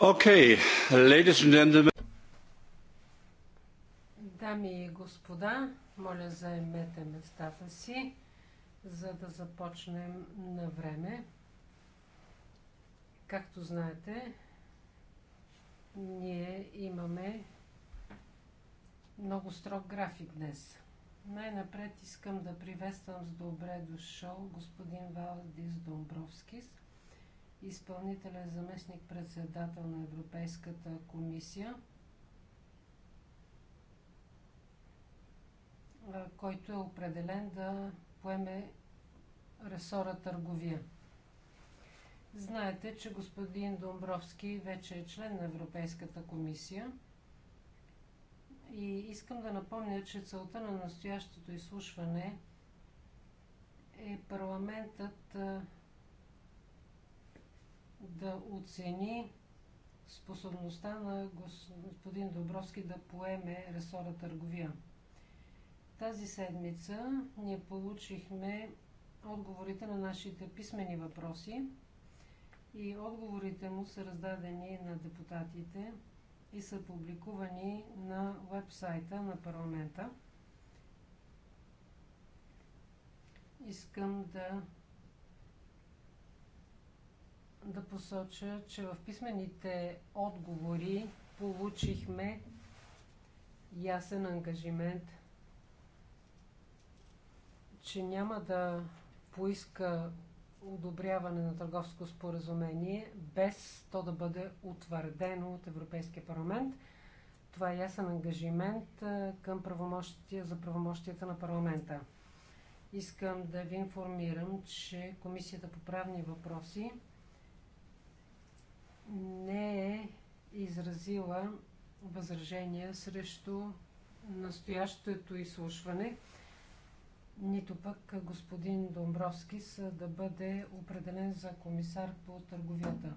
Okay, ladies and gentlemen. Дами и господа, моля заемете местата си, за да започнем на време. Както знаете, ние имаме много строг график днес. Най-напред искам да приветствам с добре дошъл господин Валдис Домбровскис – изпълнителен заместник председател на Европейската комисия, който е определен да поеме ресора търговия. Знаете, че господин Домбровски вече е член на Европейската комисия и искам да напомня, че целта на настоящото изслушване е парламентът да оцени способността на господин Добровски да поеме ресора търговия. Тази седмица ние получихме отговорите на нашите писмени въпроси и отговорите му са раздадени на депутатите и са публикувани на вебсайта на парламента. Искам да да посоча, че в писмените отговори получихме ясен ангажимент, че няма да поиска одобряване на търговско споразумение, без то да бъде утвърдено от Европейския парламент. Това е ясен ангажимент към правомощия, за правомощията на парламента. Искам да ви информирам, че Комисията по правни въпроси не е изразила възражения срещу настоящето изслушване, нито пък господин са да бъде определен за комисар по търговията.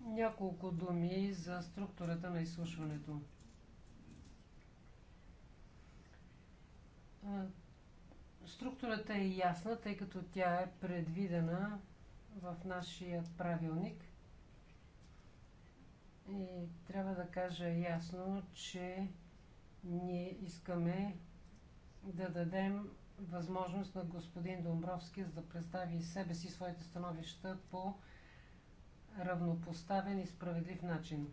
Няколко думи за структурата на изслушването. Структурата е ясна, тъй като тя е предвидена в нашия правилник. И трябва да кажа ясно, че ние искаме да дадем възможност на господин Домбровски да представи себе си своите становища по равнопоставен и справедлив начин.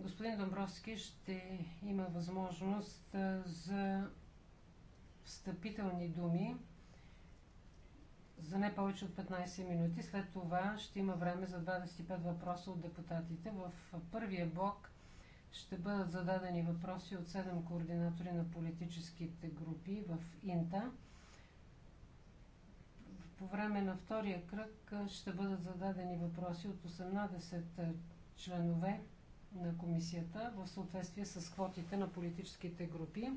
Господин Домбровски ще има възможност за встъпителни думи за не повече от 15 минути. След това ще има време за 25 въпроса от депутатите. В първия блок ще бъдат зададени въпроси от 7 координатори на политическите групи в Инта. По време на втория кръг ще бъдат зададени въпроси от 18 членове на комисията в съответствие с квотите на политическите групи.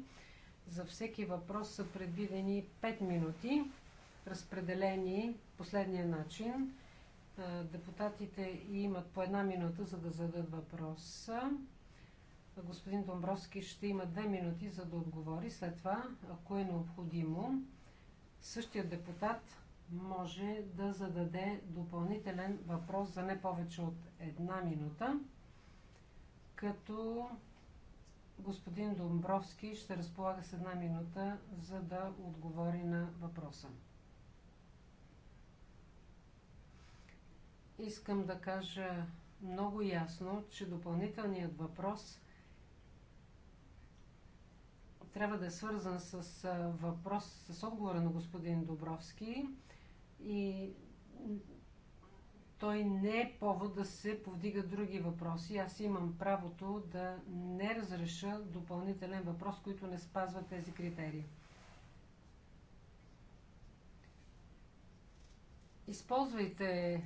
За всеки въпрос са предвидени 5 минути разпределени последния начин. Депутатите имат по една минута, за да зададат въпроса. Господин Домбровски ще има две минути, за да отговори. След това, ако е необходимо, същият депутат може да зададе допълнителен въпрос за не повече от една минута, като господин Домбровски ще разполага с една минута, за да отговори на въпроса. Искам да кажа много ясно, че допълнителният въпрос трябва да е свързан с въпрос, с отговора на господин Добровски и той не е повод да се повдига други въпроси. Аз имам правото да не разреша допълнителен въпрос, който не спазва тези критерии. Използвайте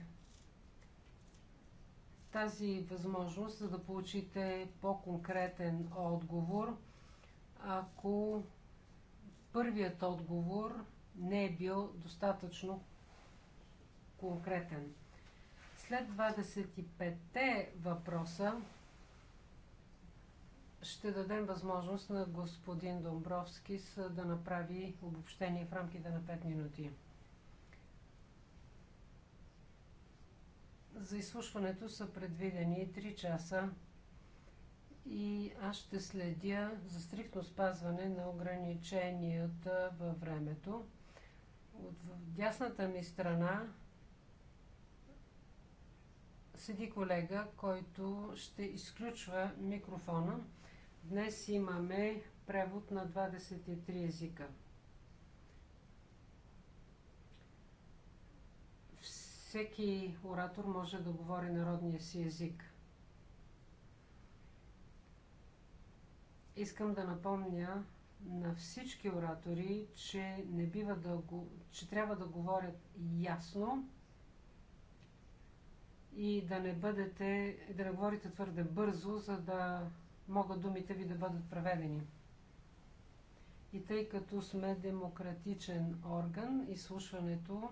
тази възможност, за да получите по-конкретен отговор, ако първият отговор не е бил достатъчно конкретен. След 25-те въпроса ще дадем възможност на господин Домбровски да направи обобщение в рамките на 5 минути. За изслушването са предвидени 3 часа и аз ще следя за стриктно спазване на ограниченията във времето. От дясната ми страна седи колега, който ще изключва микрофона. Днес имаме превод на 23 езика. всеки оратор може да говори народния си език. Искам да напомня на всички оратори, че, не бива да го, че трябва да говорят ясно и да не, бъдете, да не говорите твърде бързо, за да могат думите ви да бъдат преведени. И тъй като сме демократичен орган, изслушването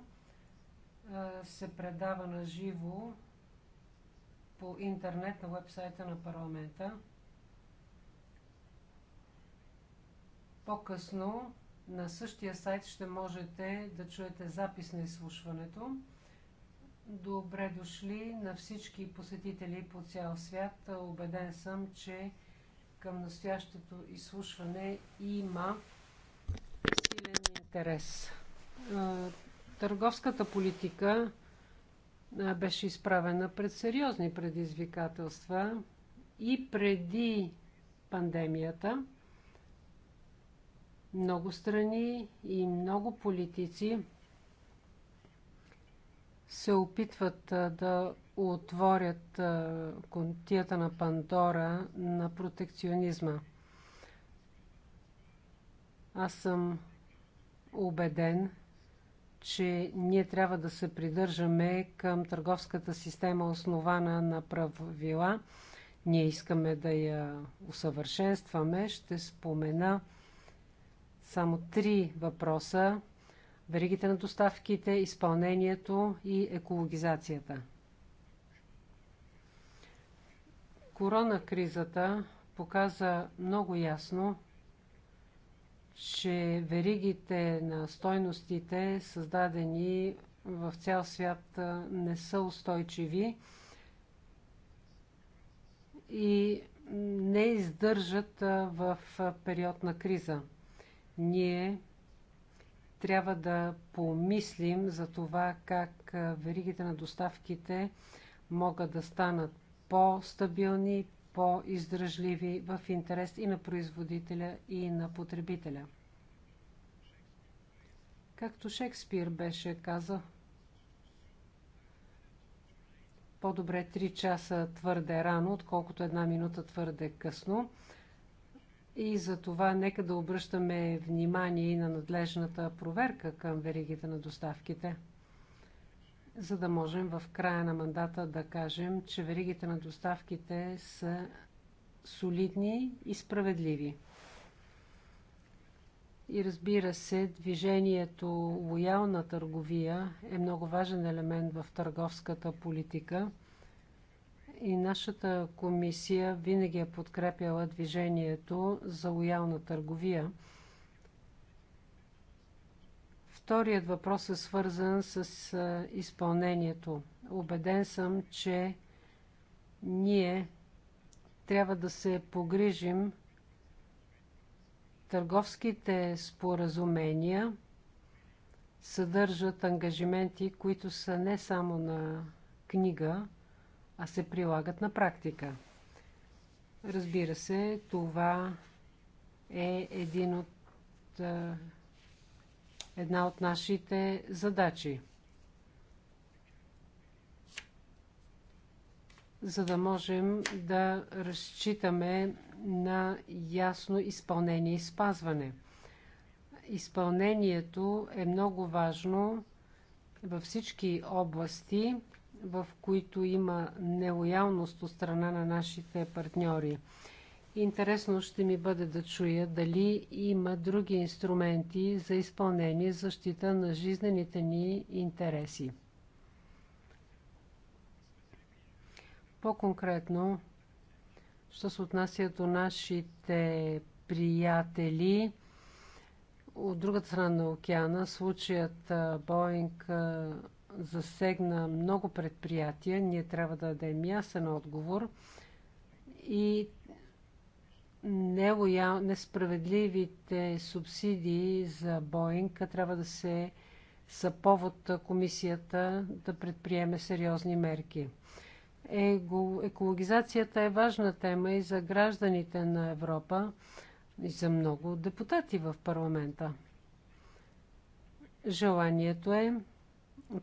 се предава на живо по интернет на вебсайта на парламента. По-късно на същия сайт ще можете да чуете запис на изслушването. Добре дошли на всички посетители по цял свят. Обеден съм, че към настоящото изслушване има силен интерес. Търговската политика беше изправена пред сериозни предизвикателства и преди пандемията. Много страни и много политици се опитват да отворят контията на Пандора на протекционизма. Аз съм убеден, че ние трябва да се придържаме към търговската система, основана на правила. Ние искаме да я усъвършенстваме. Ще спомена само три въпроса. Веригите на доставките, изпълнението и екологизацията. Корона кризата показа много ясно, че веригите на стойностите, създадени в цял свят, не са устойчиви и не издържат в период на криза. Ние трябва да помислим за това как веригите на доставките могат да станат по-стабилни, по-издръжливи в интерес и на производителя, и на потребителя. Както Шекспир беше казал, по-добре 3 часа твърде рано, отколкото една минута твърде късно. И за това нека да обръщаме внимание и на надлежната проверка към веригите на доставките – за да можем в края на мандата да кажем, че веригите на доставките са солидни и справедливи. И разбира се, движението лоялна търговия е много важен елемент в търговската политика. И нашата комисия винаги е подкрепяла движението за лоялна търговия – Вторият въпрос е свързан с изпълнението. Обеден съм, че ние трябва да се погрижим търговските споразумения съдържат ангажименти, които са не само на книга, а се прилагат на практика. Разбира се, това е един от една от нашите задачи. за да можем да разчитаме на ясно изпълнение и спазване. Изпълнението е много важно във всички области, в които има нелоялност от страна на нашите партньори. Интересно ще ми бъде да чуя дали има други инструменти за изпълнение защита на жизнените ни интереси. По-конкретно, що се отнася до нашите приятели от другата страна на океана, случаят Боинг засегна много предприятия. Ние трябва да дадем ясен отговор и нелоял, несправедливите субсидии за Боинг трябва да се са повод комисията да предприеме сериозни мерки. Его, екологизацията е важна тема и за гражданите на Европа, и за много депутати в парламента. Желанието е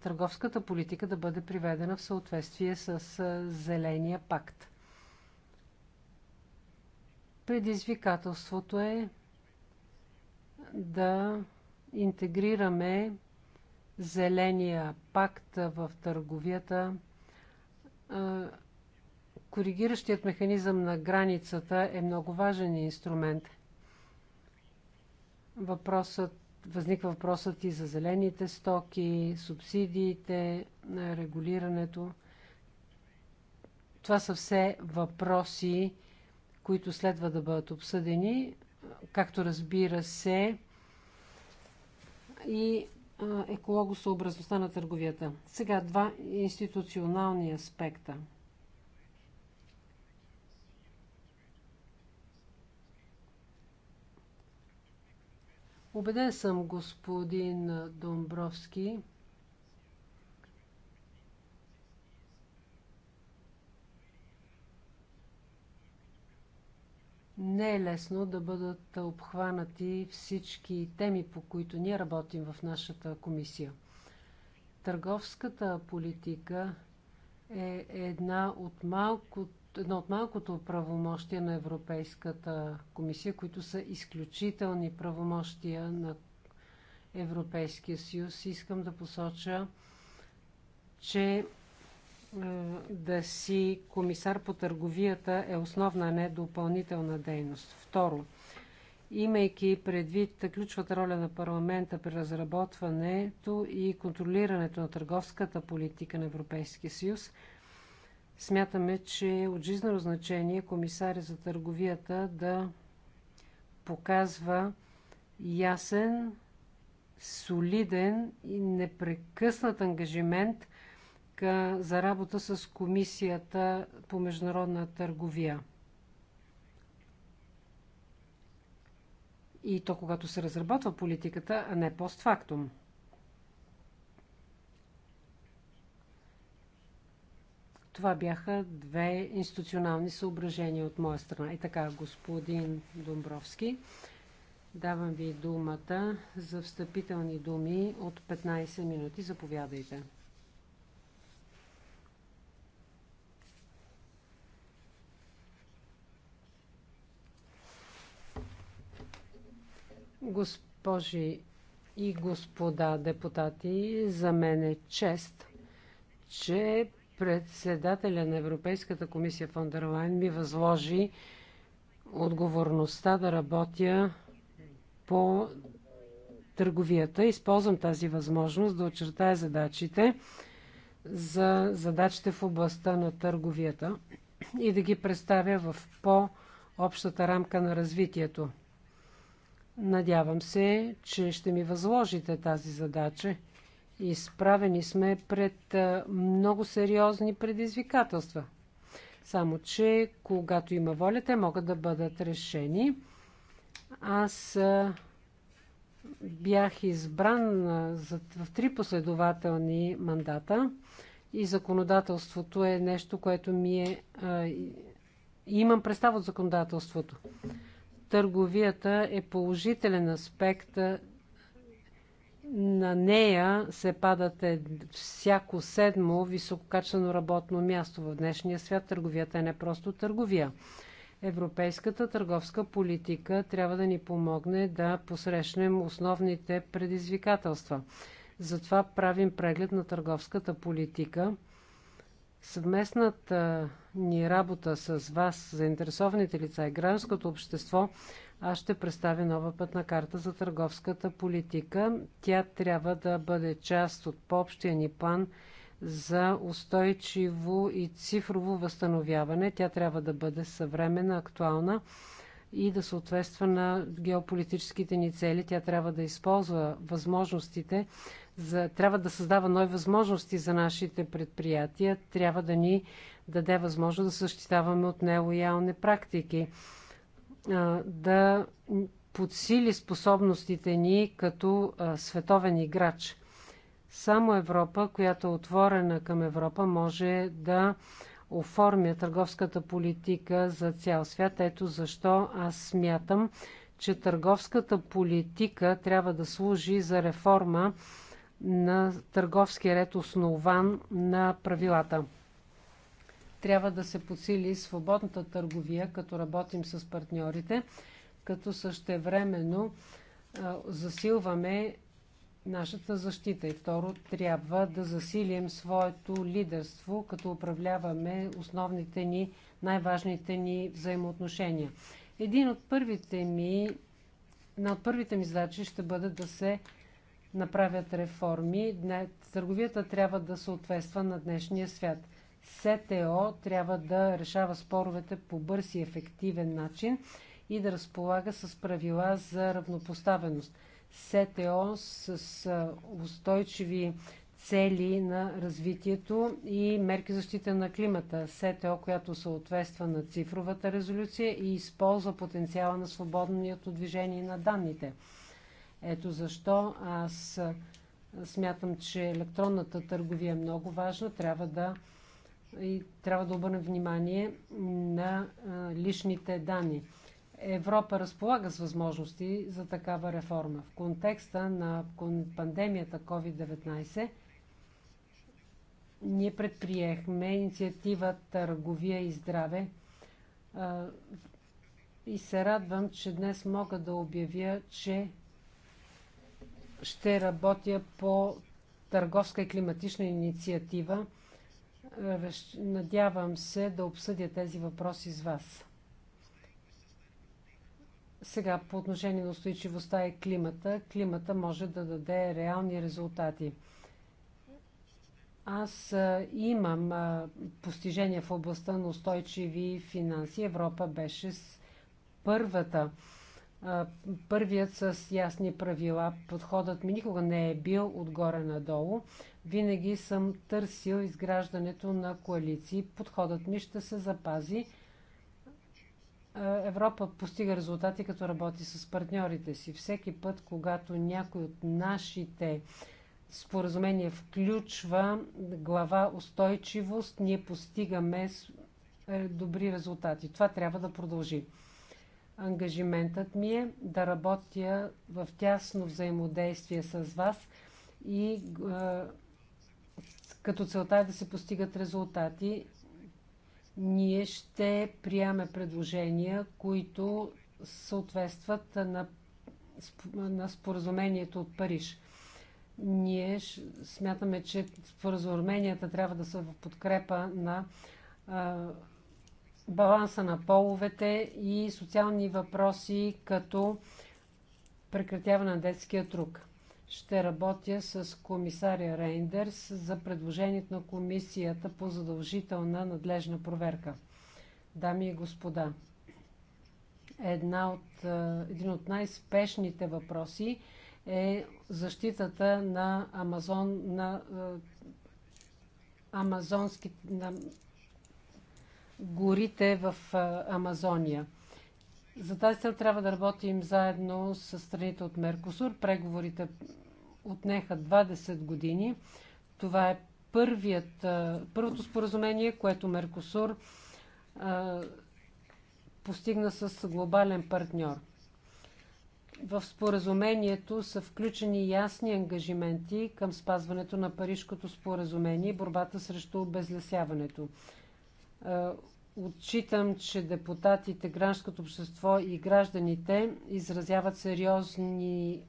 търговската политика да бъде приведена в съответствие с Зеления пакт. Предизвикателството е да интегрираме зеления пакт в търговията. Коригиращият механизъм на границата е много важен инструмент. Въпросът, възниква въпросът и за зелените стоки, субсидиите, регулирането. Това са все въпроси, които следва да бъдат обсъдени, както разбира се и екологосъобразността на търговията. Сега два институционални аспекта. Обеден съм, господин Домбровски, Не е лесно да бъдат обхванати всички теми, по които ние работим в нашата комисия. Търговската политика е една от малкото едно от малкото правомощия на Европейската комисия, които са изключителни правомощия на Европейския съюз. Искам да посоча, че да си комисар по търговията е основна, не допълнителна дейност. Второ, имайки предвид ключвата роля на парламента при разработването и контролирането на търговската политика на Европейския съюз, смятаме, че е от жизнено значение комисаря за търговията да показва ясен, солиден и непрекъснат ангажимент рамка за работа с Комисията по международна търговия. И то когато се разработва политиката, а не постфактум. Това бяха две институционални съображения от моя страна. И така, господин Домбровски, давам ви думата за встъпителни думи от 15 минути. Заповядайте. Госпожи и господа депутати, за мен е чест, че председателя на Европейската комисия Фондерлайн ми възложи отговорността да работя по търговията. Използвам тази възможност да очертая задачите за задачите в областта на търговията и да ги представя в по-общата рамка на развитието. Надявам се, че ще ми възложите тази задача. Изправени сме пред много сериозни предизвикателства. Само, че когато има воля, те могат да бъдат решени. Аз бях избран в три последователни мандата и законодателството е нещо, което ми е... Имам представа от законодателството търговията е положителен аспект. На нея се падат е всяко седмо висококачествено работно място. В днешния свят търговията е не просто търговия. Европейската търговска политика трябва да ни помогне да посрещнем основните предизвикателства. Затова правим преглед на търговската политика съвместната ни работа с вас, заинтересованите лица и гражданското общество, аз ще представя нова пътна карта за търговската политика. Тя трябва да бъде част от по-общия ни план за устойчиво и цифрово възстановяване. Тя трябва да бъде съвременна, актуална и да съответства на геополитическите ни цели. Тя трябва да използва възможностите за, трябва да създава нови възможности за нашите предприятия, трябва да ни даде възможност да съществяваме от нелоялни практики, да подсили способностите ни като световен играч. Само Европа, която е отворена към Европа, може да оформя търговската политика за цял свят. Ето защо аз смятам, че търговската политика трябва да служи за реформа на търговския ред, основан на правилата. Трябва да се подсили свободната търговия, като работим с партньорите, като същевременно засилваме нашата защита. И второ, трябва да засилим своето лидерство, като управляваме основните ни, най-важните ни взаимоотношения. Един от първите ми, една от първите ми задачи ще бъде да се направят реформи. търговията трябва да съответства на днешния свят. СТО трябва да решава споровете по бърз и ефективен начин и да разполага с правила за равнопоставеност. СТО с устойчиви цели на развитието и мерки защита на климата. СТО, която съответства на цифровата резолюция и използва потенциала на свободното движение на данните – ето защо аз смятам, че електронната търговия е много важна. Трябва да, и трябва да обърнем внимание на личните данни. Европа разполага с възможности за такава реформа. В контекста на пандемията COVID-19 ние предприехме инициатива Търговия и здраве и се радвам, че днес мога да обявя, че ще работя по търговска и климатична инициатива. Надявам се да обсъдя тези въпроси с вас. Сега, по отношение на устойчивостта и климата, климата може да даде реални резултати. Аз имам постижения в областта на устойчиви финанси. Европа беше първата Първият с ясни правила. Подходът ми никога не е бил отгоре надолу. Винаги съм търсил изграждането на коалиции. Подходът ми ще се запази. Европа постига резултати, като работи с партньорите си. Всеки път, когато някой от нашите споразумение включва глава устойчивост, ние постигаме е, добри резултати. Това трябва да продължи. Ангажиментът ми е да работя в тясно взаимодействие с вас и като целта е да се постигат резултати. Ние ще приеме предложения, които съответстват на, на споразумението от Париж. Ние смятаме, че споразуменията трябва да са в подкрепа на баланса на половете и социални въпроси, като прекратяване на детския труд. Ще работя с комисаря Рейндерс за предложението на комисията по задължителна надлежна проверка. Дами и господа, една от, е, един от най-спешните въпроси е защитата на Амазон, на, е, амазонски, на горите в Амазония. За тази цел трябва да работим заедно с страните от Меркосур. Преговорите отнеха 20 години. Това е първият, първото споразумение, което Меркосур постигна с глобален партньор. В споразумението са включени ясни ангажименти към спазването на Парижкото споразумение и борбата срещу обезлесяването. Е, отчитам, че депутатите, гражданското общество и гражданите изразяват сериозни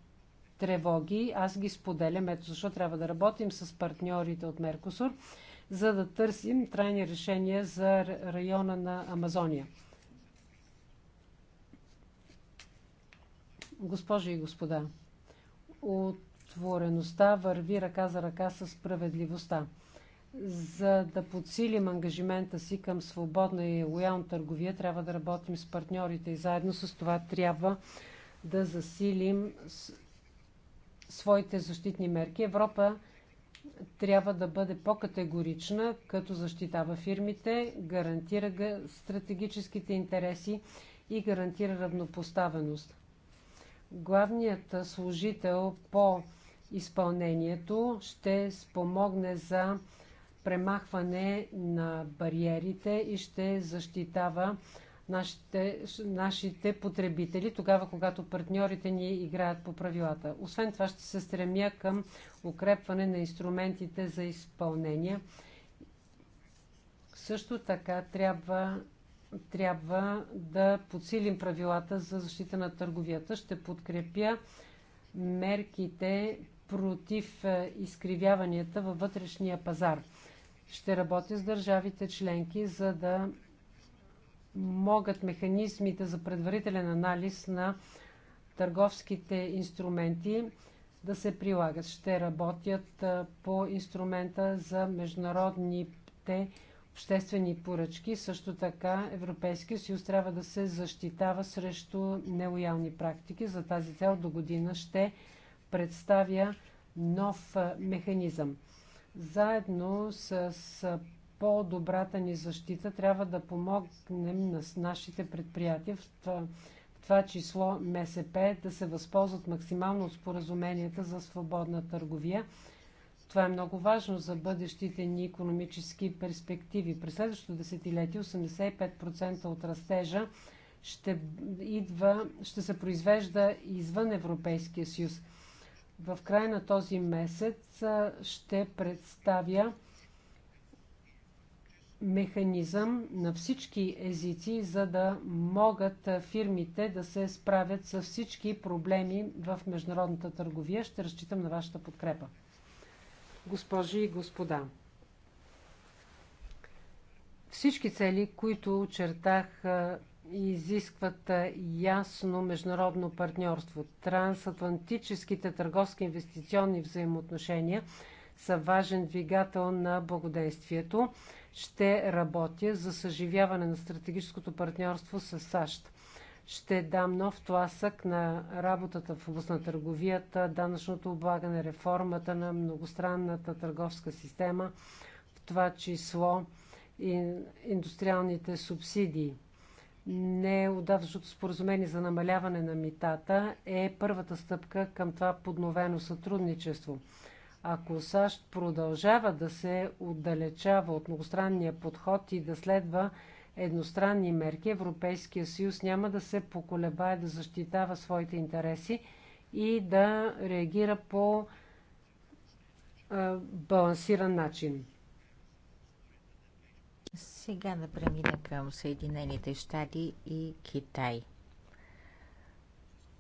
тревоги. Аз ги споделям. Ето защо трябва да работим с партньорите от Меркосур, за да търсим трайни решения за района на Амазония. Госпожи и господа, отвореността върви ръка за ръка с справедливостта. За да подсилим ангажимента си към свободна и лоялна търговия, трябва да работим с партньорите и заедно с това трябва да засилим своите защитни мерки. Европа трябва да бъде по-категорична, като защитава фирмите, гарантира стратегическите интереси и гарантира равнопоставеност. Главният служител по изпълнението ще спомогне за премахване на бариерите и ще защитава нашите, нашите потребители, тогава когато партньорите ни играят по правилата. Освен това ще се стремя към укрепване на инструментите за изпълнение. Също така трябва, трябва да подсилим правилата за защита на търговията. Ще подкрепя мерките против е, изкривяванията във вътрешния пазар. Ще работя с държавите членки, за да могат механизмите за предварителен анализ на търговските инструменти да се прилагат. Ще работят по инструмента за международните обществени поръчки. Също така Европейския съюз трябва да се защитава срещу нелоялни практики. За тази цел до година ще представя нов механизъм. Заедно с по-добрата ни защита трябва да помогнем на нашите предприятия, в това число МСП, да се възползват максимално от споразуменията за свободна търговия. Това е много важно за бъдещите ни економически перспективи. През следващото десетилетие 85% от растежа ще, идва, ще се произвежда извън Европейския съюз – в края на този месец ще представя механизъм на всички езици, за да могат фирмите да се справят с всички проблеми в международната търговия. Ще разчитам на вашата подкрепа. Госпожи и господа, всички цели, които очертах изискват ясно международно партньорство. Трансатлантическите търговски инвестиционни взаимоотношения са важен двигател на благодействието. Ще работя за съживяване на стратегическото партньорство с САЩ. Ще дам нов тласък на работата в област на търговията, данъчното облагане, реформата на многостранната търговска система, в това число и индустриалните субсидии. Не отдавшото споразумение за намаляване на митата е първата стъпка към това подновено сътрудничество. Ако САЩ продължава да се отдалечава от многостранния подход и да следва едностранни мерки, Европейския съюз няма да се поколебае да защитава своите интереси и да реагира по балансиран начин. Сега да премина към Съединените щати и Китай.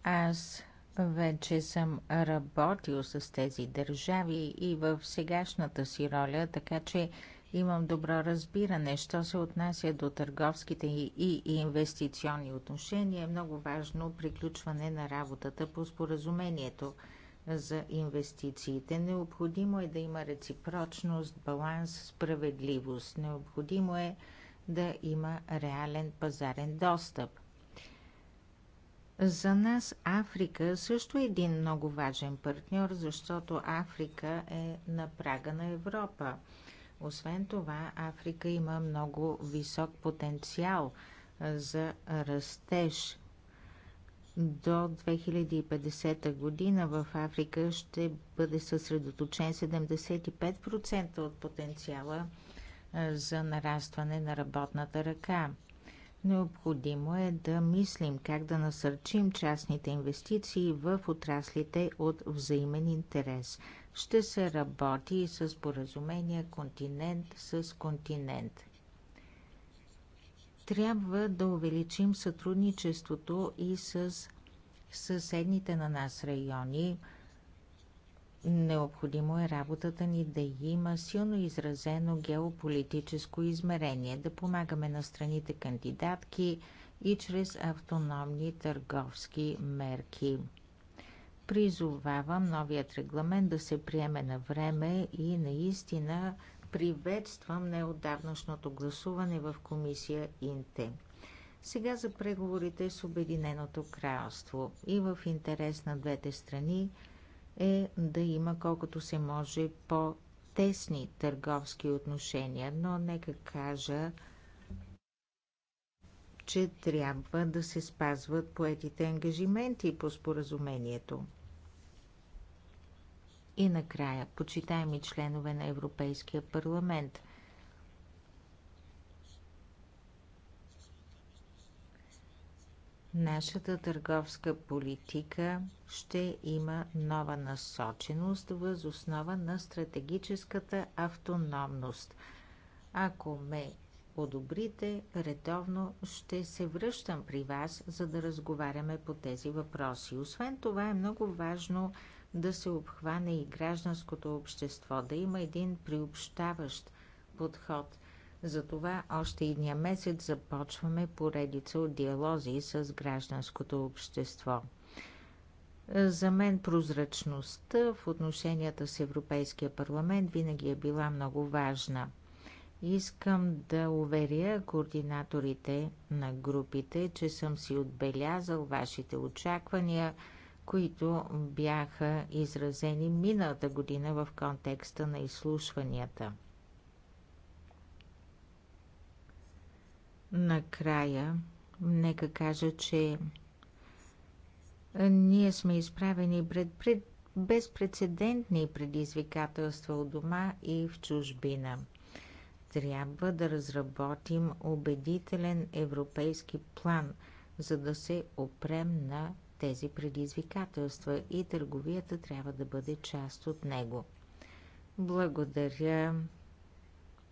Аз вече съм работил с тези държави и в сегашната си роля, така че имам добро разбиране, що се отнася до търговските и инвестиционни отношения. Е много важно приключване на работата по споразумението – за инвестициите. Необходимо е да има реципрочност, баланс, справедливост. Необходимо е да има реален пазарен достъп. За нас Африка също е един много важен партньор, защото Африка е на прага на Европа. Освен това, Африка има много висок потенциал за растеж до 2050 година в Африка ще бъде съсредоточен 75% от потенциала за нарастване на работната ръка. Необходимо е да мислим как да насърчим частните инвестиции в отраслите от взаимен интерес. Ще се работи и с поразумения континент с континент. Трябва да увеличим сътрудничеството и с съседните на нас райони. Необходимо е работата ни да има силно изразено геополитическо измерение, да помагаме на страните кандидатки и чрез автономни търговски мерки. Призовавам новият регламент да се приеме на време и наистина Приветствам неотдавнашното гласуване в комисия Инте. Сега за преговорите с Обединеното кралство и в интерес на двете страни е да има колкото се може по-тесни търговски отношения, но нека кажа, че трябва да се спазват поетите ангажименти по споразумението. И накрая, почитаеми членове на Европейския парламент, нашата търговска политика ще има нова насоченост въз основа на стратегическата автономност. Ако ме одобрите, редовно ще се връщам при вас, за да разговаряме по тези въпроси. Освен това е много важно да се обхване и гражданското общество, да има един приобщаващ подход. Затова още едния месец започваме поредица от диалози с гражданското общество. За мен прозрачността в отношенията с Европейския парламент винаги е била много важна. Искам да уверя координаторите на групите, че съм си отбелязал вашите очаквания – които бяха изразени миналата година в контекста на изслушванията. Накрая, нека кажа, че ние сме изправени пред, пред безпредседентни предизвикателства у дома и в чужбина. Трябва да разработим убедителен европейски план, за да се опрем на тези предизвикателства и търговията трябва да бъде част от него. Благодаря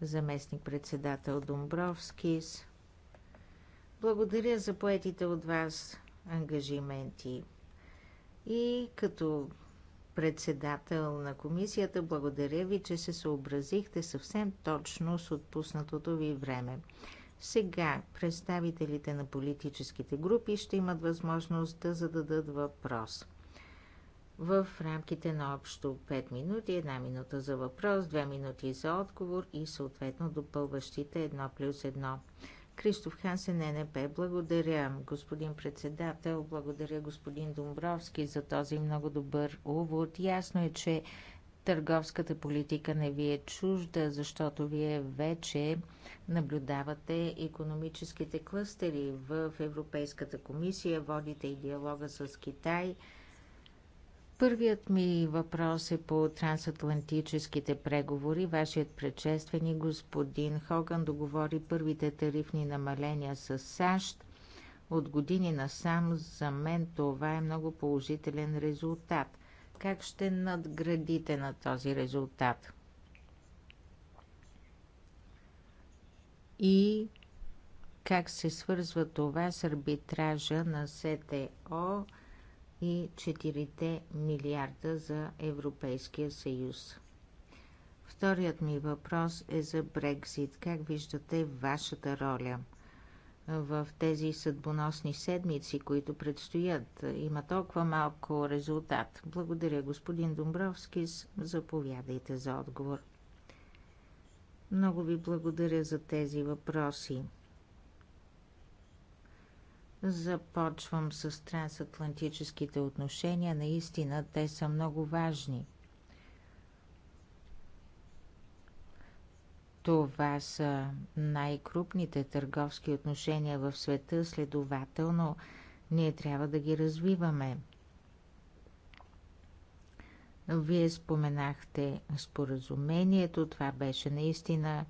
заместник председател Домбровскис. Благодаря за поетите от вас ангажименти. И като председател на комисията, благодаря ви, че се съобразихте съвсем точно с отпуснатото ви време. Сега представителите на политическите групи ще имат възможност да зададат въпрос. В рамките на общо 5 минути, 1 минута за въпрос, 2 минути за отговор и съответно допълващите 1 плюс 1. Кристоф Хансен, ННП, благодаря господин председател, благодаря господин Домбровски за този много добър увод. Ясно е, че търговската политика не ви е чужда, защото вие вече наблюдавате економическите клъстери в Европейската комисия, водите и диалога с Китай. Първият ми въпрос е по трансатлантическите преговори. Вашият предшественик господин Хоган договори първите тарифни намаления с САЩ. От години насам за мен това е много положителен резултат – как ще надградите на този резултат? И как се свързва това с арбитража на СТО и 4 милиарда за Европейския съюз? Вторият ми въпрос е за Брекзит. Как виждате вашата роля – в тези съдбоносни седмици, които предстоят. Има толкова малко резултат. Благодаря, господин Домбровски. Заповядайте за отговор. Много ви благодаря за тези въпроси. Започвам с трансатлантическите отношения. Наистина те са много важни – Това са най-крупните търговски отношения в света, следователно ние трябва да ги развиваме. Вие споменахте споразумението, това беше наистина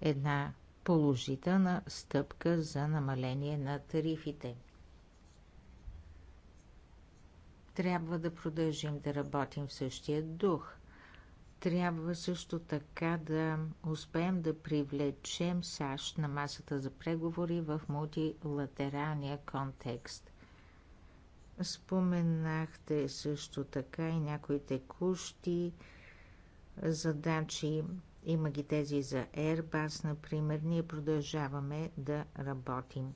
една положителна стъпка за намаление на тарифите. Трябва да продължим да работим в същия дух. Трябва също така да успеем да привлечем САЩ на масата за преговори в мултилатералния контекст. Споменахте също така и някои текущи задачи. Има ги тези за Airbus, например. Ние продължаваме да работим.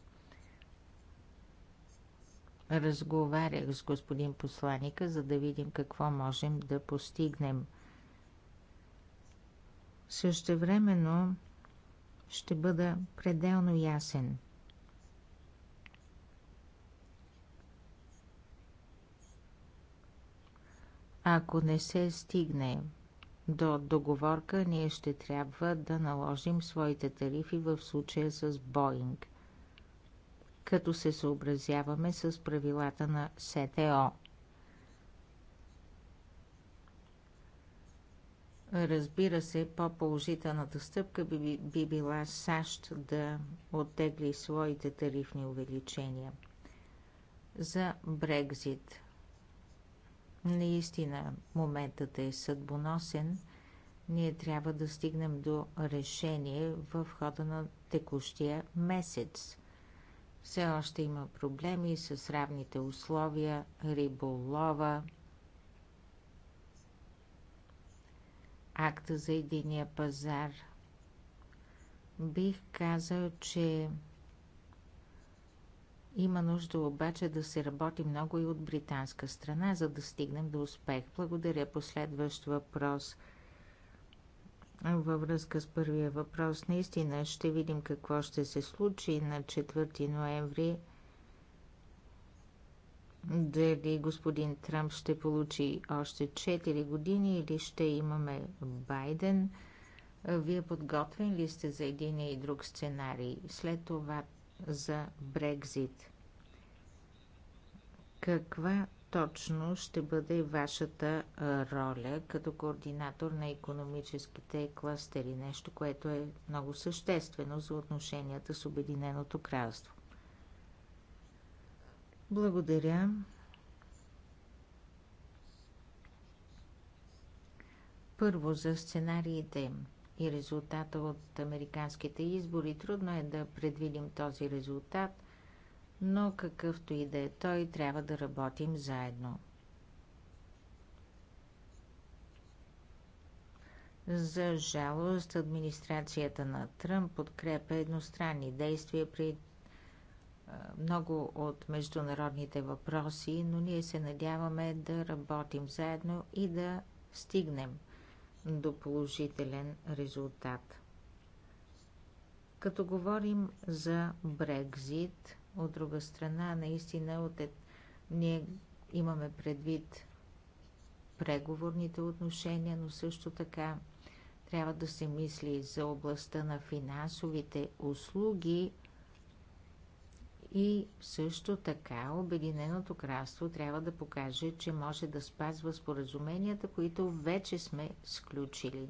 Разговарях с господин посланика, за да видим какво можем да постигнем – Същевременно ще бъда пределно ясен. Ако не се стигне до договорка, ние ще трябва да наложим своите тарифи в случая с Боинг, като се съобразяваме с правилата на СТО. Разбира се, по-положителната стъпка би, би била САЩ да оттегли своите тарифни увеличения. За Брекзит. Наистина, моментът е съдбоносен. Ние трябва да стигнем до решение в хода на текущия месец. Все още има проблеми с равните условия, риболова, акта за единия пазар. Бих казал, че има нужда обаче да се работи много и от британска страна, за да стигнем до успех. Благодаря. Последващ въпрос във връзка с първия въпрос. Наистина ще видим какво ще се случи на 4 ноември дали господин Трамп ще получи още 4 години или ще имаме Байден. Вие подготвен ли сте за един и друг сценарий? След това за Брекзит. Каква точно ще бъде вашата роля като координатор на економическите кластери? Нещо, което е много съществено за отношенията с Обединеното кралство. Благодаря. Първо за сценариите и резултата от американските избори. Трудно е да предвидим този резултат, но какъвто и да е той, трябва да работим заедно. За жалост, администрацията на Тръмп подкрепя едностранни действия при много от международните въпроси, но ние се надяваме да работим заедно и да стигнем до положителен резултат. Като говорим за Брекзит, от друга страна, наистина от е... ние имаме предвид преговорните отношения, но също така трябва да се мисли за областта на финансовите услуги и също така Обединеното кралство трябва да покаже, че може да спазва споразуменията, които вече сме сключили.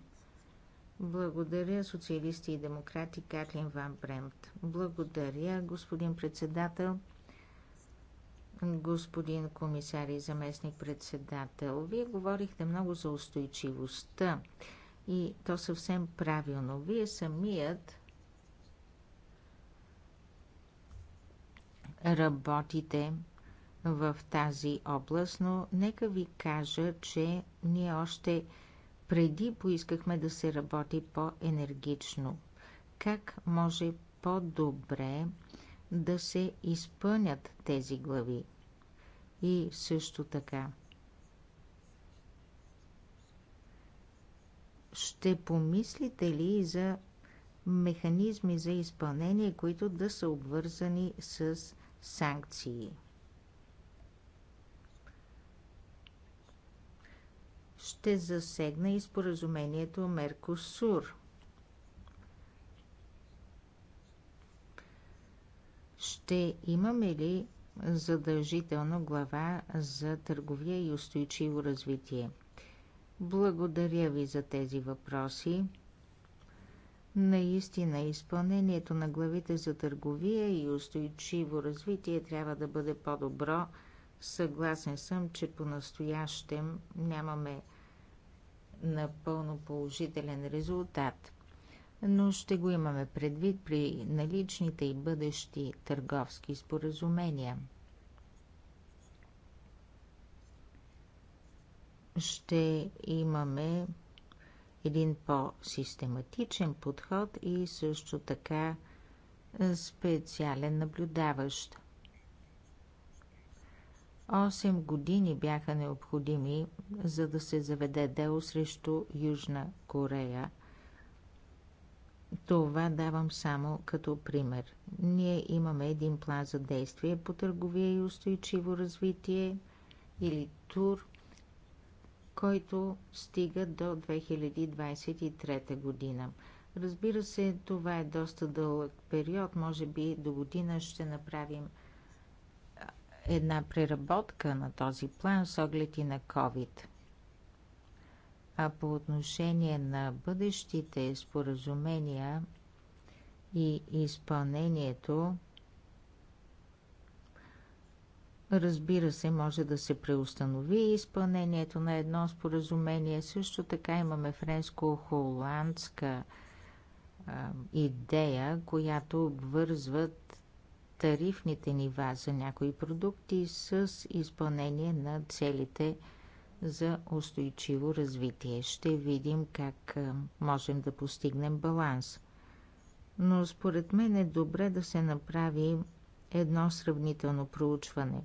Благодаря, социалисти и демократи Катлин Ван Бремт. Благодаря, господин председател, господин комисар и заместник председател. Вие говорихте много за устойчивостта и то съвсем правилно. Вие самият работите в тази област, но нека ви кажа, че ние още преди поискахме да се работи по-енергично. Как може по-добре да се изпълнят тези глави? И също така, ще помислите ли за механизми за изпълнение, които да са обвързани с санкции. Ще засегна и споразумението Меркосур. Ще имаме ли задължително глава за търговия и устойчиво развитие? Благодаря ви за тези въпроси. Наистина, изпълнението на главите за търговия и устойчиво развитие трябва да бъде по-добро. Съгласен съм, че по-настоящем нямаме напълно положителен резултат, но ще го имаме предвид при наличните и бъдещи търговски споразумения. Ще имаме един по-систематичен подход и също така специален наблюдаващ. Осем години бяха необходими, за да се заведе дело срещу Южна Корея. Това давам само като пример. Ние имаме един план за действие по търговия и устойчиво развитие или ТУР, който стига до 2023 година. Разбира се, това е доста дълъг период. Може би до година ще направим една преработка на този план с оглед и на COVID. А по отношение на бъдещите споразумения и изпълнението, Разбира се, може да се преустанови изпълнението на едно споразумение. Също така имаме френско-холандска идея, която обвързват тарифните нива за някои продукти с изпълнение на целите за устойчиво развитие. Ще видим как можем да постигнем баланс. Но според мен е добре да се направи едно сравнително проучване.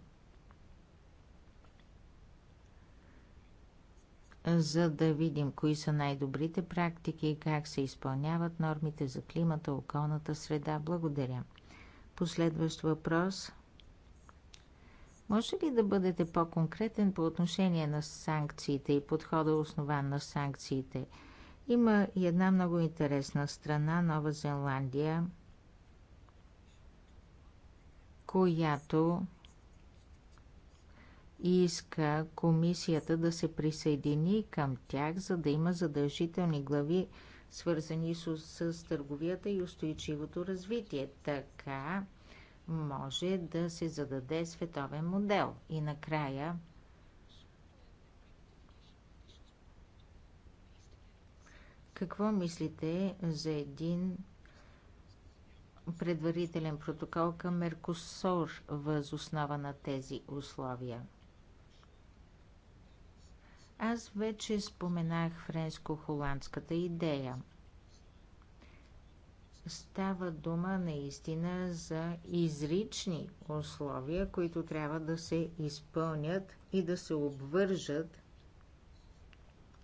за да видим кои са най-добрите практики, как се изпълняват нормите за климата, околната среда. Благодаря. Последващ въпрос. Може ли да бъдете по-конкретен по отношение на санкциите и подхода основан на санкциите? Има и една много интересна страна, Нова Зеландия, която иска комисията да се присъедини към тях, за да има задължителни глави, свързани с, с търговията и устойчивото развитие. Така може да се зададе световен модел. И накрая какво мислите за един предварителен протокол към Меркосор възоснова на тези условия? Аз вече споменах френско-холандската идея. Става дума наистина за изрични условия, които трябва да се изпълнят и да се обвържат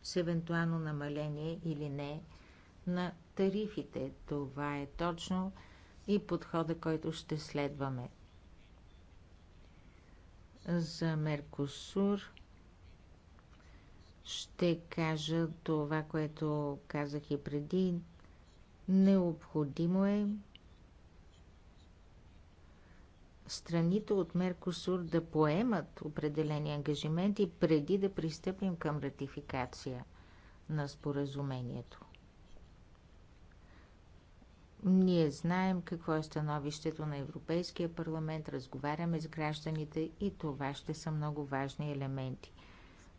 с евентуално намаление или не на тарифите. Това е точно и подхода, който ще следваме. За Меркосур ще кажа това, което казах и преди. Необходимо е страните от Меркосур да поемат определени ангажименти преди да пристъпим към ратификация на споразумението. Ние знаем какво е становището на Европейския парламент, разговаряме с гражданите и това ще са много важни елементи.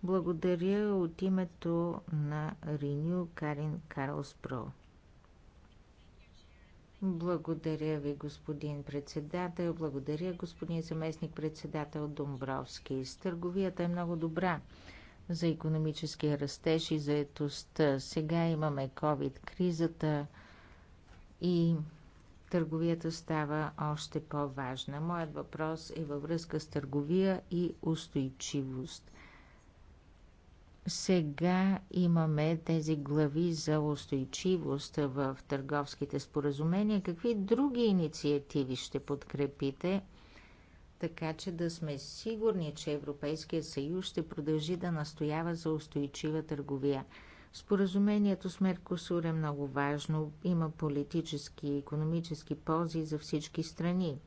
Благодаря от името на Renew Карин про. Благодаря ви, господин председател. Благодаря, господин заместник председател Домбровски. Търговията е много добра за економическия растеж и заетостта. Сега имаме COVID-кризата и търговията става още по-важна. Моят въпрос е във връзка с търговия и устойчивост. Сега имаме тези глави за устойчивост в търговските споразумения. Какви други инициативи ще подкрепите, така че да сме сигурни, че Европейския съюз ще продължи да настоява за устойчива търговия? Споразумението с Меркосур е много важно. Има политически и економически ползи за всички страни.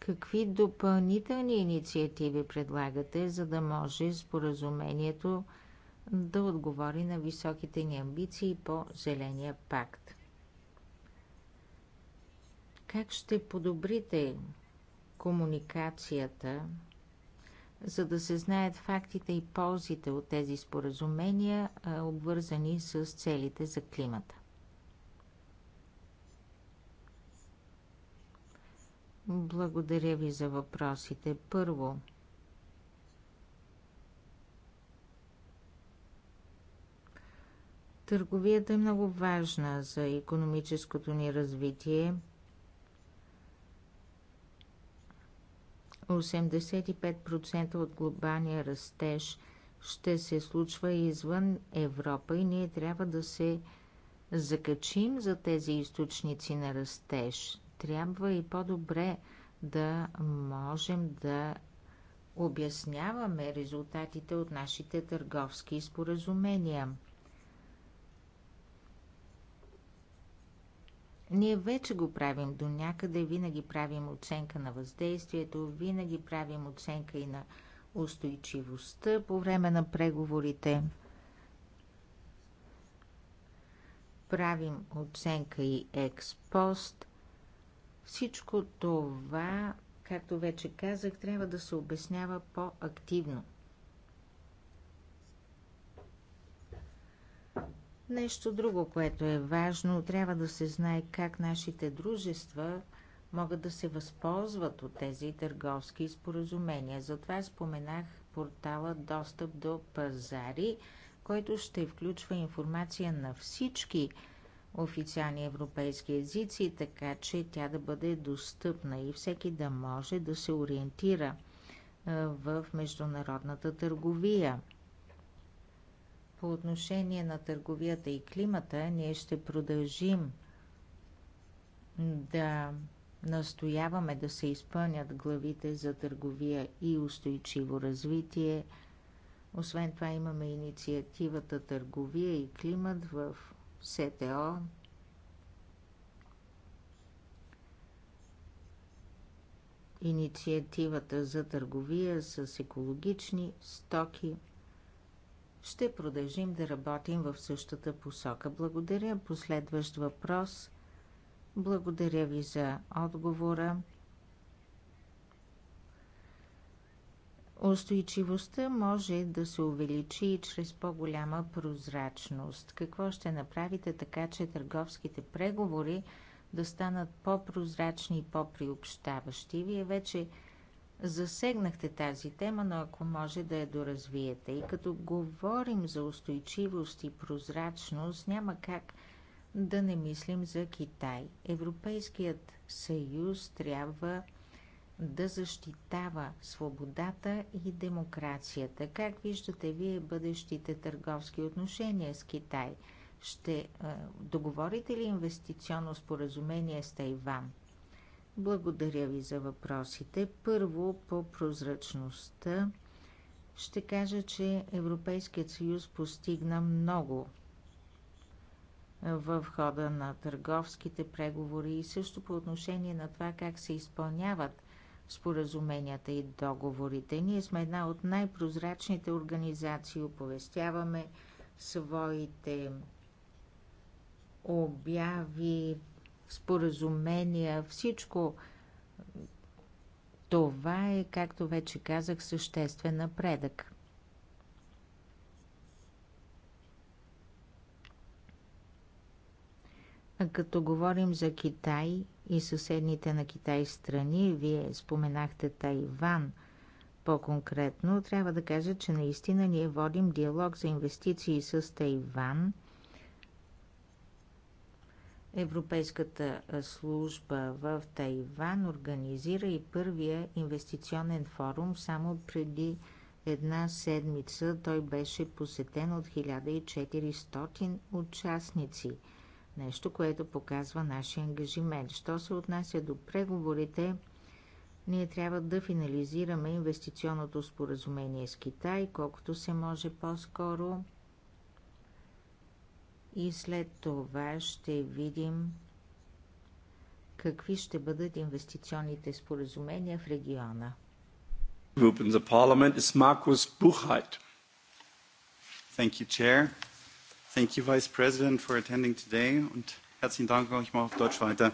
Какви допълнителни инициативи предлагате, за да може споразумението да отговори на високите ни амбиции по Зеления пакт? Как ще подобрите комуникацията, за да се знаят фактите и ползите от тези споразумения, обвързани с целите за климата? Благодаря ви за въпросите. Първо, Търговията е много важна за економическото ни развитие. 85% от глобалния растеж ще се случва извън Европа и ние трябва да се закачим за тези източници на растеж трябва и по-добре да можем да обясняваме резултатите от нашите търговски споразумения. Ние вече го правим до някъде, винаги правим оценка на въздействието, винаги правим оценка и на устойчивостта по време на преговорите. Правим оценка и експост всичко това, както вече казах, трябва да се обяснява по-активно. Нещо друго, което е важно, трябва да се знае как нашите дружества могат да се възползват от тези търговски споразумения. Затова споменах портала Достъп до пазари, който ще включва информация на всички официални европейски езици, така че тя да бъде достъпна и всеки да може да се ориентира в международната търговия. По отношение на търговията и климата, ние ще продължим да настояваме да се изпълнят главите за търговия и устойчиво развитие. Освен това имаме инициативата Търговия и климат в СТО. Инициативата за търговия с екологични стоки. Ще продължим да работим в същата посока. Благодаря. Последващ въпрос. Благодаря ви за отговора. Устойчивостта може да се увеличи чрез по-голяма прозрачност. Какво ще направите така, че търговските преговори да станат по-прозрачни и по-приобщаващи? Вие вече засегнахте тази тема, но ако може да я доразвиете. И като говорим за устойчивост и прозрачност, няма как да не мислим за Китай. Европейският съюз трябва да да защитава свободата и демокрацията. Как виждате вие бъдещите търговски отношения с Китай? Ще е, договорите ли инвестиционно споразумение с Тайван? Благодаря ви за въпросите. Първо по прозрачността ще кажа, че Европейският съюз постигна много в хода на търговските преговори и също по отношение на това как се изпълняват споразуменията и договорите. Ние сме една от най-прозрачните организации, оповестяваме своите обяви, споразумения, всичко това е, както вече казах, съществен напредък. А като говорим за Китай, и съседните на Китай страни. Вие споменахте Тайван по-конкретно. Трябва да кажа, че наистина ние водим диалог за инвестиции с Тайван. Европейската служба в Тайван организира и първия инвестиционен форум само преди една седмица. Той беше посетен от 1400 участници – Нещо, което показва нашия ангажимент. Що се отнася до преговорите, ние трябва да финализираме инвестиционното споразумение с Китай, колкото се може по-скоро. И след това ще видим какви ще бъдат инвестиционните споразумения в региона. Group in the Parliament is Markus Buchheit. Thank you, Chair. Thank you, Vice President, for attending today und herzlichen Dank, ich mal auf Deutsch weiter,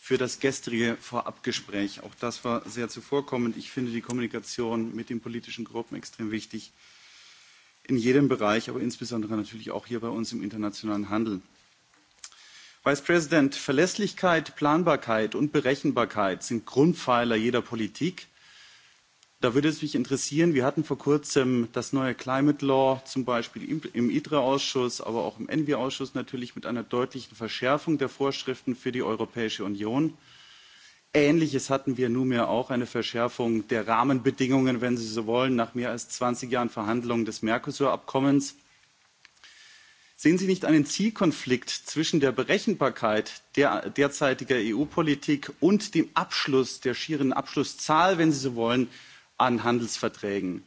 für das gestrige Vorabgespräch. Auch das war sehr zuvorkommend. Ich finde die Kommunikation mit den politischen Gruppen extrem wichtig, in jedem Bereich, aber insbesondere natürlich auch hier bei uns im internationalen Handel. Vice President, Verlässlichkeit, Planbarkeit und Berechenbarkeit sind Grundpfeiler jeder Politik Da würde es mich interessieren, wir hatten vor kurzem das neue Climate Law zum Beispiel im ITRE-Ausschuss, aber auch im ENVI-Ausschuss natürlich mit einer deutlichen Verschärfung der Vorschriften für die Europäische Union. Ähnliches hatten wir nunmehr auch eine Verschärfung der Rahmenbedingungen, wenn Sie so wollen, nach mehr als zwanzig Jahren Verhandlungen des Mercosur-Abkommens. Sehen Sie nicht einen Zielkonflikt zwischen der Berechenbarkeit der derzeitiger EU-Politik und dem Abschluss, der schieren Abschlusszahl, wenn Sie so wollen, an Handelsverträgen.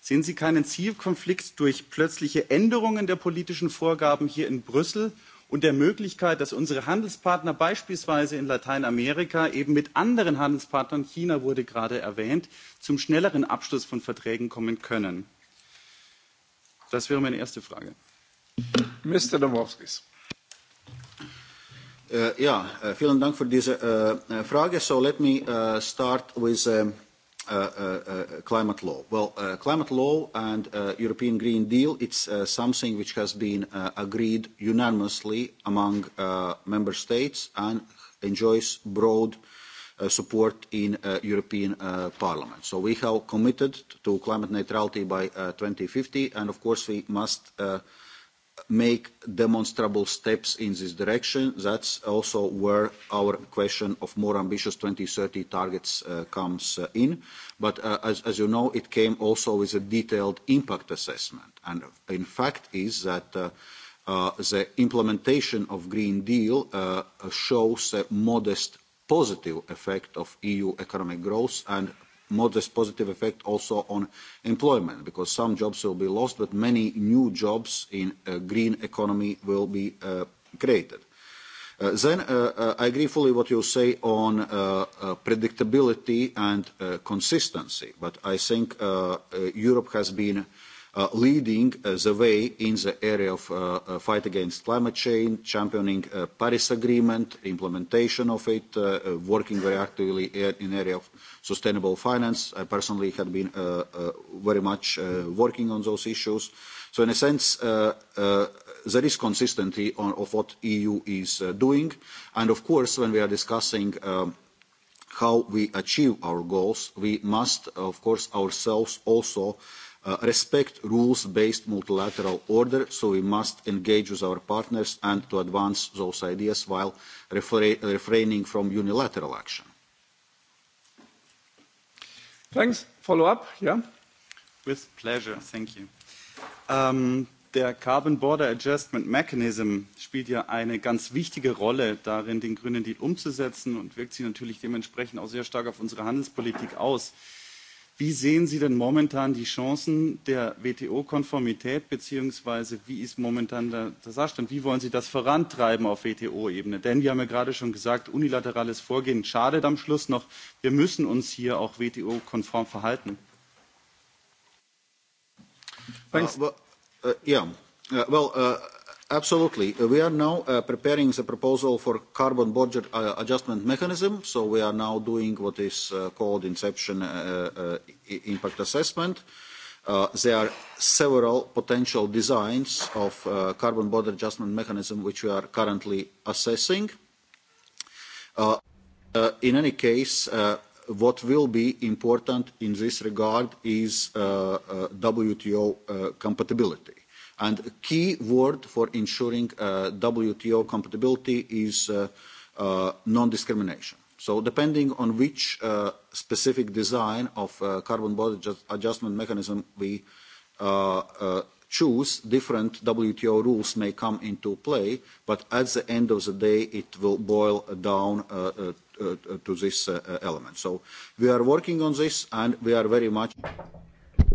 Sehen Sie keinen Zielkonflikt durch plötzliche Änderungen der politischen Vorgaben hier in Brüssel und der Möglichkeit, dass unsere Handelspartner beispielsweise in Lateinamerika eben mit anderen Handelspartnern China wurde gerade erwähnt zum schnelleren Abschluss von Verträgen kommen können? Das wäre meine erste Frage. Mr. Domowskis. Ja, vielen Dank für diese Frage. So let me start with climate law. Well, climate law and European Green Deal, it's something which has been agreed unanimously among member states and enjoys broad support in the European Parliament. So we have committed to climate neutrality by fifty and of course we must make demonstrable steps in this direction. That's also where our question of more ambitious 2030 targets comes in. But as you know, it came also with a detailed impact assessment. And in fact is that the implementation of Green Deal shows a modest positive effect of EU economic growth and modest positive effect also on employment because some jobs will be lost but many new jobs in a green economy will be created. then I agree fully what you say on predictability and consistency, but I think Europe has been leading the way in the area of uh, fight against climate change, championing uh, Paris Agreement, implementation of it, working very actively in the area of sustainable finance. I personally have been very much working on those issues. So in a sense, there is consistency on, of what EU is doing. And of course, when we are discussing how we achieve our goals, we must, of course, ourselves also respect rules-based multilateral order, so we must engage with our partners and to advance those ideas while refraining from unilateral action. Thanks. Follow up? Yeah. With pleasure. Thank you. der Carbon Border Adjustment Mechanism spielt ja eine ganz wichtige Rolle darin, den Grünen Deal umzusetzen und wirkt sich natürlich dementsprechend auch sehr stark auf unsere Handelspolitik aus. Wie sehen Sie denn momentan die Chancen der WTO-Konformität, beziehungsweise wie ist momentan der, der Sachstand? Wie wollen Sie das vorantreiben auf WTO-Ebene? Denn wir haben ja gerade schon gesagt, unilaterales Vorgehen schadet am Schluss noch. Wir müssen uns hier auch WTO-konform verhalten. Thanks. well, uh, yeah. Uh, well, uh, Absolutely. We are now preparing the proposal for carbon border adjustment mechanism. So we are now doing what is called inception impact assessment. There are several potential designs of carbon border adjustment mechanism which we are currently assessing. In any case, what will be important in this regard is WTO compatibility And a key word for ensuring uh, WTO compatibility is uh, uh, non-discrimination. So depending on which uh, specific design of uh, carbon border adjustment mechanism we uh, uh, choose, different WTO rules may come into play, but at the end of the day, it will boil down uh, uh, to this uh, element. So we are working on this, and we are very much...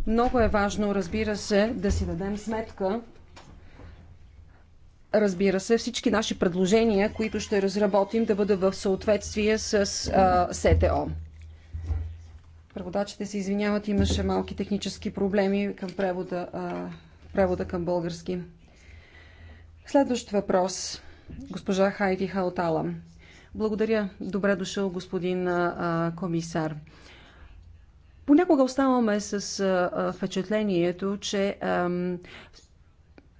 Много е важно, разбира се, да си дадем сметка, разбира се, всички наши предложения, които ще разработим, да бъдат в съответствие с а, СТО. Преводачите се извиняват, имаше малки технически проблеми към превода, а, превода към български. Следващ въпрос. Госпожа Хайди Хаотала. Благодаря. Добре дошъл, господин а, комисар. Понякога оставаме с а, впечатлението, че ам,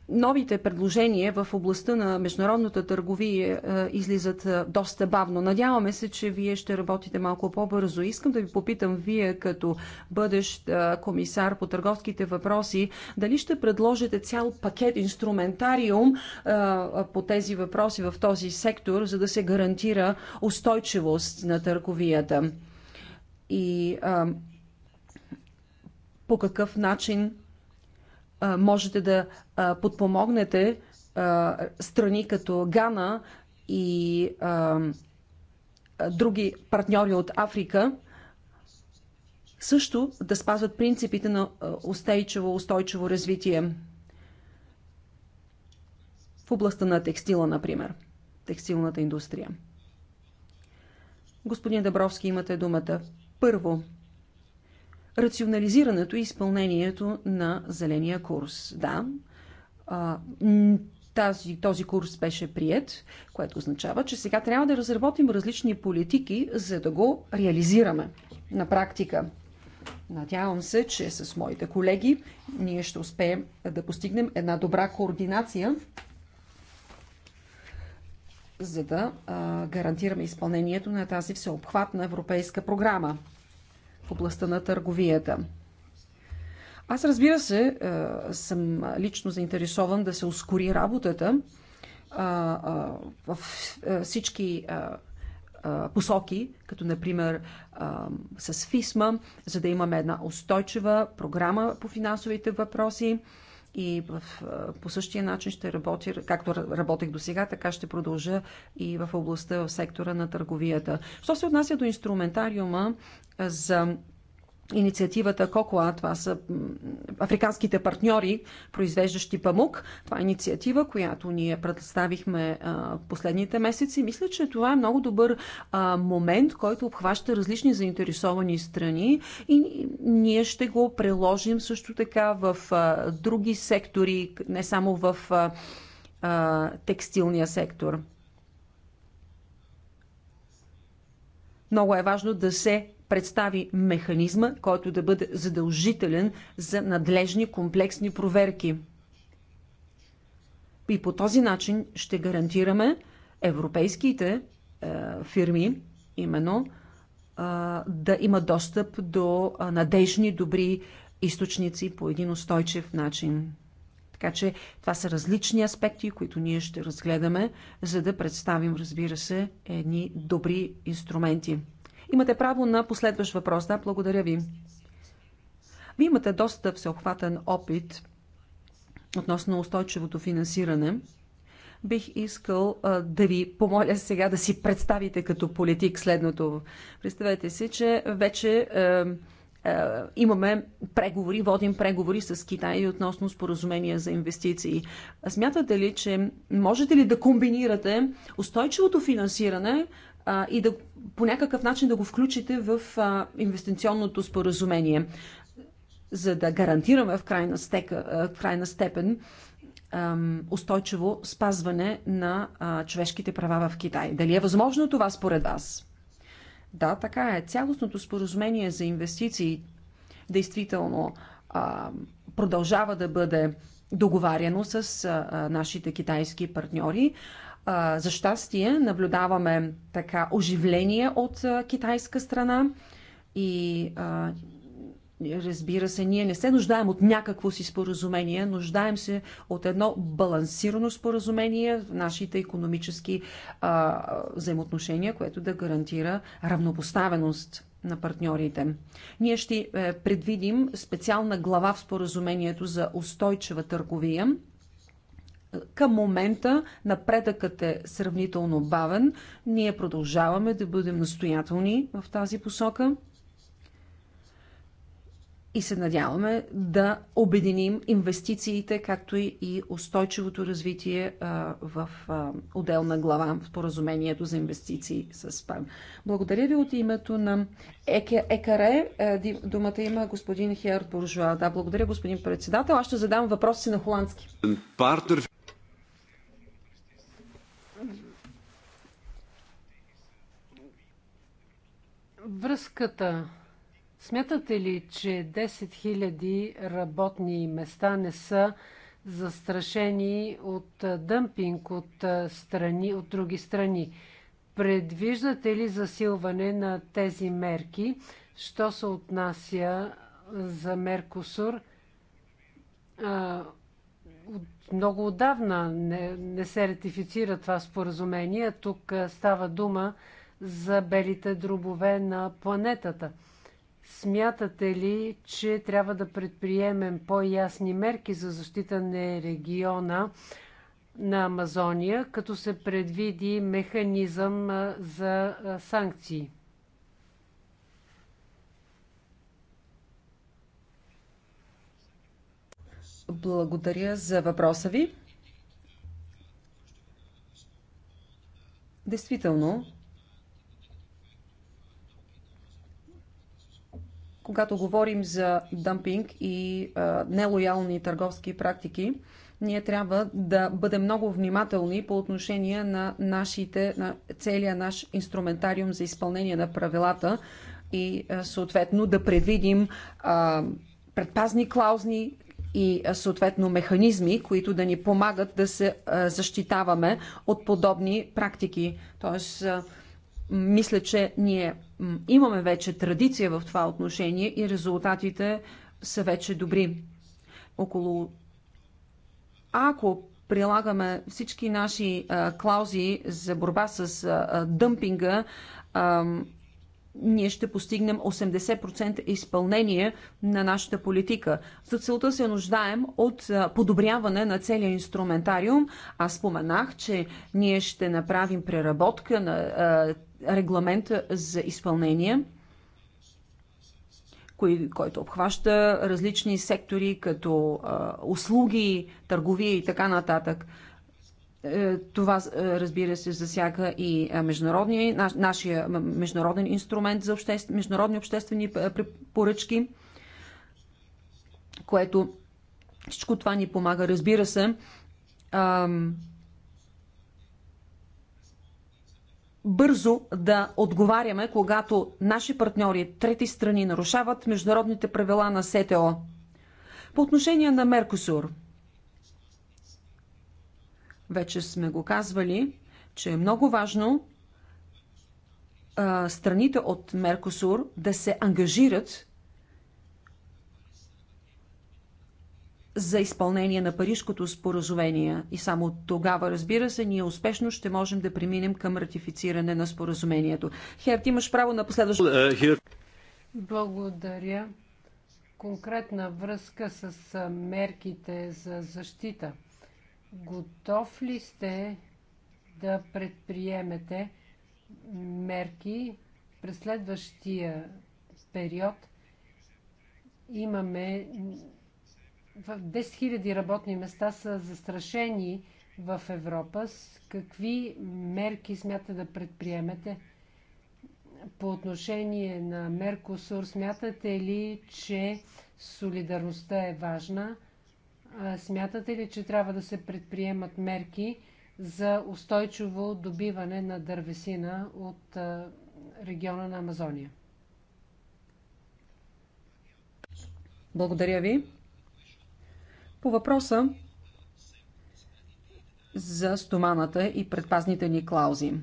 новите предложения в областта на международната търговия а, излизат доста бавно. Надяваме се, че вие ще работите малко по-бързо. Искам да ви попитам вие като бъдещ комисар по търговските въпроси, дали ще предложите цял пакет инструментариум а, по тези въпроси в този сектор, за да се гарантира устойчивост на търговията. И а, по какъв начин можете да подпомогнете страни като Гана и други партньори от Африка също да спазват принципите на устойчиво, устойчиво развитие в областта на текстила, например, текстилната индустрия. Господин Дъбровски, имате думата. Първо, рационализирането и изпълнението на зеления курс. Да, тази, този курс беше прият, което означава, че сега трябва да разработим различни политики, за да го реализираме на практика. Надявам се, че с моите колеги ние ще успеем да постигнем една добра координация, за да а, гарантираме изпълнението на тази всеобхватна европейска програма в областта на търговията. Аз разбира се, е, съм лично заинтересован да се ускори работата е, е, в всички посоки, като например с ФИСМА, за да имаме една устойчива програма по финансовите въпроси, и в, по същия начин ще работи, както работех до сега, така ще продължа и в областта, в сектора на търговията. Що се отнася до инструментариума за инициативата КОКОА, това са африканските партньори, произвеждащи памук. Това е инициатива, която ние представихме последните месеци. Мисля, че това е много добър момент, който обхваща различни заинтересовани страни и ние ще го преложим също така в други сектори, не само в текстилния сектор. Много е важно да се представи механизма, който да бъде задължителен за надлежни комплексни проверки. И по този начин ще гарантираме европейските е, фирми, именно, е, да има достъп до е, надежни, добри източници по един устойчив начин. Така че това са различни аспекти, които ние ще разгледаме, за да представим, разбира се, едни добри инструменти. Имате право на последващ въпрос. Да, благодаря ви. Вие имате доста всеобхватен опит относно устойчивото финансиране. Бих искал а, да ви помоля сега да си представите като политик следното. Представете си, че вече а, а, имаме преговори, водим преговори с Китай относно споразумения за инвестиции. Смятате ли, че можете ли да комбинирате устойчивото финансиране а, и да по някакъв начин да го включите в а, инвестиционното споразумение, за да гарантираме в крайна, стека, а, в крайна степен устойчиво спазване на а, човешките права в Китай. Дали е възможно това според вас? Да, така е. Цялостното споразумение за инвестиции действително а, продължава да бъде договаряно с а, нашите китайски партньори. За щастие наблюдаваме така оживление от китайска страна и разбира се, ние не се нуждаем от някакво си споразумение, нуждаем се от едно балансирано споразумение в нашите економически а, взаимоотношения, което да гарантира равнопоставеност на партньорите. Ние ще е, предвидим специална глава в споразумението за устойчива търговия към момента напредъкът е сравнително бавен. Ние продължаваме да бъдем настоятелни в тази посока и се надяваме да обединим инвестициите, както и устойчивото развитие в отделна глава в поразумението за инвестиции с ПАН. Благодаря ви от името на ЕКАРЕ. Е, думата има господин Херт Буржуа. Да, благодаря господин председател. Аз ще задам въпроси на холандски. Партнер връзката. Смятате ли, че 10 000 работни места не са застрашени от дъмпинг от, страни, от други страни? Предвиждате ли засилване на тези мерки? Що се отнася за Меркосур? много отдавна не, не се ратифицира това споразумение. Тук става дума за белите дробове на планетата. Смятате ли, че трябва да предприемем по-ясни мерки за защита на региона на Амазония, като се предвиди механизъм за санкции? Благодаря за въпроса ви. Действително, Когато говорим за дъмпинг и а, нелоялни търговски практики, ние трябва да бъдем много внимателни по отношение на, нашите, на целия наш инструментариум за изпълнение на правилата и а, съответно да предвидим а, предпазни клаузни и съответно механизми, които да ни помагат да се защитаваме от подобни практики. Тоест, мисля, че ние Имаме вече традиция в това отношение и резултатите са вече добри. Около. Ако прилагаме всички наши а, клаузи за борба с а, дъмпинга, а, ние ще постигнем 80% изпълнение на нашата политика. За целта се нуждаем от подобряване на целия инструментариум. Аз споменах, че ние ще направим преработка на регламента за изпълнение, кой, който обхваща различни сектори, като а, услуги, търговия и така нататък. Е, това, е, разбира се, засяга и международния, нашия международен инструмент за обществ, международни обществени поръчки, което всичко това ни помага, разбира се, бързо да отговаряме, когато наши партньори, трети страни, нарушават международните правила на СТО. По отношение на Меркосур, вече сме го казвали, че е много важно а, страните от Меркосур да се ангажират за изпълнение на Парижкото споразумение и само тогава, разбира се, ние успешно ще можем да преминем към ратифициране на споразумението. Херт, имаш право на последващо. Е, Благодаря. Конкретна връзка с мерките за защита. Готов ли сте да предприемете мерки през следващия период? Имаме 10 000 работни места са застрашени в Европа. С какви мерки смятате да предприемете? По отношение на Меркосур, смятате ли, че солидарността е важна? Смятате ли, че трябва да се предприемат мерки за устойчиво добиване на дървесина от региона на Амазония? Благодаря ви. По въпроса за стоманата и предпазните ни клаузи.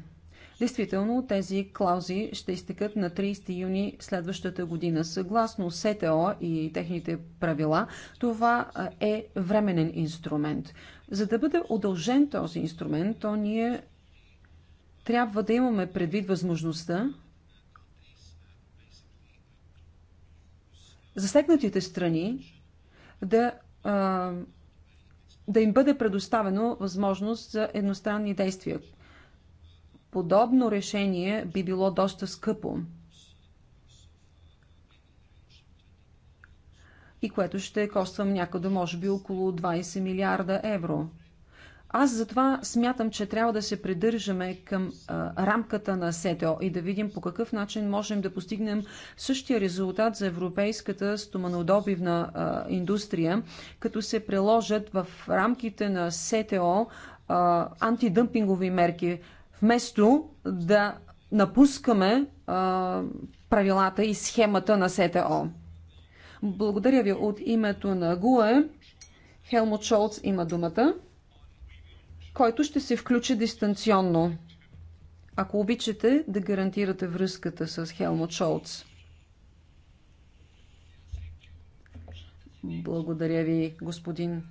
Действително, тези клаузи ще изтекат на 30 юни следващата година. Съгласно СТО и техните правила, това е временен инструмент. За да бъде удължен този инструмент, то ние трябва да имаме предвид възможността засегнатите страни да да им бъде предоставено възможност за едностранни действия. Подобно решение би било доста скъпо и което ще коства някъде, може би, около 20 милиарда евро. Аз затова смятам, че трябва да се придържаме към а, рамката на СТО и да видим по какъв начин можем да постигнем същия резултат за европейската стоманодобивна а, индустрия, като се приложат в рамките на СТО а, антидъмпингови мерки, вместо да напускаме а, правилата и схемата на СТО. Благодаря ви от името на ГУЕ. Хелмут Шолц има думата който ще се включи дистанционно. Ако обичате да гарантирате връзката с Хелмут Шолц. Благодаря ви, господин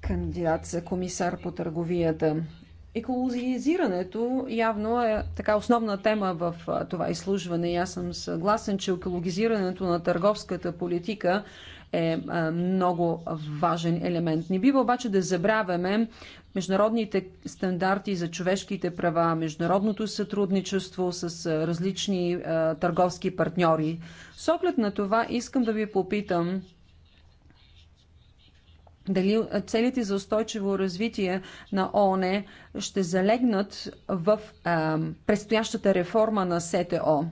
кандидат за комисар по търговията. Екологизирането явно е така основна тема в това изслужване и аз съм съгласен, че екологизирането на търговската политика е, е много важен елемент. Не бива обаче да забравяме международните стандарти за човешките права, международното сътрудничество с е, различни е, търговски партньори. С оглед на това искам да ви попитам дали целите за устойчиво развитие на ООН ще залегнат в предстоящата реформа на СТО.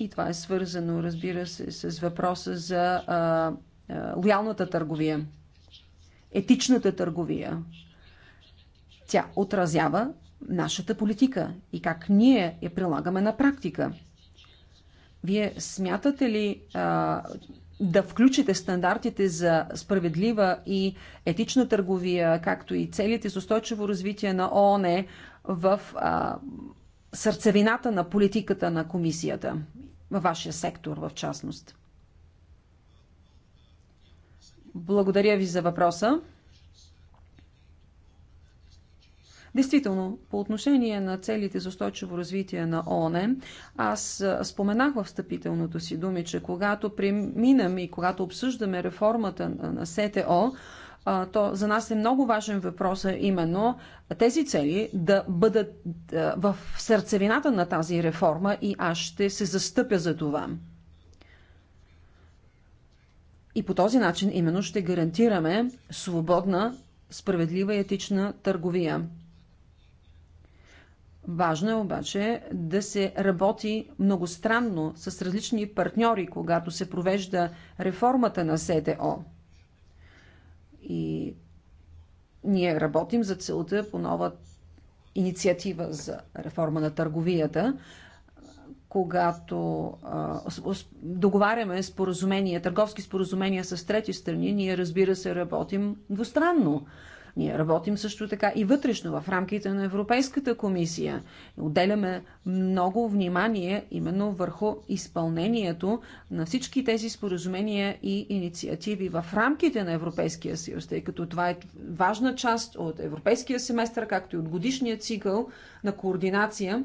И това е свързано, разбира се, с въпроса за а, а, лоялната търговия, етичната търговия. Тя отразява нашата политика и как ние я прилагаме на практика. Вие смятате ли а, да включите стандартите за справедлива и етична търговия, както и целите с устойчиво развитие на ООН в а, сърцевината на политиката на комисията, във вашия сектор в частност? Благодаря ви за въпроса. Действително, по отношение на целите за устойчиво развитие на ООН, аз споменах в встъпителното си думи, че когато преминем и когато обсъждаме реформата на СТО, то за нас е много важен въпрос е именно тези цели да бъдат в сърцевината на тази реформа и аз ще се застъпя за това. И по този начин именно ще гарантираме свободна, справедлива и етична търговия. Важно е обаче да се работи многостранно с различни партньори, когато се провежда реформата на СТО. И ние работим за целта по нова инициатива за реформа на търговията, когато а, договаряме споразумения, търговски споразумения с трети страни, ние разбира се работим двустранно. Ние работим също така и вътрешно в рамките на Европейската комисия. Отделяме много внимание именно върху изпълнението на всички тези споразумения и инициативи в рамките на Европейския съюз, тъй като това е важна част от Европейския семестър, както и от годишния цикъл на координация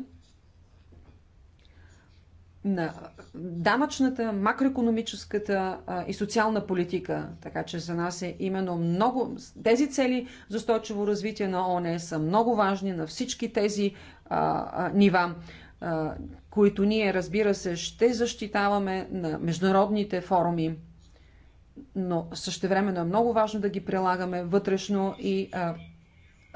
на данъчната, макроекономическата и социална политика. Така че за нас е именно много... Тези цели за устойчиво развитие на ОНЕ са много важни на всички тези а, а, нива, а, които ние, разбира се, ще защитаваме на международните форуми. Но същевременно е много важно да ги прилагаме вътрешно и а,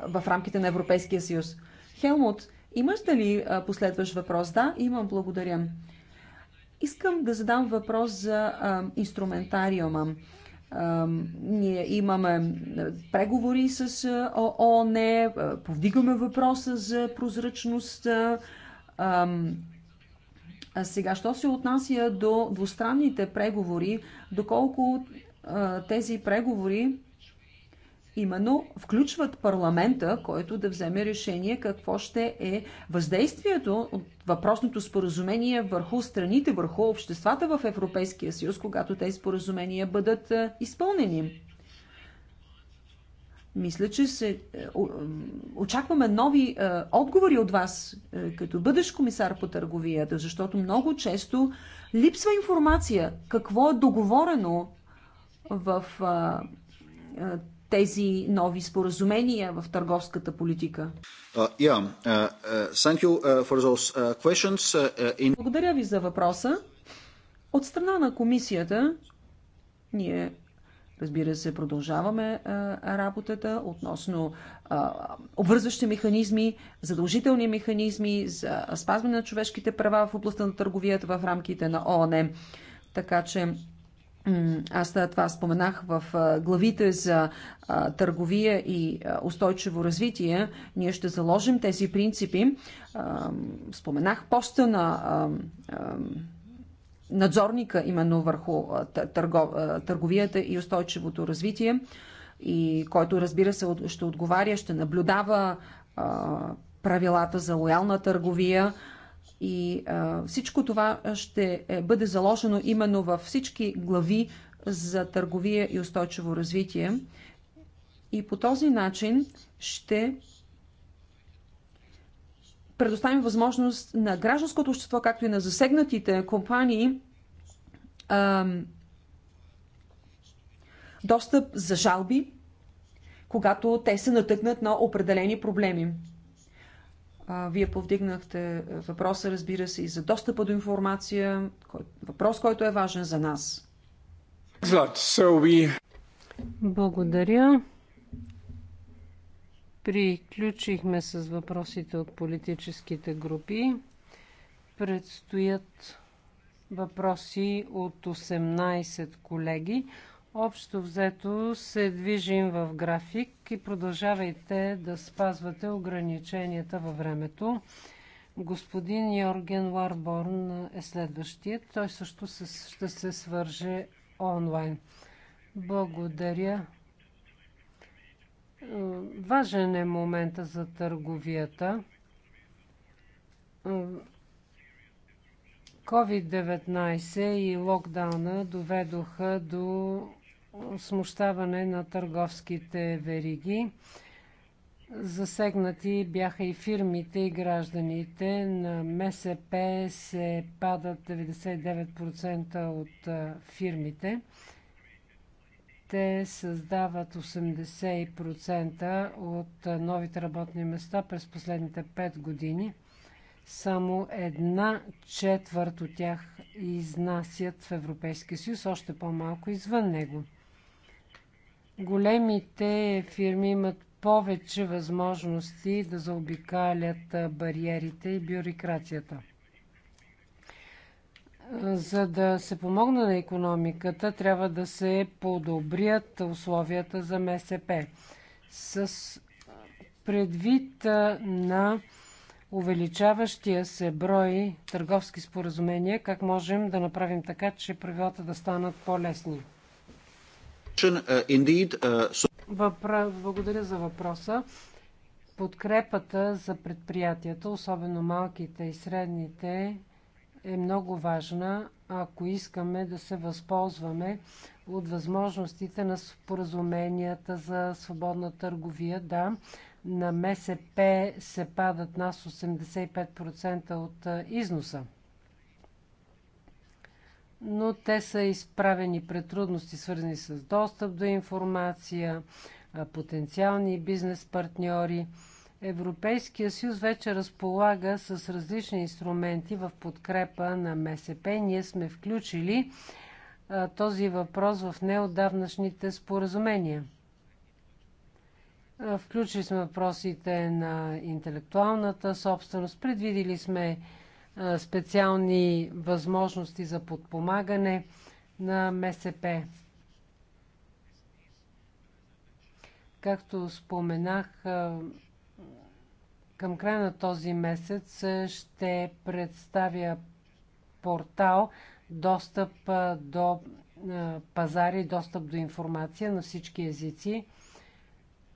в рамките на Европейския съюз. Хелмут, имаш ли последващ въпрос? Да, имам. Благодаря. Искам да задам въпрос за а, инструментариума. А, ние имаме преговори с ООН, повдигаме въпроса за прозрачност. А, а сега, що се отнася до двустранните преговори, доколко а, тези преговори именно включват парламента, който да вземе решение какво ще е въздействието от въпросното споразумение върху страните, върху обществата в Европейския съюз, когато тези споразумения бъдат е, изпълнени. Мисля, че се е, е, очакваме нови отговори от вас като бъдеш комисар по търговията, защото много често липсва информация какво е договорено в тези нови споразумения в търговската политика? Благодаря ви за въпроса. От страна на комисията ние Разбира се, продължаваме uh, работата относно uh, обвързващи механизми, задължителни механизми за спазване на човешките права в областта на търговията в рамките на ООН. Така че аз това споменах в главите за търговия и устойчиво развитие. Ние ще заложим тези принципи. Споменах поста на надзорника именно върху търговията и устойчивото развитие, и който, разбира се, ще отговаря, ще наблюдава правилата за лоялна търговия, и а, всичко това ще е, бъде заложено именно във всички глави за търговия и устойчиво развитие. И по този начин ще предоставим възможност на гражданското общество, както и на засегнатите компании, а, достъп за жалби, когато те се натъкнат на определени проблеми. Вие повдигнахте въпроса, разбира се, и за достъпа до информация, въпрос, който е важен за нас. Благодаря. Приключихме с въпросите от политическите групи. Предстоят въпроси от 18 колеги. Общо взето се движим в график и продължавайте да спазвате ограниченията във времето. Господин Йорген Ларборн е следващия. Той също ще се свърже онлайн. Благодаря. Важен е момента за търговията. COVID-19 и локдауна доведоха до смущаване на търговските вериги. Засегнати бяха и фирмите, и гражданите. На МСП се падат 99% от фирмите. Те създават 80% от новите работни места през последните 5 години. Само една четвърт от тях изнасят в Европейския съюз, още по-малко извън него. Големите фирми имат повече възможности да заобикалят бариерите и бюрокрацията. За да се помогне на економиката, трябва да се подобрят условията за МСП. С предвид на увеличаващия се брой търговски споразумения, как можем да направим така, че правилата да станат по-лесни? Uh, uh, благодаря за въпроса. Подкрепата за предприятията, особено малките и средните, е много важна, ако искаме да се възползваме от възможностите на споразуменията за свободна търговия. Да, на МСП се падат нас 85% от износа но те са изправени пред трудности, свързани с достъп до информация, потенциални бизнес партньори. Европейския съюз вече разполага с различни инструменти в подкрепа на МСП. Ние сме включили този въпрос в неодавнашните споразумения. Включили сме въпросите на интелектуалната собственост, предвидили сме специални възможности за подпомагане на МСП. Както споменах, към края на този месец ще представя портал достъп до пазари, достъп до информация на всички езици.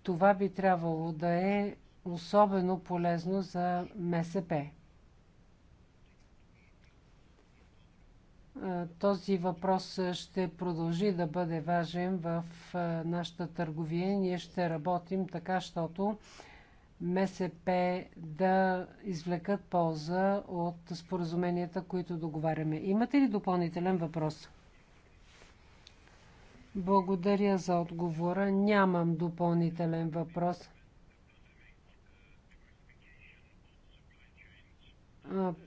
Това би трябвало да е особено полезно за МСП. Този въпрос ще продължи да бъде важен в нашата търговия. Ние ще работим така, защото МСП да извлекат полза от споразуменията, които договаряме. Имате ли допълнителен въпрос? Благодаря за отговора. Нямам допълнителен въпрос.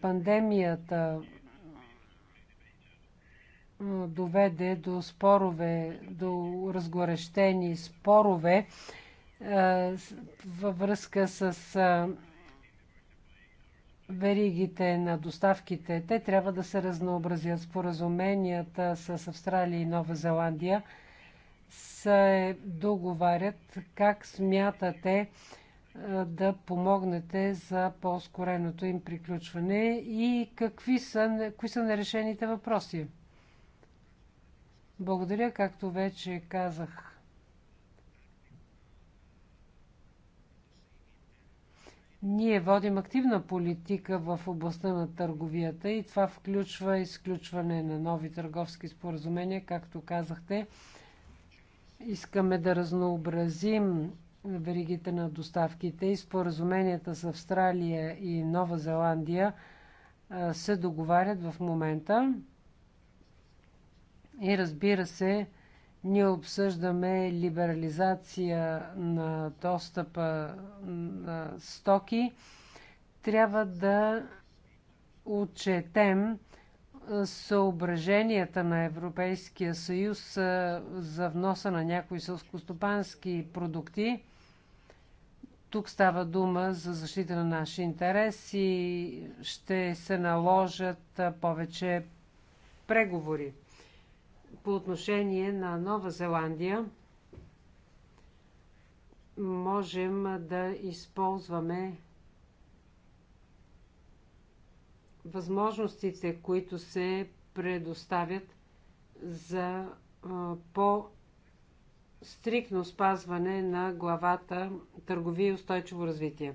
Пандемията доведе до спорове, до разгорещени спорове във връзка с веригите на доставките. Те трябва да се разнообразят. Споразуменията с Австралия и Нова Зеландия се договарят как смятате да помогнете за по-скореното им приключване и какви са, кои са нерешените въпроси. Благодаря, както вече казах. Ние водим активна политика в областта на търговията и това включва изключване на нови търговски споразумения, както казахте. Искаме да разнообразим веригите на доставките и споразуменията с Австралия и Нова Зеландия се договарят в момента. И разбира се, ние обсъждаме либерализация на достъпа на стоки. Трябва да отчетем съображенията на Европейския съюз за вноса на някои сълскостопански продукти. Тук става дума за защита на наши интереси. Ще се наложат повече преговори по отношение на Нова Зеландия можем да използваме възможностите, които се предоставят за по-стрикно спазване на главата Търговия и устойчиво развитие.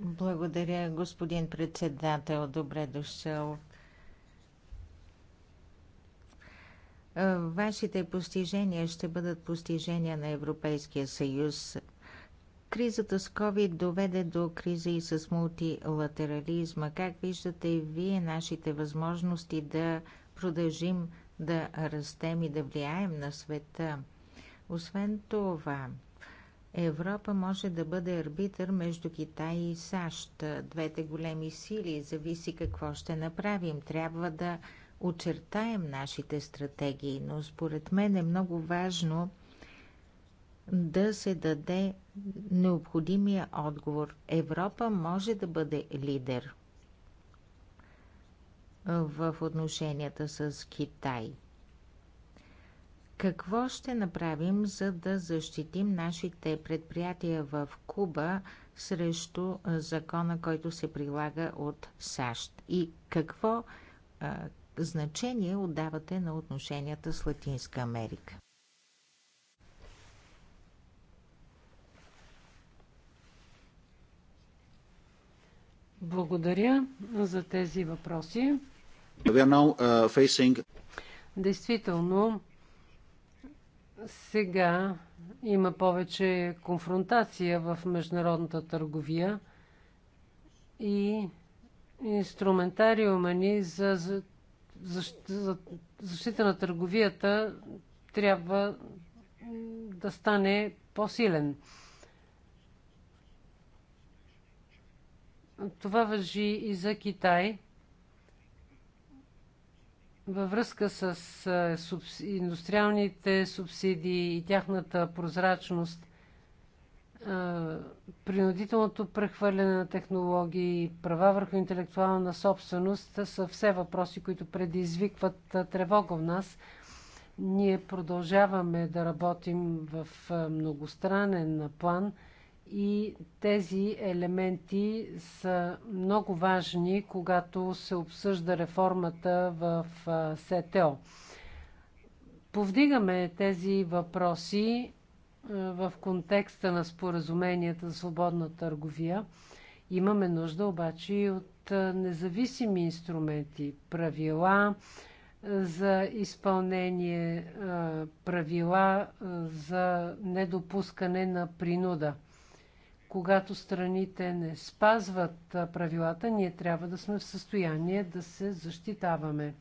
Благодаря, господин председател. Добре дошъл Е, вашите постижения ще бъдат постижения на Европейския съюз. Кризата с COVID доведе до криза и с мултилатерализма. Как виждате вие нашите възможности да продължим да растем и да влияем на света? Освен това, Европа може да бъде арбитър между Китай и САЩ. Двете големи сили зависи какво ще направим. Трябва да очертаем нашите стратегии, но според мен е много важно да се даде необходимия отговор. Европа може да бъде лидер в отношенията с Китай. Какво ще направим, за да защитим нашите предприятия в Куба срещу закона, който се прилага от САЩ? И какво значение отдавате на отношенията с Латинска Америка? Благодаря за тези въпроси. Uh, Действително, сега има повече конфронтация в международната търговия и инструментариума ни за защита, защита на търговията трябва да стане по-силен. Това въжи и за Китай. Във връзка с е, индустриалните субсидии и тяхната прозрачност, принудителното прехвърляне на технологии и права върху интелектуална собственост са все въпроси, които предизвикват тревога в нас. Ние продължаваме да работим в многостранен план и тези елементи са много важни, когато се обсъжда реформата в СТО. Повдигаме тези въпроси е, в контекста на споразуменията за свободна търговия. Имаме нужда обаче и от е, независими инструменти, правила е, за изпълнение, правила за недопускане на принуда. Когато страните не спазват правилата, ние трябва да сме в състояние да се защитаваме.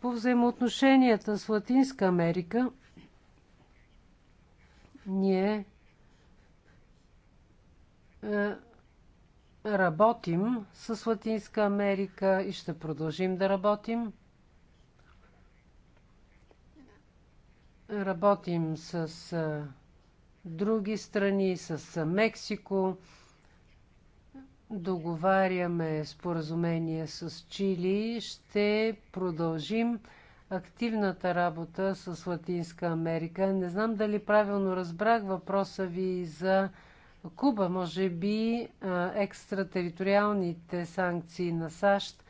По взаимоотношенията с Латинска Америка ние е, работим с Латинска Америка и ще продължим да работим. Работим с е, други страни, с е, Мексико. Договаряме споразумение с Чили. Ще продължим активната работа с Латинска Америка. Не знам дали правилно разбрах въпроса ви за Куба. Може би екстратериториалните санкции на САЩ.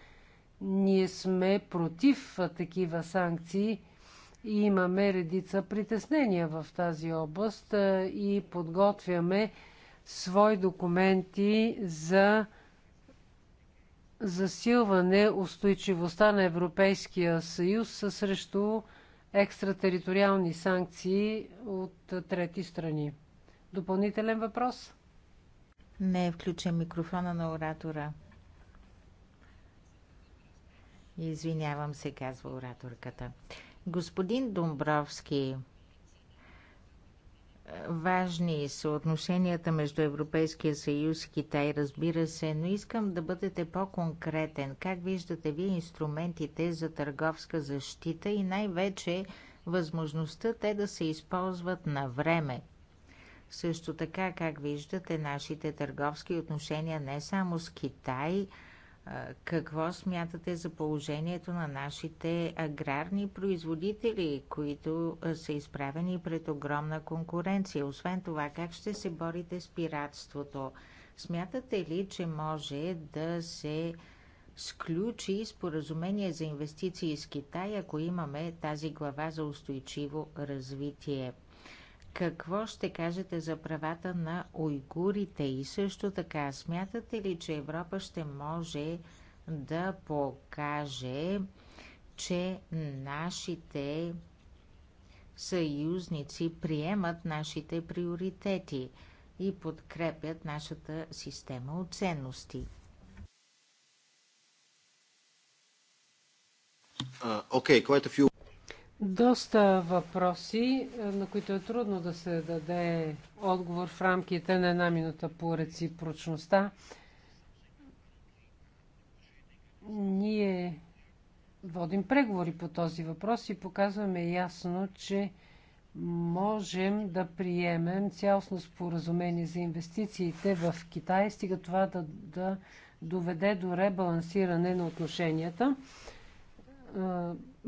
Ние сме против такива санкции и имаме редица притеснения в тази област и подготвяме свои документи за засилване устойчивостта на Европейския съюз срещу екстратериториални санкции от трети страни. Допълнителен въпрос? Не е включен микрофона на оратора. Извинявам се, казва ораторката. Господин Домбровски, Важни са отношенията между Европейския съюз и Китай, разбира се, но искам да бъдете по-конкретен. Как виждате вие инструментите за търговска защита и най-вече възможността те да се използват на време? Също така, как виждате нашите търговски отношения не само с Китай, какво смятате за положението на нашите аграрни производители, които са изправени пред огромна конкуренция? Освен това, как ще се борите с пиратството? Смятате ли, че може да се сключи споразумение за инвестиции с Китай, ако имаме тази глава за устойчиво развитие? Какво ще кажете за правата на уйгурите и също така смятате ли, че Европа ще може да покаже, че нашите съюзници приемат нашите приоритети и подкрепят нашата система от ценности? Uh, okay, quite a few доста въпроси, е, на които е трудно да се даде отговор в рамките на една минута по реципрочността. Ние водим преговори по този въпрос и показваме ясно, че можем да приемем цялостно споразумение за инвестициите в Китай, стига това да, да доведе до ребалансиране на отношенията е,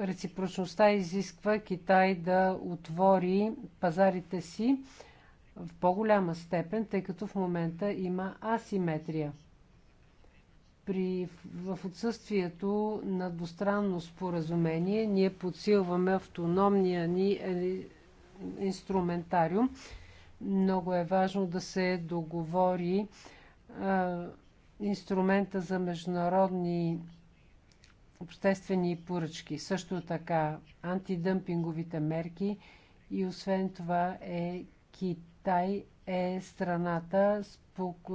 реципрочността изисква Китай да отвори пазарите си в по-голяма степен, тъй като в момента има асиметрия. При, в отсъствието на двустранно споразумение ние подсилваме автономния ни инструментариум. Много е важно да се договори а, инструмента за международни обществени поръчки. Също така антидъмпинговите мерки и освен това е Китай е страната,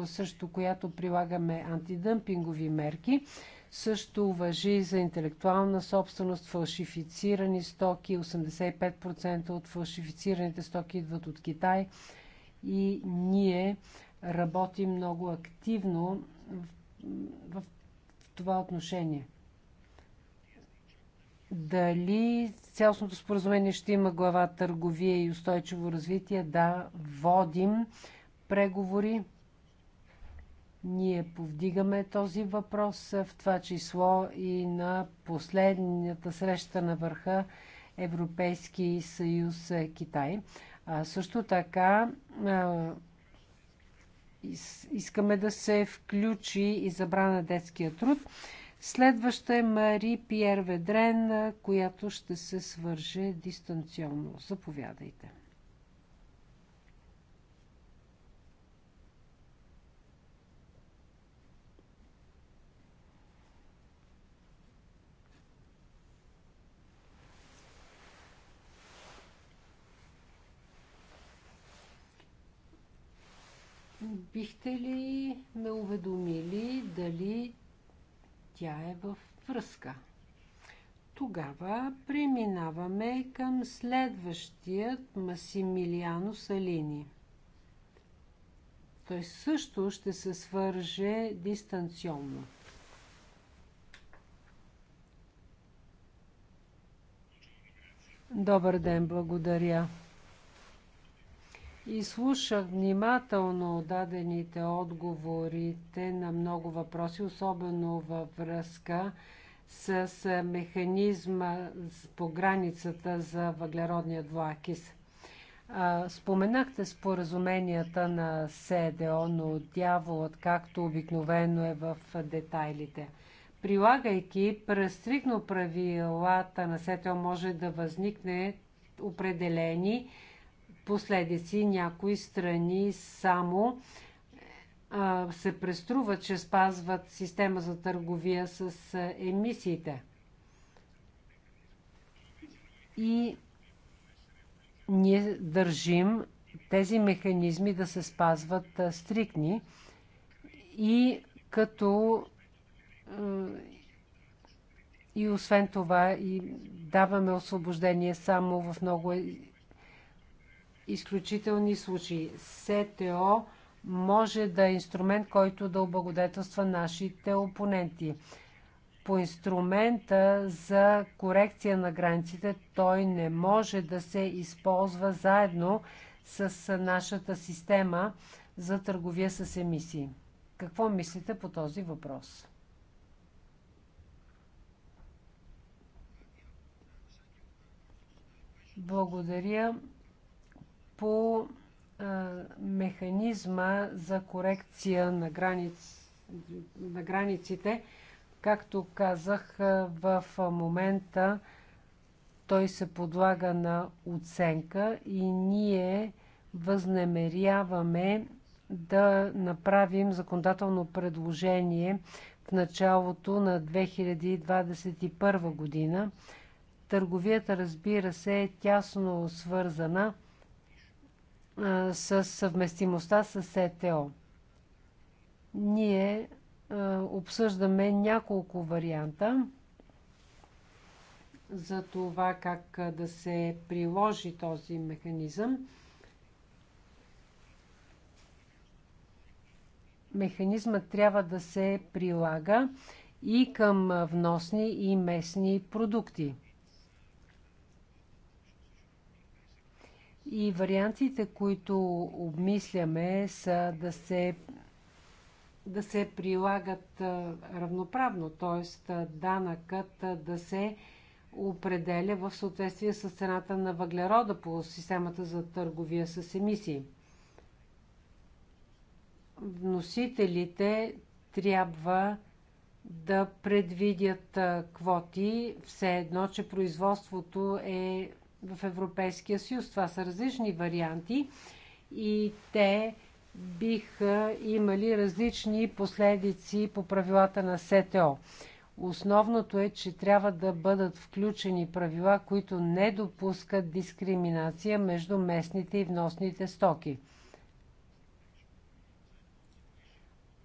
също която прилагаме антидъмпингови мерки. Също въжи за интелектуална собственост, фалшифицирани стоки. 85% от фалшифицираните стоки идват от Китай. И ние работим много активно в, в това отношение. Дали цялостното споразумение ще има глава търговия и устойчиво развитие? Да, водим преговори. Ние повдигаме този въпрос, в това число и на последната среща на върха Европейски съюз е, Китай. А също така искаме да се включи и забрана детския труд. Следваща е Мари Пьер Ведрен, която ще се свърже дистанционно. Заповядайте. бихте ли ме уведомили дали тя е в връзка. Тогава преминаваме към следващият Масимилиано Салини. Той също ще се свърже дистанционно. Добър ден, благодаря и слушах внимателно дадените отговорите на много въпроси, особено във връзка с механизма по границата за въглеродния двоакис. Споменахте споразуменията на СДО, но дяволът, както обикновено, е в детайлите. Прилагайки престрикно правилата на СТО, може да възникне определени последици. Някои страни само се преструват, че спазват система за търговия с емисиите. И ние държим тези механизми да се спазват стрикни и като и освен това и даваме освобождение само в много изключителни случаи. СТО може да е инструмент, който да облагодетелства нашите опоненти. По инструмента за корекция на границите той не може да се използва заедно с нашата система за търговия с емисии. Какво мислите по този въпрос? Благодаря по механизма за корекция на, границ, на границите. Както казах, в момента той се подлага на оценка и ние възнамеряваме да направим законодателно предложение в началото на 2021 година. Търговията, разбира се, е тясно свързана – с съвместимостта с ЕТО. Ние обсъждаме няколко варианта за това как да се приложи този механизъм. Механизмът трябва да се прилага и към вносни и местни продукти. И вариантите, които обмисляме, са да се, да се прилагат равноправно, т.е. данъкът да се определя в съответствие с цената на въглерода по системата за търговия с емисии. Вносителите трябва да предвидят квоти, все едно, че производството е в Европейския съюз. Това са различни варианти и те биха имали различни последици по правилата на СТО. Основното е, че трябва да бъдат включени правила, които не допускат дискриминация между местните и вносните стоки.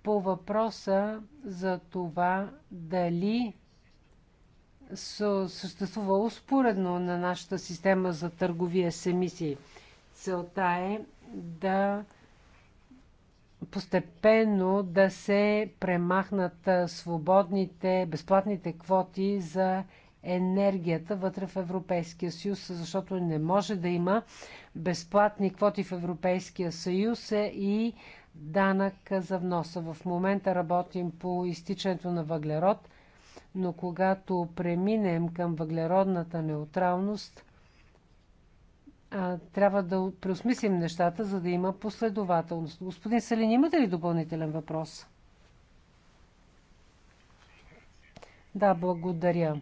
По въпроса за това дали съществува успоредно на нашата система за търговия с емисии. Целта е да постепенно да се премахнат свободните, безплатните квоти за енергията вътре в Европейския съюз, защото не може да има безплатни квоти в Европейския съюз е, и данък за вноса. В момента работим по изтичането на въглерод – но когато преминем към въглеродната неутралност, трябва да преосмислим нещата, за да има последователност. Господин Селин, имате ли допълнителен въпрос? Да, благодаря.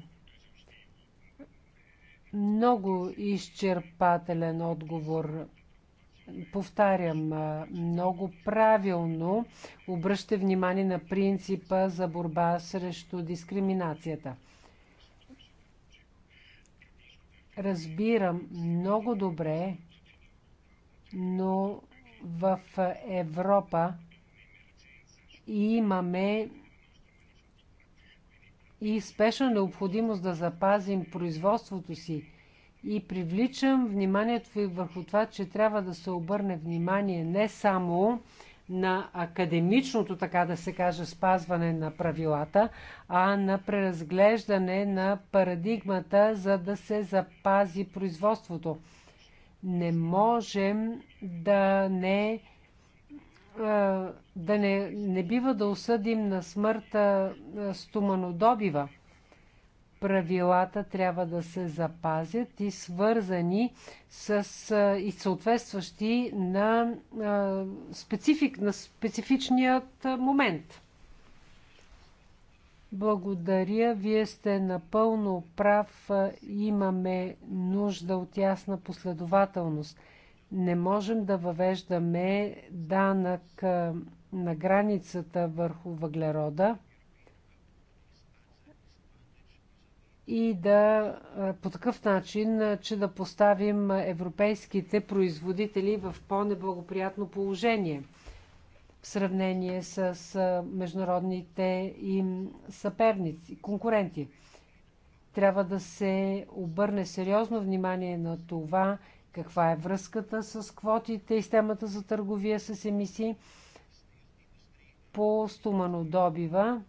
Много изчерпателен отговор повтарям, много правилно обръща внимание на принципа за борба срещу дискриминацията. Разбирам много добре, но в Европа имаме и спешна необходимост да запазим производството си и привличам вниманието ви върху това, че трябва да се обърне внимание не само на академичното, така да се каже, спазване на правилата, а на преразглеждане на парадигмата, за да се запази производството. Не можем да не да не, не бива да осъдим на смърт стоманодобива правилата трябва да се запазят и свързани с и съответстващи на, специфик, на специфичният момент. Благодаря, вие сте напълно прав. Имаме нужда от ясна последователност. Не можем да въвеждаме данък на границата върху въглерода – и да по такъв начин, че да поставим европейските производители в по-неблагоприятно положение в сравнение с международните им съперници, конкуренти. Трябва да се обърне сериозно внимание на това, каква е връзката с квотите и с темата за търговия с емисии по стоманодобива. добива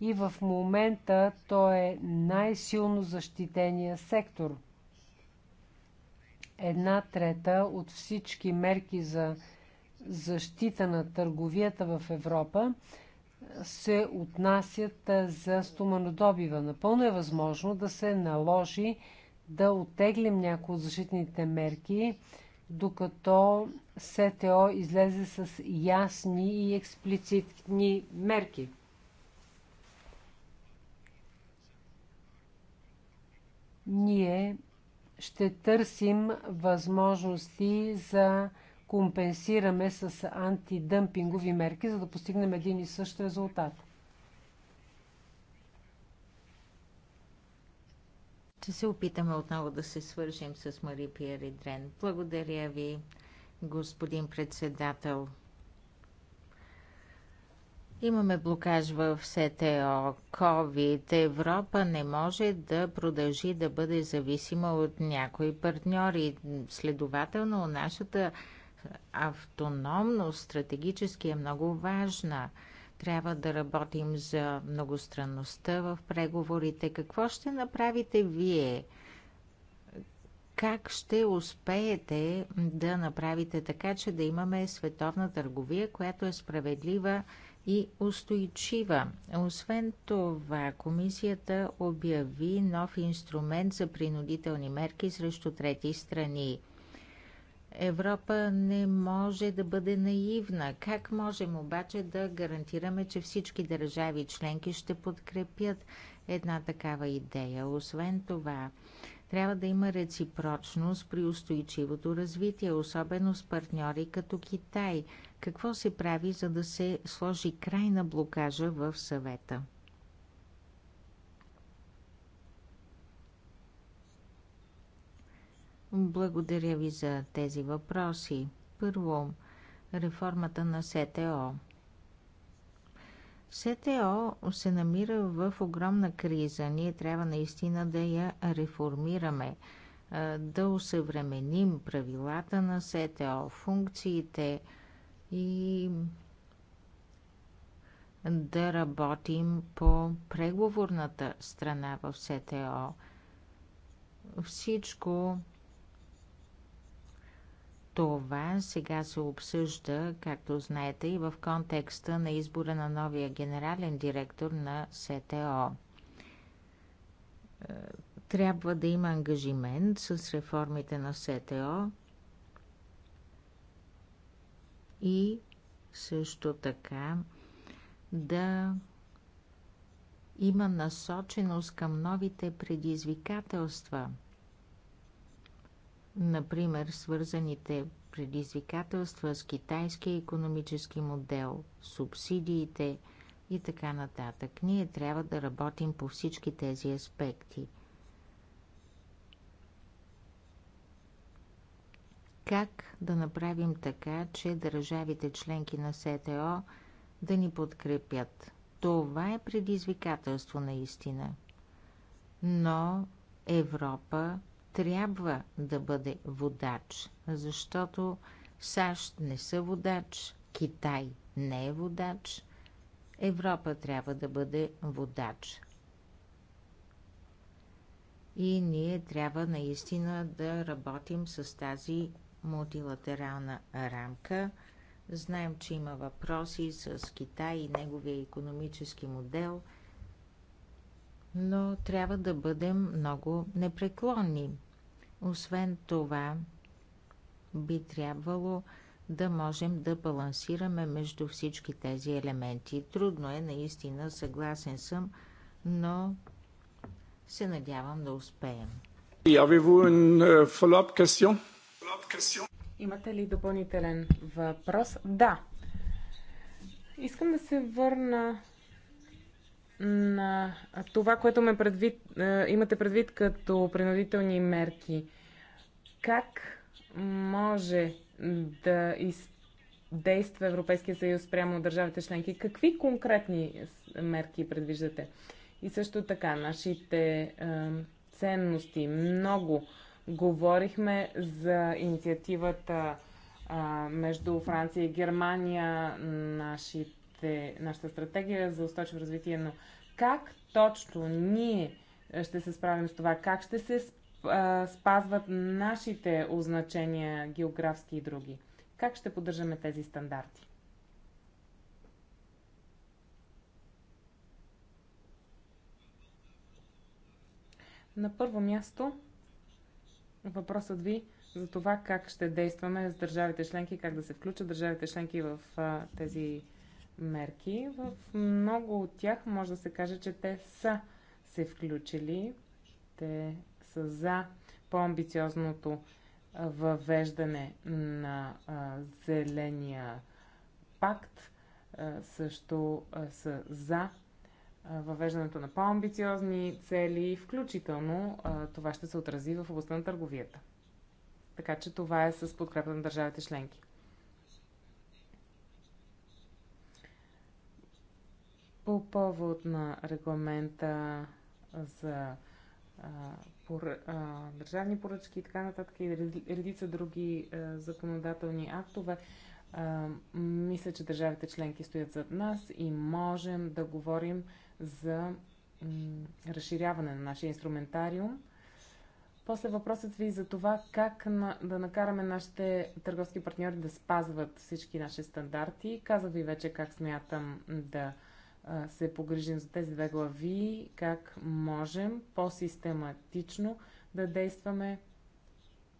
и в момента той е най-силно защитения сектор. Една трета от всички мерки за защита на търговията в Европа се отнасят за стоманодобива. Напълно е възможно да се наложи да оттеглим някои от защитните мерки, докато СТО излезе с ясни и експлицитни мерки. ние ще търсим възможности за компенсираме с антидъмпингови мерки, за да постигнем един и същ резултат. Ще се опитаме отново да се свържим с Мари Пиер Дрен. Благодаря ви, господин председател. Имаме блокаж в СТО, COVID. Европа не може да продължи да бъде зависима от някои партньори. Следователно, нашата автономност стратегически е много важна. Трябва да работим за многостранността в преговорите. Какво ще направите вие? Как ще успеете да направите така, че да имаме световна търговия, която е справедлива? и устойчива. Освен това, комисията обяви нов инструмент за принудителни мерки срещу трети страни. Европа не може да бъде наивна. Как можем обаче да гарантираме, че всички държави членки ще подкрепят една такава идея? Освен това, трябва да има реципрочност при устойчивото развитие, особено с партньори като Китай – какво се прави, за да се сложи край на блокажа в съвета? Благодаря ви за тези въпроси. Първо, реформата на СТО. СТО се намира в огромна криза. Ние трябва наистина да я реформираме, да усъвременим правилата на СТО, функциите, и да работим по преговорната страна в СТО. Всичко това сега се обсъжда, както знаете, и в контекста на избора на новия генерален директор на СТО. Трябва да има ангажимент с реформите на СТО, и също така да има насоченост към новите предизвикателства. Например, свързаните предизвикателства с китайския економически модел, субсидиите и така нататък. Ние трябва да работим по всички тези аспекти. как да направим така, че държавите членки на СТО да ни подкрепят. Това е предизвикателство наистина. Но Европа трябва да бъде водач, защото САЩ не са водач, Китай не е водач. Европа трябва да бъде водач. И ние трябва наистина да работим с тази мултилатерална рамка. Знаем, че има въпроси с Китай и неговия економически модел, но трябва да бъдем много непреклонни. Освен това, би трябвало да можем да балансираме между всички тези елементи. Трудно е, наистина, съгласен съм, но се надявам да успеем. avez-vous une euh, follow-up question? Имате ли допълнителен въпрос? Да. Искам да се върна на това, което ме предвид, е, имате предвид като принудителни мерки. Как може да изпълняте действа Европейския съюз прямо от държавите членки, какви конкретни мерки предвиждате? И също така, нашите е, ценности, много Говорихме за инициативата а, между Франция и Германия, нашите, нашата стратегия за устойчиво развитие, но как точно ние ще се справим с това? Как ще се спазват нашите означения, географски и други? Как ще поддържаме тези стандарти? На първо място въпросът ви за това как ще действаме с държавите членки, как да се включат държавите членки в а, тези мерки. В много от тях може да се каже, че те са се включили. Те са за по-амбициозното въвеждане на а, зеления пакт. А, също а, са за въвеждането на по-амбициозни цели, включително това ще се отрази в областта на търговията. Така че това е с подкрепа на държавите членки. По повод на регламента за държавни поръчки и така нататък и редица други законодателни актове, мисля, че държавите членки стоят зад нас и можем да говорим за разширяване на нашия инструментариум. После въпросът ви за това как на, да накараме нашите търговски партньори да спазват всички наши стандарти. Казах ви вече как смятам да а, се погрижим за тези две глави, как можем по-систематично да действаме,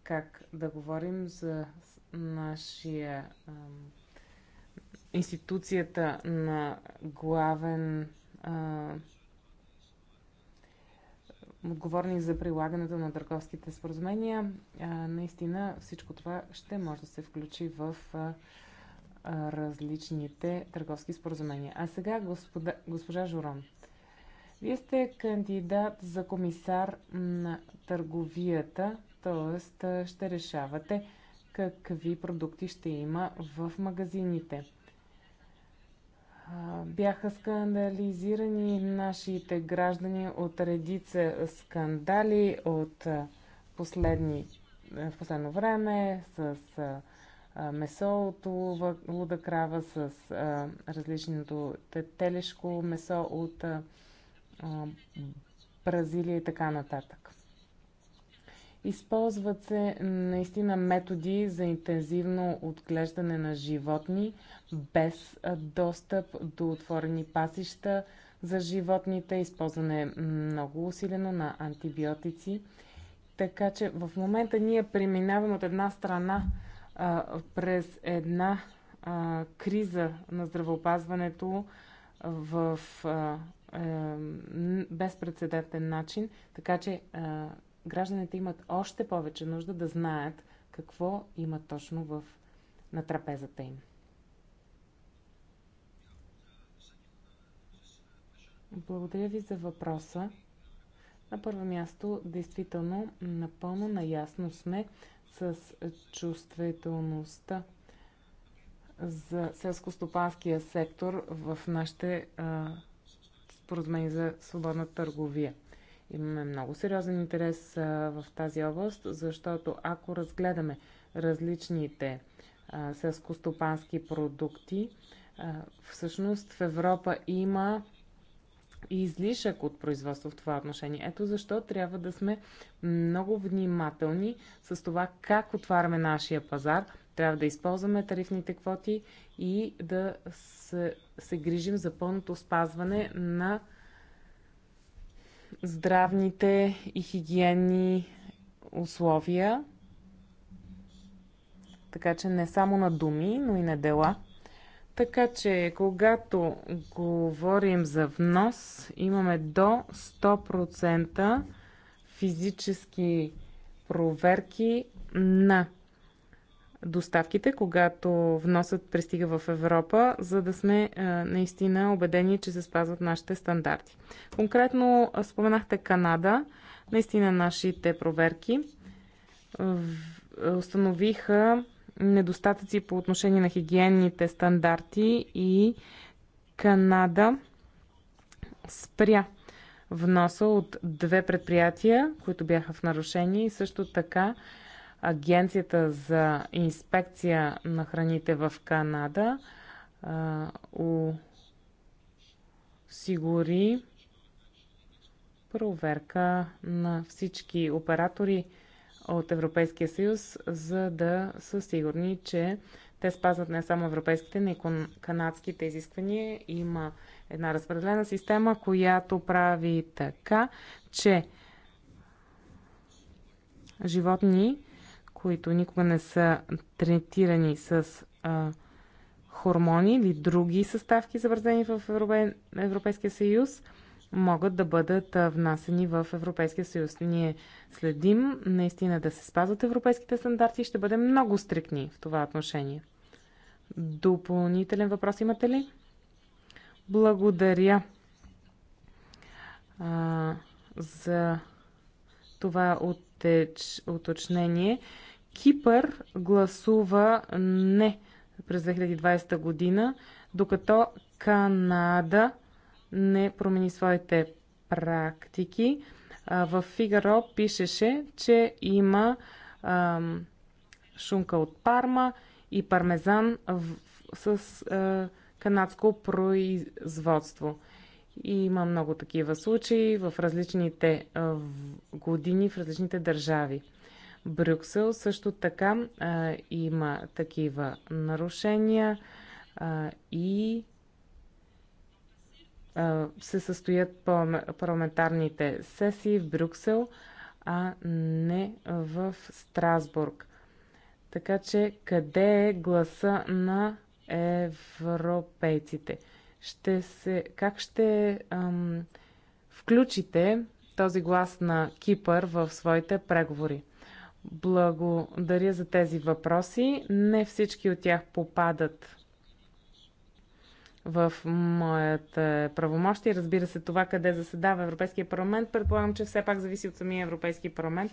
как да говорим за нашия а, институцията на главен а, отговорни за прилагането на търговските споразумения, а, наистина всичко това ще може да се включи в а, различните търговски споразумения. А сега господа, госпожа Журон. Вие сте кандидат за комисар на търговията, т.е. ще решавате какви продукти ще има в магазините бяха скандализирани нашите граждани от редица скандали от последни, в последно време с месо от луда крава, с различното телешко месо от Бразилия и така нататък. Използват се наистина методи за интензивно отглеждане на животни без достъп до отворени пасища за животните. Използване много усилено на антибиотици. Така че в момента ние преминаваме от една страна а, през една а, криза на здравеопазването в а, безпредседентен начин, така че гражданите имат още повече нужда да знаят какво има точно в, на трапезата им. Благодаря ви за въпроса. На първо място, действително, напълно наясно сме с чувствителността за селско-стопанския сектор в нашите а, споразумения за свободна търговия. Имаме много сериозен интерес а, в тази област, защото ако разгледаме различните селскостопански продукти, а, всъщност в Европа има излишък от производство в това отношение. Ето защо трябва да сме много внимателни с това как отваряме нашия пазар. Трябва да използваме тарифните квоти и да се, се грижим за пълното спазване на здравните и хигиенни условия. Така че не само на думи, но и на дела. Така че, когато говорим за внос, имаме до 100% физически проверки на доставките, когато вносът пристига в Европа, за да сме а, е, наистина убедени, че се спазват нашите стандарти. Конкретно споменахте Канада. Наистина нашите проверки е, установиха недостатъци по отношение на хигиенните стандарти и Канада спря вноса от две предприятия, които бяха в нарушение и също така Агенцията за инспекция на храните в Канада осигури проверка на всички оператори от Европейския съюз, за да са сигурни, че те спазват не само европейските, но и канадските изисквания. Има една разпределена система, която прави така, че животни които никога не са третирани с а, хормони или други съставки, завързани в Европе... Европейския съюз, могат да бъдат а, внасени в Европейския съюз. Ние следим наистина да се спазват европейските стандарти и ще бъдем много стрикни в това отношение. Допълнителен въпрос имате ли? Благодаря а, за това от уточнение. Кипър гласува не през 2020 година, докато Канада не промени своите практики. В Фигаро пишеше, че има ам, шунка от парма и пармезан в, с а, канадско производство. И има много такива случаи в различните а, години, в различните държави. Брюксел също така а, има такива нарушения а, и а, се състоят парламентарните сесии в Брюксел, а не в Страсбург. Така че къде е гласа на европейците? Ще се, как ще ам, включите този глас на Кипър в своите преговори? благодаря за тези въпроси. Не всички от тях попадат в моята правомощие. Разбира се, това къде заседава Европейския парламент, предполагам, че все пак зависи от самия Европейски парламент,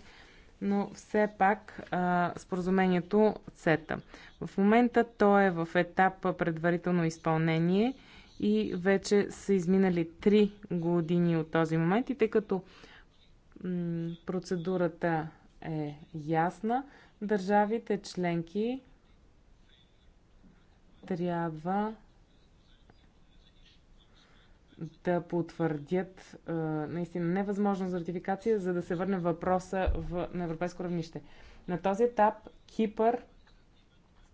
но все пак а, споразумението ЦЕТА. В момента то е в етап предварително изпълнение и вече са изминали 3 години от този момент и тъй като процедурата е ясна. Държавите членки трябва да потвърдят е, наистина невъзможност за ратификация, за да се върне въпроса в, на европейско равнище. На този етап Кипър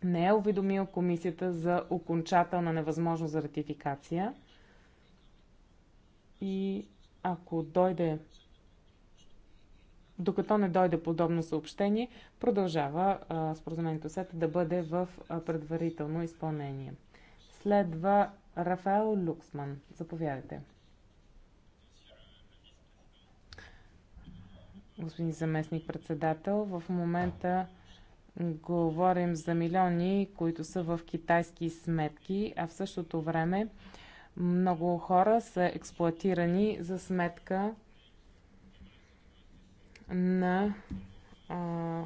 не е уведомил комисията за окончателна невъзможност за ратификация. И ако дойде докато не дойде подобно съобщение, продължава споразумението СЕТА да бъде в предварително изпълнение. Следва Рафаел Люксман. Заповядайте. Господин заместник председател, в момента говорим за милиони, които са в китайски сметки, а в същото време много хора са експлуатирани за сметка на а,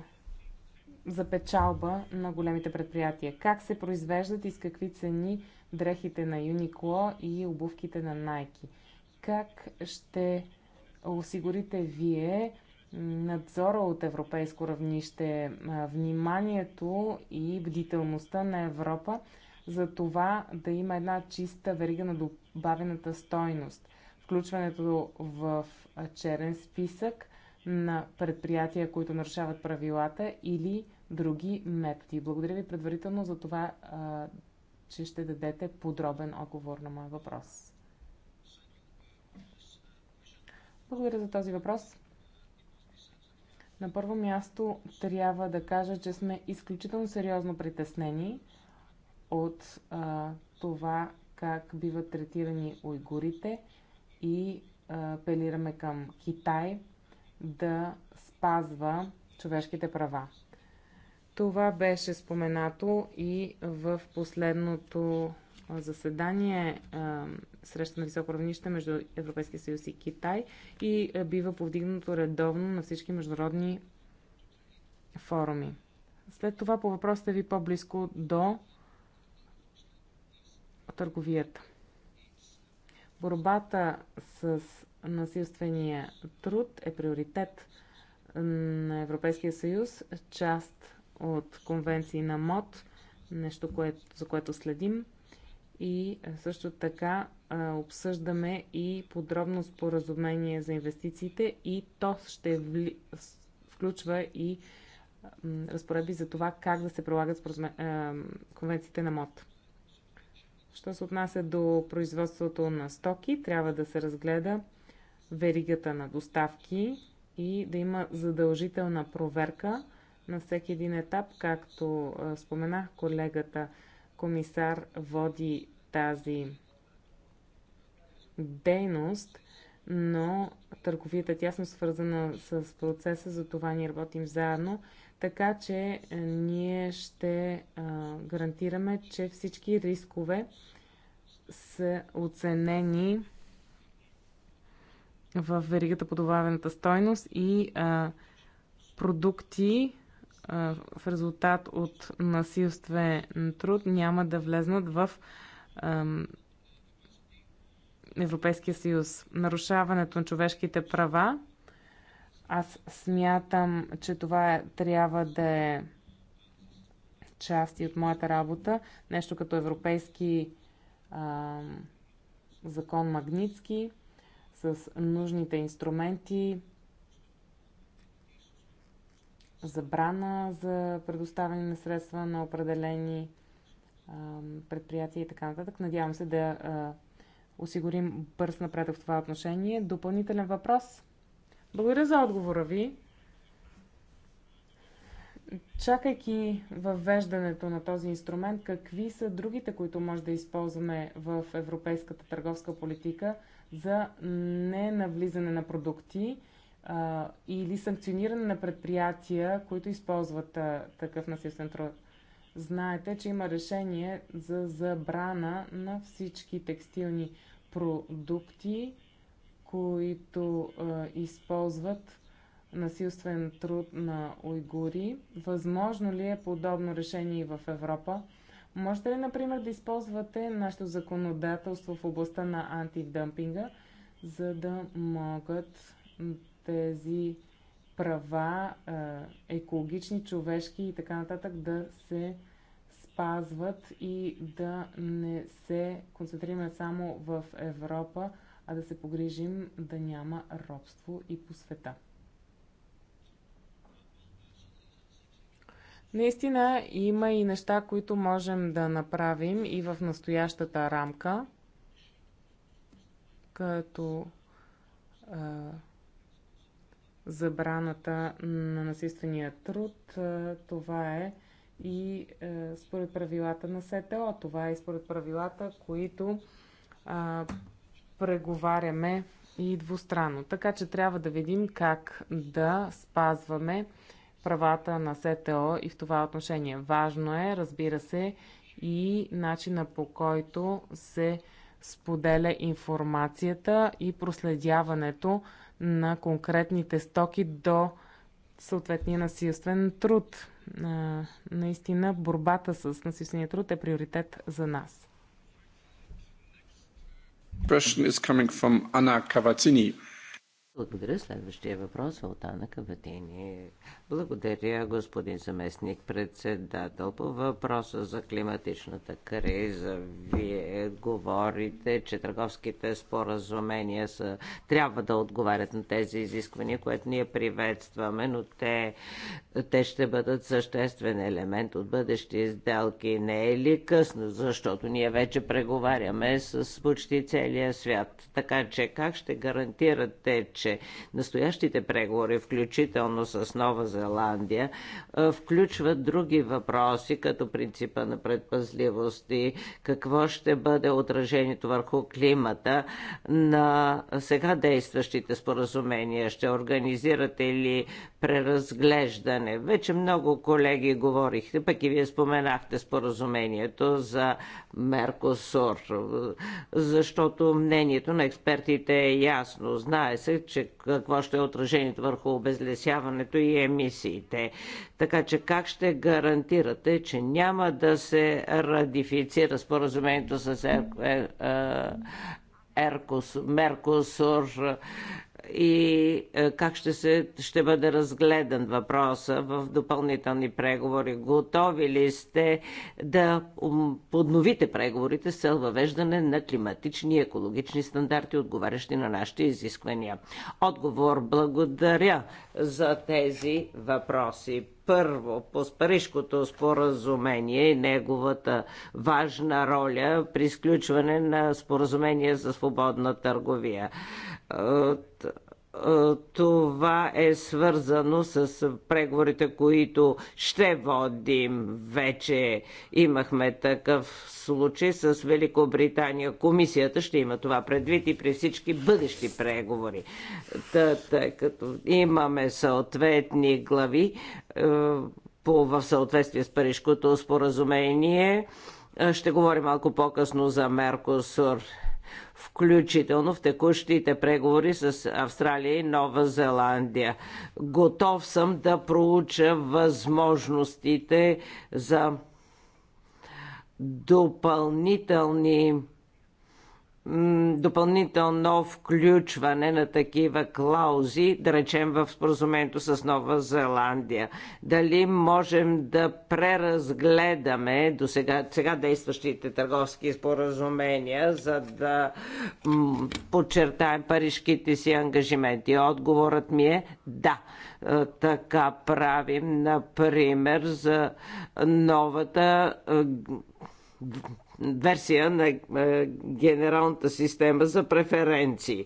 запечалба на големите предприятия. Как се произвеждат и с какви цени дрехите на Uniqlo и обувките на Nike? Как ще осигурите вие надзора от европейско равнище, вниманието и бдителността на Европа за това да има една чиста верига на добавената стойност? Включването в черен списък – на предприятия, които нарушават правилата или други методи. Благодаря ви предварително за това, че ще дадете подробен отговор на моя въпрос. Благодаря за този въпрос. На първо място трябва да кажа, че сме изключително сериозно притеснени от а, това как биват третирани уйгурите и а, апелираме към Китай да спазва човешките права. Това беше споменато и в последното заседание среща на високо равнище между Европейския съюз и Китай и бива повдигнато редовно на всички международни форуми. След това по въпросите ви по-близко до търговията. Борбата с насилствения труд е приоритет на Европейския съюз, част от конвенции на МОД, нещо, което, за което следим. И е, също така е, обсъждаме и подробно споразумение за инвестициите и то ще вли... включва и разпоредби за това как да се прилагат споразуме... Е, конвенциите на МОД. Що се отнася до производството на стоки, трябва да се разгледа веригата на доставки и да има задължителна проверка на всеки един етап. Както споменах, колегата комисар води тази дейност, но търговията е тясно свързана с процеса, за това ние работим заедно, така че ние ще гарантираме, че всички рискове са оценени в веригата по добавената стойност и а, продукти а, в резултат от насилствен труд няма да влезнат в а, Европейския съюз. Нарушаването на човешките права. Аз смятам, че това е, трябва да е части от моята работа. Нещо като европейски а, закон Магницки с нужните инструменти, забрана за предоставяне на средства на определени предприятия и така нататък. Надявам се да осигурим бърз напредък в това отношение. Допълнителен въпрос? Благодаря за отговора ви. Чакайки въвеждането на този инструмент, какви са другите, които може да използваме в европейската търговска политика, за ненавлизане на продукти а, или санкциониране на предприятия, които използват а, такъв насилствен труд. Знаете, че има решение за забрана на всички текстилни продукти, които а, използват насилствен труд на уйгури. Възможно ли е подобно решение и в Европа? Можете ли, например, да използвате нашето законодателство в областта на антидъмпинга, за да могат тези права, е, екологични, човешки и така нататък да се спазват и да не се концентрираме само в Европа, а да се погрижим да няма робство и по света. Наистина има и неща, които можем да направим и в настоящата рамка, като е, забраната на насилствения труд. Е, това е и е, според правилата на СТО. Това е и според правилата, които е, преговаряме и двустранно. Така че трябва да видим как да спазваме правата на СТО и в това отношение. Важно е, разбира се, и начина по който се споделя информацията и проследяването на конкретните стоки до съответния насилствен труд. Наистина, борбата с насилствения труд е приоритет за нас. Question is coming from Anna Cavazzini. Благодаря. Следващия въпрос е от Ана Каватини. Благодаря, господин заместник председател. По въпроса за климатичната криза, вие говорите, че търговските споразумения са, трябва да отговарят на тези изисквания, което ние приветстваме, но те, те ще бъдат съществен елемент от бъдещи изделки. Не е ли късно, защото ние вече преговаряме с почти целия свят. Така че как ще гарантирате, че че настоящите преговори, включително с Нова Зеландия, е, включват други въпроси, като принципа на предпазливост и какво ще бъде отражението върху климата на сега действащите споразумения. Ще организирате ли преразглеждане? Вече много колеги говорихте, пък и вие споменахте споразумението за Меркосур, защото мнението на експертите е ясно. Знае се, че какво ще е отражението върху обезлесяването и емисиите. Така че как ще гарантирате, че няма да се радифицира споразумението с Ер... Меркосур? и е, как ще, се, ще бъде разгледан въпроса в допълнителни преговори. Готови ли сте да подновите преговорите с цел въвеждане на климатични и екологични стандарти, отговарящи на нашите изисквания? Отговор благодаря за тези въпроси първо по Парижкото споразумение и неговата важна роля при изключване на споразумение за свободна търговия това е свързано с преговорите, които ще водим. Вече имахме такъв случай с Великобритания. Комисията ще има това предвид и при всички бъдещи преговори. Та, тъй като имаме съответни глави е, по, в съответствие с Парижкото споразумение, е, ще говорим малко по-късно за Меркосур включително в текущите преговори с Австралия и Нова Зеландия. Готов съм да проуча възможностите за допълнителни допълнително включване на такива клаузи, да речем в споразумението с Нова Зеландия. Дали можем да преразгледаме до сега, сега действащите търговски споразумения, за да подчертаем парижките си ангажименти? Отговорът ми е да е, така правим, например, за новата е, версия на генералната система за преференции.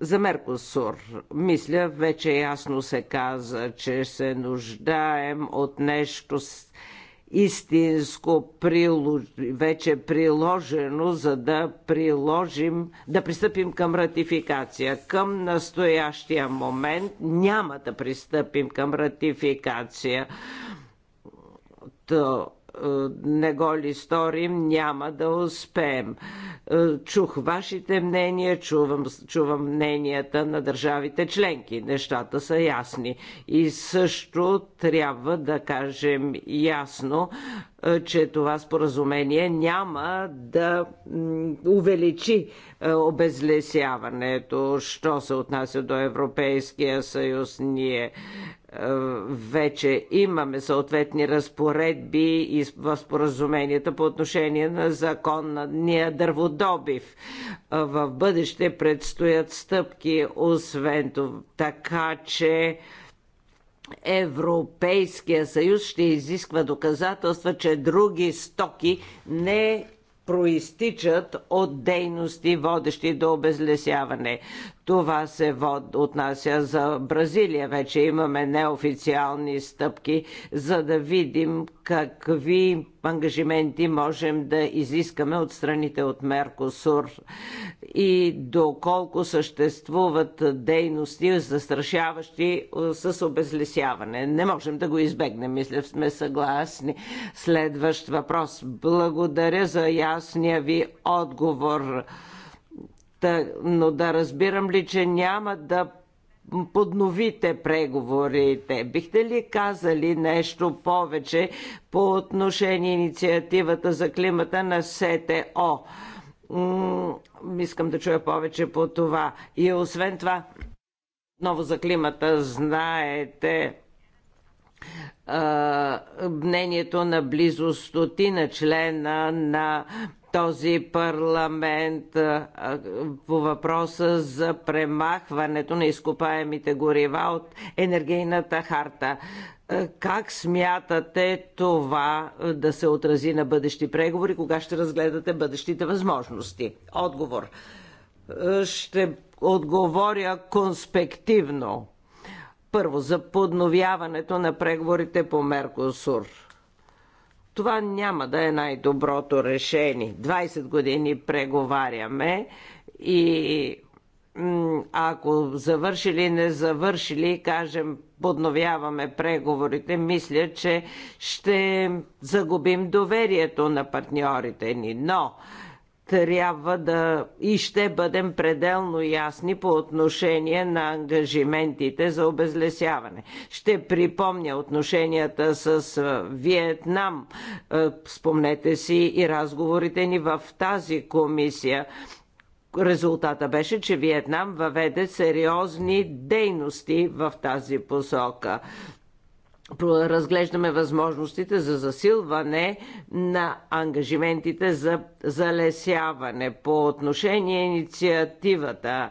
За Меркосур, мисля, вече ясно се каза, че се нуждаем от нещо с истинско прилож... вече приложено, за да приложим, да пристъпим към ратификация. Към настоящия момент няма да пристъпим към ратификация. То е, не го ли сторим, няма да успеем. Е, чух вашите мнения, чувам, чувам мненията на държавите членки. Нещата са ясни. И също трябва да кажем ясно, е, че това споразумение няма да увеличи е, обезлесяването. Що се отнася до Европейския съюз, ние е, вече имаме съответни разпоредби и в споразуменията по отношение на законния дърводобив. В бъдеще предстоят стъпки, освен това, така че Европейския съюз ще изисква доказателства, че други стоки не проистичат от дейности, водещи до обезлесяване. Това се вод, отнася за Бразилия. Вече имаме неофициални стъпки, за да видим какви ангажименти можем да изискаме от страните от Меркосур и доколко съществуват дейности, застрашаващи с обезлесяване. Не можем да го избегнем, мисля, сме съгласни. Следващ въпрос. Благодаря за ясния ви отговор. Та, но да разбирам ли, че няма да подновите преговорите. Бихте ли казали нещо повече по отношение инициативата за климата на СТО? М искам да чуя повече по това. И освен това, ново за климата, знаете, мнението на близо стотина члена на този парламент по въпроса за премахването на изкопаемите горива от енергийната харта. Как смятате това да се отрази на бъдещи преговори? Кога ще разгледате бъдещите възможности? Отговор. Ще отговоря конспективно. Първо, за подновяването на преговорите по Меркосур това няма да е най-доброто решение. 20 години преговаряме и ако завършили, не завършили, кажем, подновяваме преговорите, мисля, че ще загубим доверието на партньорите ни. Но трябва да и ще бъдем пределно ясни по отношение на ангажиментите за обезлесяване. Ще припомня отношенията с Виетнам. Спомнете си и разговорите ни в тази комисия. Резултата беше, че Виетнам въведе сериозни дейности в тази посока разглеждаме възможностите за засилване на ангажиментите за залесяване по отношение инициативата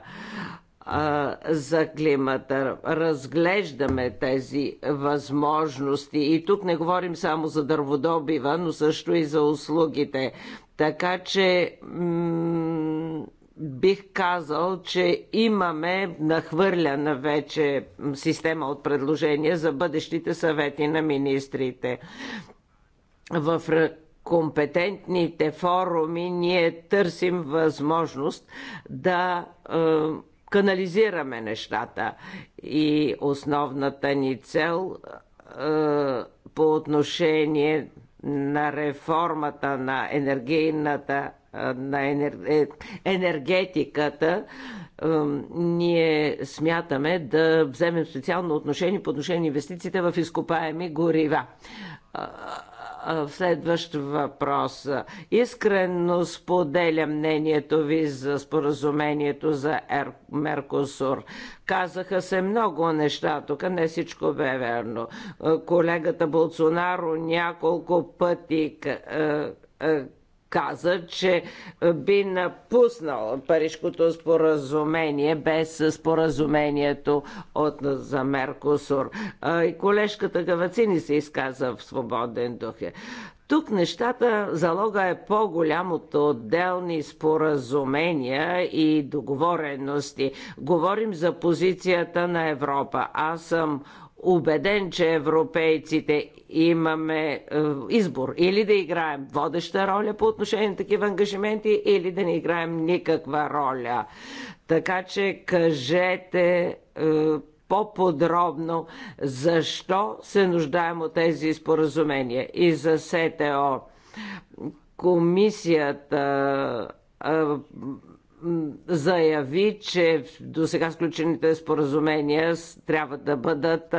за климата. Разглеждаме тези възможности и тук не говорим само за дърводобива, но също и за услугите. Така че бих казал, че имаме нахвърляна вече система от предложения за бъдещите съвети на министрите. В компетентните форуми ние търсим възможност да е, канализираме нещата. И основната ни цел е, по отношение на реформата на енергийната на енер... Е, енергетиката, ние смятаме да вземем специално отношение по отношение на инвестициите в изкопаеми горива следващ въпрос. Искрено споделя мнението ви за споразумението за Ер... Меркосур. Казаха се много неща, тук не всичко бе верно. Колегата Болсонаро няколко пъти каза, че е, би напуснал Парижкото споразумение без споразумението от, за Меркосур. И колежката Гавацини се изказа в свободен дух. Е, тук нещата, залога е по-голям от отделни споразумения и договорености. Говорим за позицията на Европа. Аз съм убеден, че европейците имаме е, избор или да играем водеща роля по отношение на такива ангажименти, или да не играем никаква роля. Така че кажете е, по-подробно защо се нуждаем от тези споразумения. И за СТО комисията е, заяви, че до сега сключените споразумения трябва да бъдат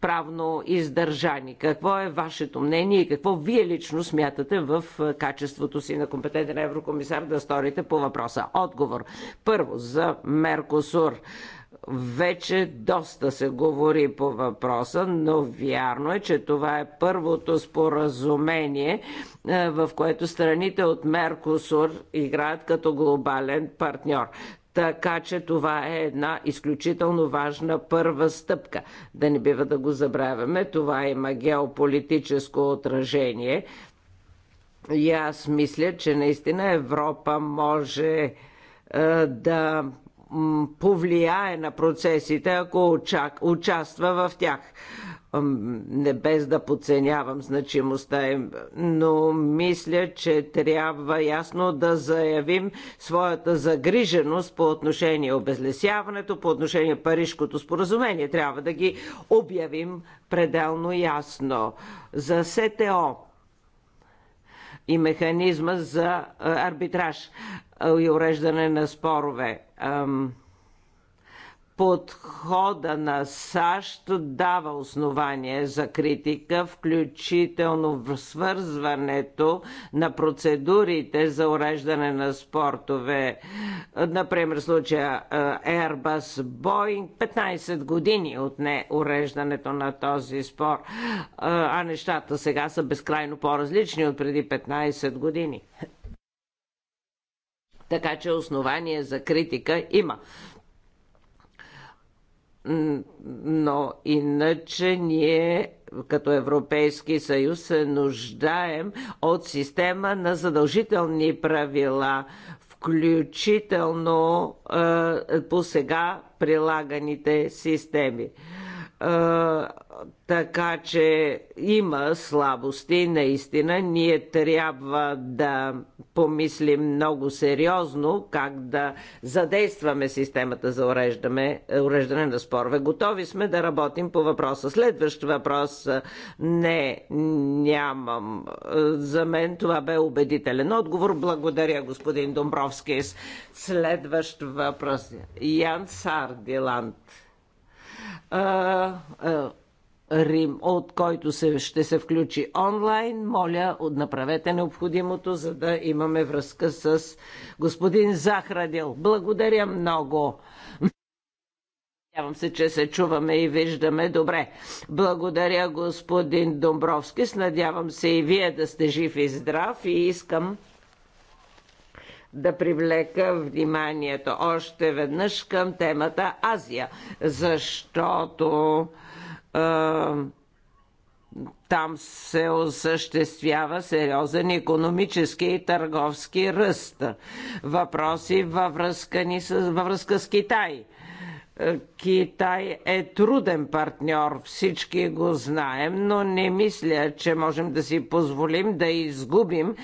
правно издържани. Какво е вашето мнение и какво вие лично смятате в качеството си на компетентен еврокомисар да сторите по въпроса? Отговор. Първо, за Меркосур. Вече доста се говори по въпроса, но вярно е, че това е първото споразумение, е, в което страните от Меркосур играят като глобален партньор. Така че това е една изключително важна първа стъпка. Да не бива да го забравяме, това има геополитическо отражение. И аз мисля, че наистина Европа може е, да повлияе на процесите, ако участва в тях. Не без да подценявам значимостта им, но мисля, че трябва ясно да заявим своята загриженост по отношение обезлесяването, по отношение Парижкото споразумение. Трябва да ги обявим пределно ясно. За СТО и механизма за арбитраж и уреждане на спорове. Подхода на САЩ дава основание за критика, включително в свързването на процедурите за уреждане на спортове. Например, случая Airbus Boeing 15 години отне уреждането на този спор, а нещата сега са безкрайно по-различни от преди 15 години. Така че основание за критика има но иначе ние като Европейски съюз се нуждаем от система на задължителни правила, включително е, по сега прилаганите системи. Е, така че има слабости, наистина ние трябва да помислим много сериозно как да задействаме системата за уреждане, уреждане на спорове. Готови сме да работим по въпроса. Следващ въпрос не, нямам. За мен това бе убедителен отговор. Благодаря, господин Домбровски. Следващ въпрос. Ян Сардиланд. А, а, Рим, от който се, ще се включи онлайн. Моля, направете необходимото, за да имаме връзка с господин Захрадил. Благодаря много. Надявам се, че се чуваме и виждаме добре. Благодаря, господин Домбровски. Надявам се и вие да сте жив и здрав и искам да привлека вниманието още веднъж към темата Азия, защото там се осъществява сериозен економически и търговски ръст. Въпроси във връзка, ни с, във връзка с Китай. Е, Китай е труден партньор, всички го знаем, но не мисля, че можем да си позволим да изгубим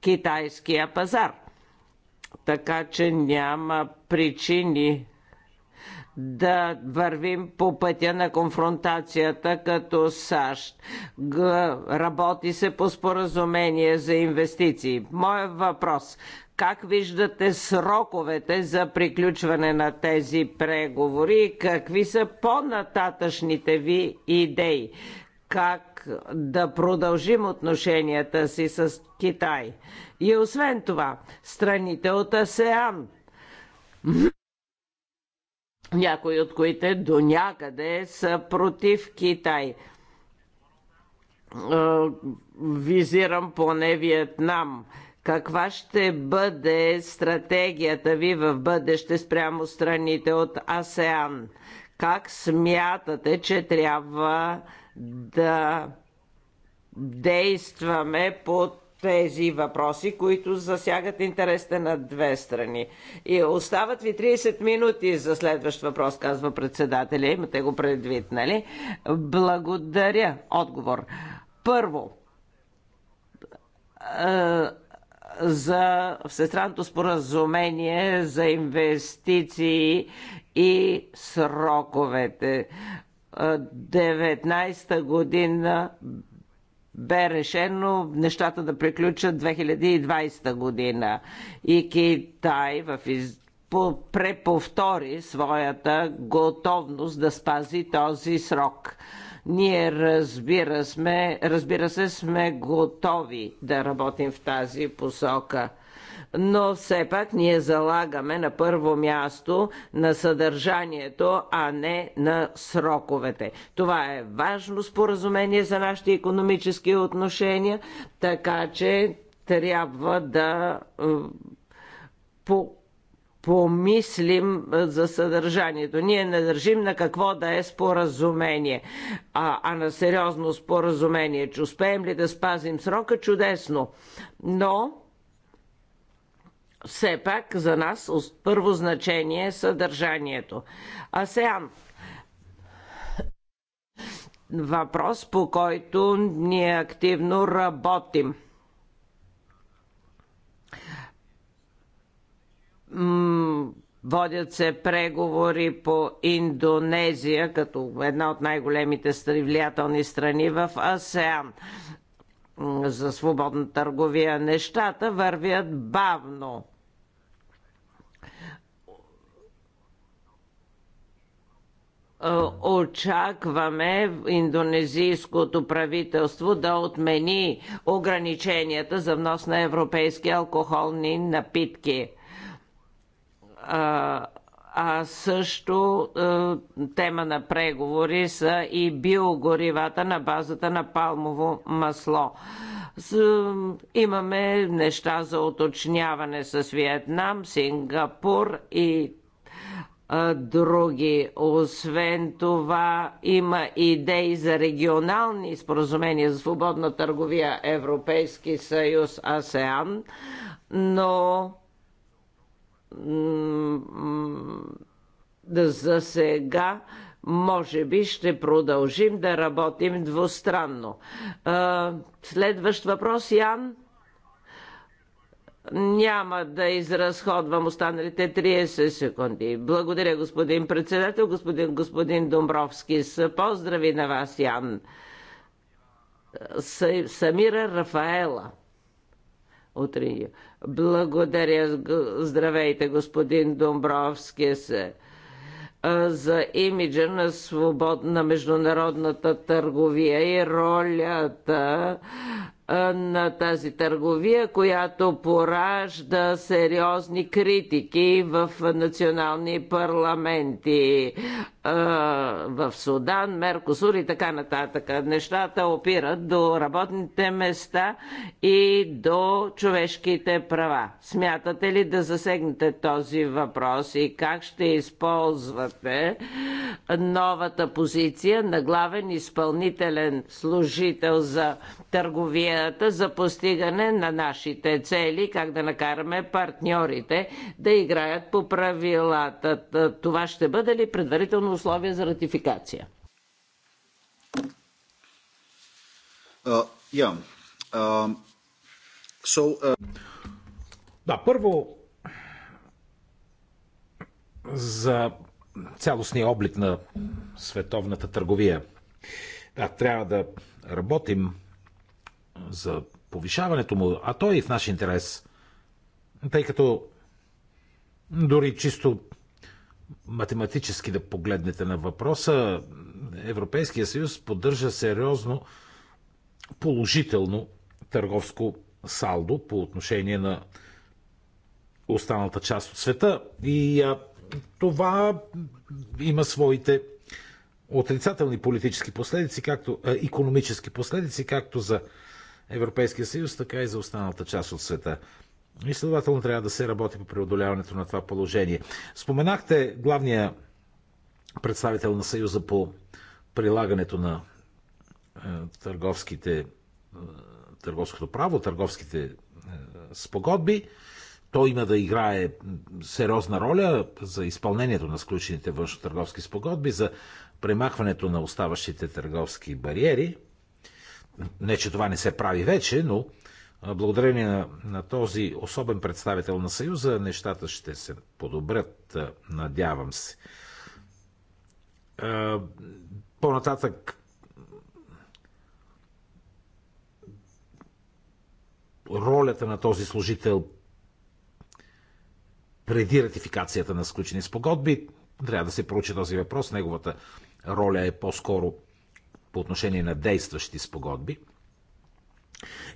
китайския пазар. Така че няма причини да вървим по пътя на конфронтацията като САЩ. Работи се по споразумение за инвестиции. Моя въпрос. Как виждате сроковете за приключване на тези преговори и какви са по-нататъчните ви идеи? Как да продължим отношенията си с Китай? И освен това, страните от АСЕАН някои от които до някъде са против Китай. Е, визирам поне Виетнам. Каква ще бъде стратегията ви в бъдеще спрямо страните от АСЕАН? Как смятате, че трябва да действаме под тези въпроси, които засягат интересите на две страни. И остават ви 30 минути за следващ въпрос, казва председателя. Имате го предвид, нали? Благодаря. Отговор. Първо, за всестранното споразумение за инвестиции и сроковете. 19-та година бе решено нещата да приключат 2020 година. И Китай в из... по... преповтори своята готовност да спази този срок. Ние разбира, сме, разбира се сме готови да работим в тази посока но все пак ние залагаме на първо място на съдържанието, а не на сроковете. Това е важно споразумение за нашите економически отношения, така че трябва да е, по помислим е, за съдържанието. Ние не държим на какво да е споразумение, а, а на сериозно споразумение. Че успеем ли да спазим срока, чудесно. Но все пак за нас първо значение е съдържанието. АСЕАН въпрос, по който ние активно работим. Водят се преговори по Индонезия, като една от най-големите влиятелни страни в АСЕАН. За свободна търговия нещата вървят бавно Е, очакваме индонезийското правителство да отмени ограниченията за внос на европейски алкохолни напитки. А, е, а също е, тема на преговори са и биогоривата на базата на палмово масло имаме неща за уточняване с Виетнам, Сингапур и други. Освен това има идеи за регионални споразумения за свободна търговия Европейски съюз, АСЕАН, но за сега може би ще продължим да работим двустранно. Следващ въпрос, Ян. Няма да изразходвам останалите 30 секунди. Благодаря, господин председател, господин, господин Домбровски. поздрави на вас, Ян. Самира Рафаела Утре. Благодаря. Здравейте, господин Домбровски. Се за имиджа на свободна международната търговия и ролята на тази търговия, която поражда сериозни критики в национални парламенти в Судан, Меркосур и така нататък. Нещата опират до работните места и до човешките права. Смятате ли да засегнете този въпрос и как ще използвате новата позиция на главен изпълнителен служител за търговия идеята за постигане на нашите цели, как да накараме партньорите да играят по правилата. Това ще бъде ли предварително условие за ратификация? Uh, yeah. uh, so, uh... Да, първо за цялостния облик на световната търговия. Да, трябва да работим за повишаването му, а той е и в наш интерес, тъй като дори чисто математически да погледнете на въпроса, Европейския съюз поддържа сериозно положително търговско салдо по отношение на останалата част от света. И а, това има своите отрицателни политически последици, както а, економически последици, както за Европейския съюз, така и за останалата част от света. И следователно трябва да се работи по преодоляването на това положение. Споменахте главния представител на Съюза по прилагането на е, търговските, е, търговското право, търговските е, спогодби. Той има да играе сериозна роля за изпълнението на сключените външно-търговски спогодби, за премахването на оставащите търговски бариери – не, че това не се прави вече, но благодарение на, на този особен представител на Съюза, нещата ще се подобрят, надявам се. По-нататък ролята на този служител преди ратификацията на сключени спогодби. Трябва да се проучи този въпрос. Неговата роля е по-скоро по отношение на действащи спогодби.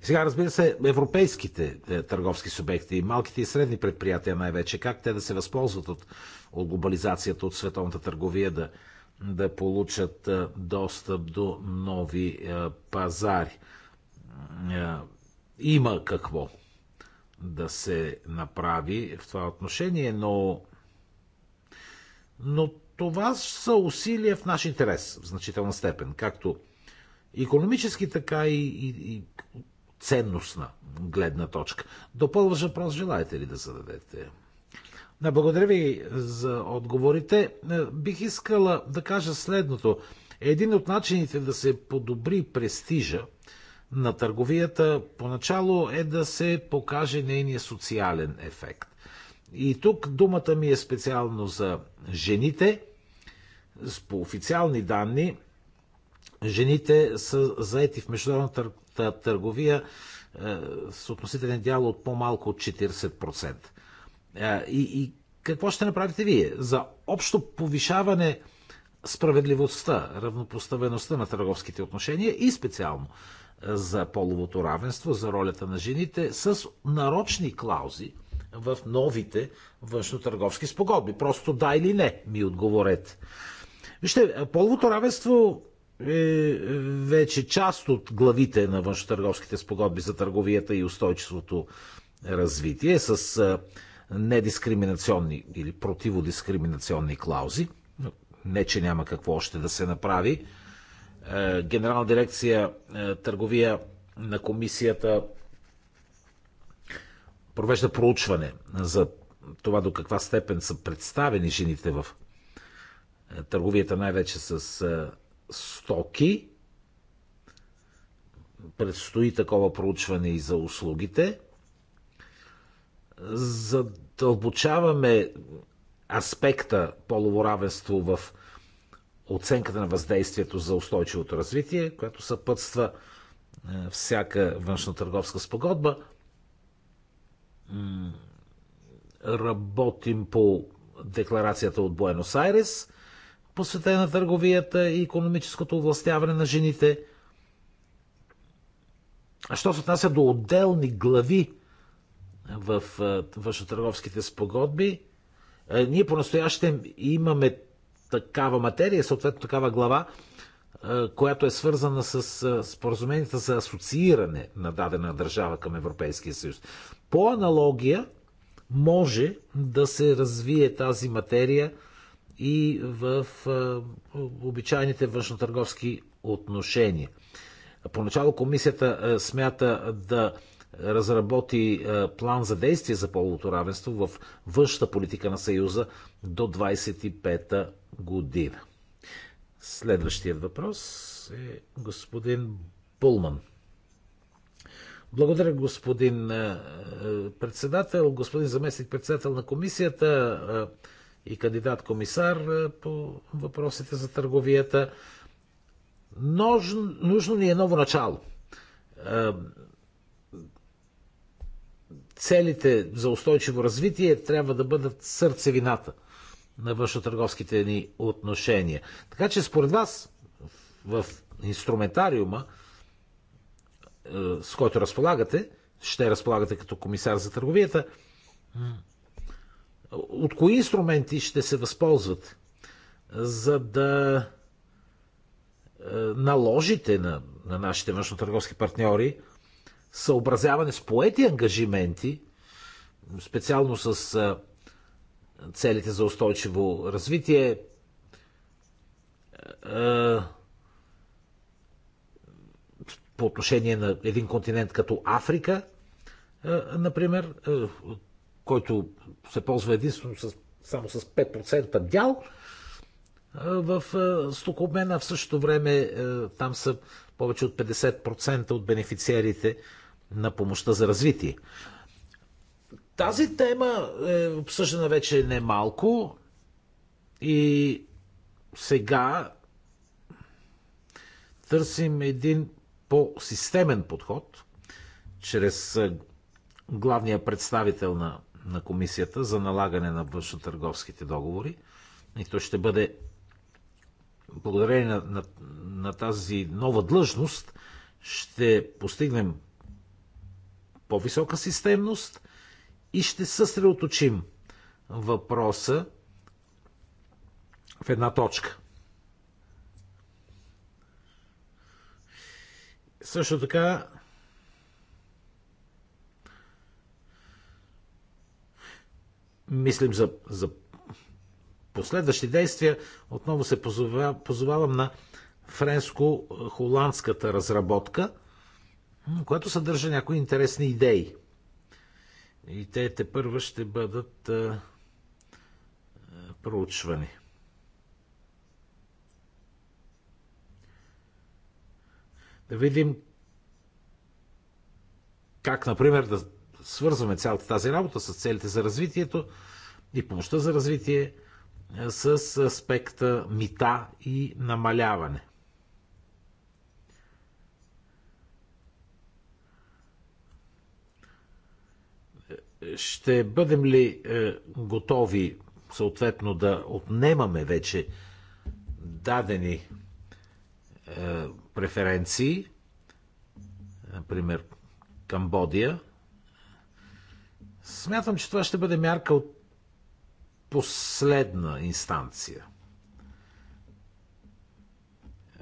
Сега, разбира се, европейските е, търговски субекти, малките и средни предприятия най-вече, как те да се възползват от, от глобализацията, от световната търговия, да, да получат е, достъп до нови е, пазари. има какво да се направи в това отношение, но, но това са усилия в наш интерес в значителна степен, както економически, така и, и, и ценностна гледна точка. Допълваш въпрос, желаете ли да зададете? Не, благодаря ви за отговорите. Е, бих искала да кажа следното. Един от начините да се подобри престижа на търговията поначало е да се покаже нейния социален ефект. И тук думата ми е специално за жените. По официални данни, жените са заети в международната търговия е, с относителен дял от по-малко от 40%. Е, и, и какво ще направите вие? За общо повишаване справедливостта, равнопоставеността на търговските отношения и специално е, за половото равенство, за ролята на жените, с нарочни клаузи, в новите външно-търговски спогодби. Просто да или не, ми отговорете. Вижте, половото равенство е, е вече част от главите на външно-търговските спогодби за търговията и устойчивото развитие с е, недискриминационни или противодискриминационни клаузи. Не, че няма какво още да се направи. Е, Генерална дирекция търговия на комисията провежда проучване за това до каква степен са представени жените в е, търговията най-вече с е, стоки. Предстои такова проучване и за услугите. Задълбочаваме аспекта полово равенство в оценката на въздействието за устойчивото развитие, което съпътства е, всяка външно-търговска спогодба – работим по декларацията от Буенос Айрес, посветена на търговията и економическото овластяване на жените. А що се отнася до отделни глави в външнотърговските спогодби, ние по-настоящем имаме такава материя, съответно такава глава, която е свързана с споразуменията за асоцииране на дадена държава към Европейския съюз. По аналогия може да се развие тази материя и в обичайните външнотърговски отношения. Поначало комисията смята да разработи план за действие за половото равенство в външната политика на Съюза до 25-та година. Следващият въпрос е господин Пулман. Благодаря, господин председател, господин заместник председател на комисията и кандидат комисар по въпросите за търговията. Нужно, нужно ни е ново начало. Целите за устойчиво развитие трябва да бъдат сърцевината на външно-търговските ни отношения. Така че според вас в инструментариума, е, с който разполагате, ще разполагате като комисар за търговията, от кои инструменти ще се възползват, за да е, наложите на, на нашите външно-търговски партньори съобразяване с поети ангажименти, специално с е, целите за устойчиво развитие, по отношение на един континент като Африка, е, например, е, който се ползва единствено с, само с 5% дял е, в стокобмена, в същото време там са повече от 50% от бенефициерите на помощта за развитие. Тази тема е обсъждана вече немалко и сега търсим един по-системен подход чрез главния представител на, на комисията за налагане на външно-търговските договори. И то ще бъде благодарение на, на, на тази нова длъжност ще постигнем по-висока системност и ще съсредоточим въпроса в една точка. Също така мислим за, за последващи действия. Отново се позова, позовавам на френско-холандската разработка, която съдържа някои интересни идеи. И те те първа ще бъдат а, проучвани. да видим как, например, да свързваме цялата тази работа с целите за развитието и помощта за развитие е, с аспекта мита и намаляване. Ще бъдем ли е, готови съответно да отнемаме вече дадени е, преференции, например Камбодия, смятам, че това ще бъде мярка от последна инстанция.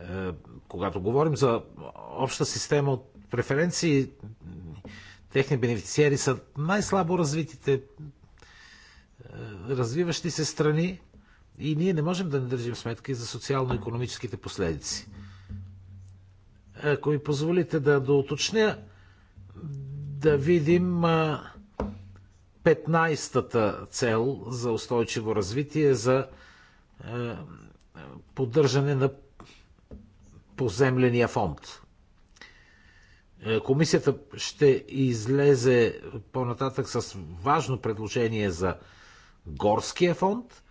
Е, когато говорим за обща система от преференции, техни бенефициери са най-слабо развитите, е, развиващи се страни и ние не можем да не държим сметка и за социално-економическите последици. Ако ми позволите да доуточня, да видим 15-та цел за устойчиво развитие за поддържане на поземления фонд. Комисията ще излезе по-нататък с важно предложение за горския фонд,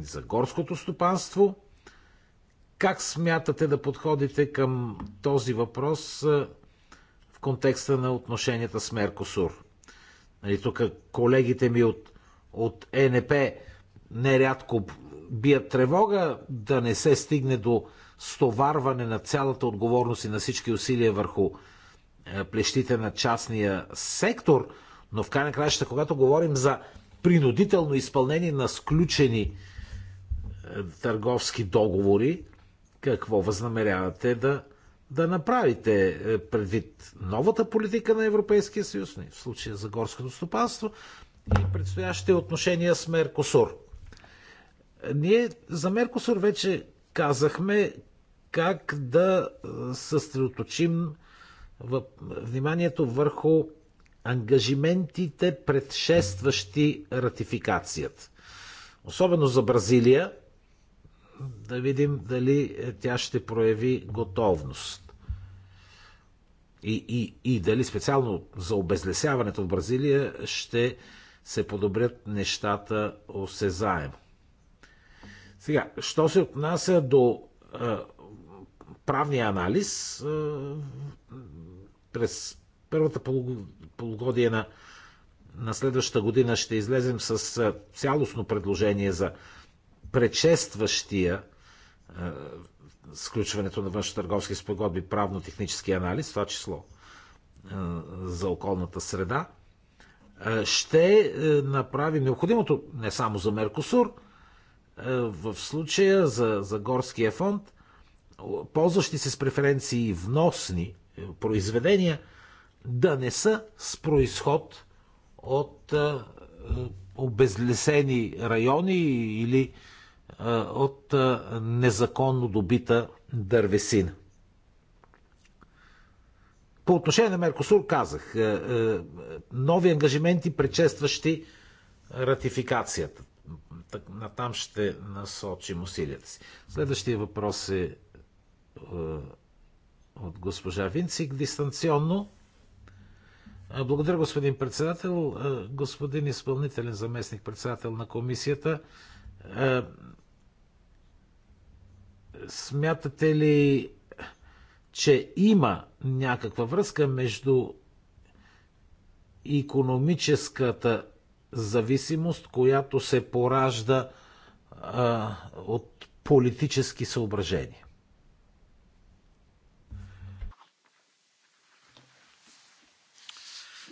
за горското стопанство как смятате да подходите към този въпрос в контекста на отношенията с Меркосур? Нали, тук колегите ми от, от ЕНП нерядко бият тревога да не се стигне до стоварване на цялата отговорност и на всички усилия върху плещите на частния сектор, но в крайна краща, когато говорим за принудително изпълнение на сключени търговски договори, какво възнамерявате да, да направите е, предвид новата политика на Европейския съюз, в случая за горското стопанство, и предстоящите отношения с Меркосур? Ние за Меркосур вече казахме как да е, съсредоточим е, вниманието върху ангажиментите предшестващи ратификацията. Особено за Бразилия, да видим дали е, тя ще прояви готовност. И, и, и дали специално за обезлесяването в Бразилия ще се подобрят нещата осезаемо. Сега, що се отнася до а, е, правния анализ, а, е, през първата полугодие на, на следващата година ще излезем с цялостно предложение за предшестващия е, сключването на външно-търговски спогодби правно-технически анализ, това число е, за околната среда, е, ще направи необходимото не само за Меркосур, в случая за, за горския фонд, ползващи се с преференции вносни произведения, да не са с происход от обезлесени райони или от незаконно добита дървесина. По отношение на Меркосур казах, нови ангажименти, предшестващи ратификацията. На там ще насочим усилията си. Следващия въпрос е от госпожа Винцик дистанционно. Благодаря, господин председател. Господин изпълнителен заместник председател на комисията, Смятате ли, че има някаква връзка между економическата зависимост, която се поражда а, от политически съображения?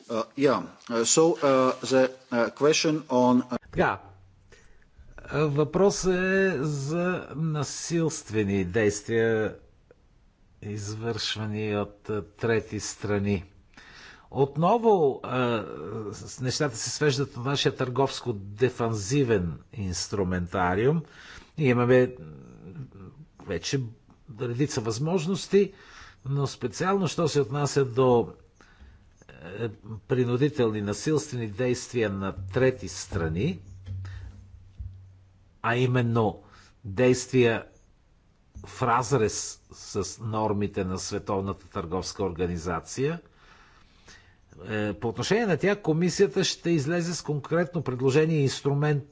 Uh, yeah. Uh, so, uh, the, uh, on... Uh, така, Въпросът е за насилствени действия, извършвани от трети страни. Отново нещата се свеждат на нашия търговско-дефанзивен инструментариум. И имаме вече редица възможности, но специално, що се отнася до е, принудителни насилствени действия на трети страни, а именно действия в разрез с нормите на Световната търговска организация. Е, по отношение на тях комисията ще излезе с конкретно предложение и инструмент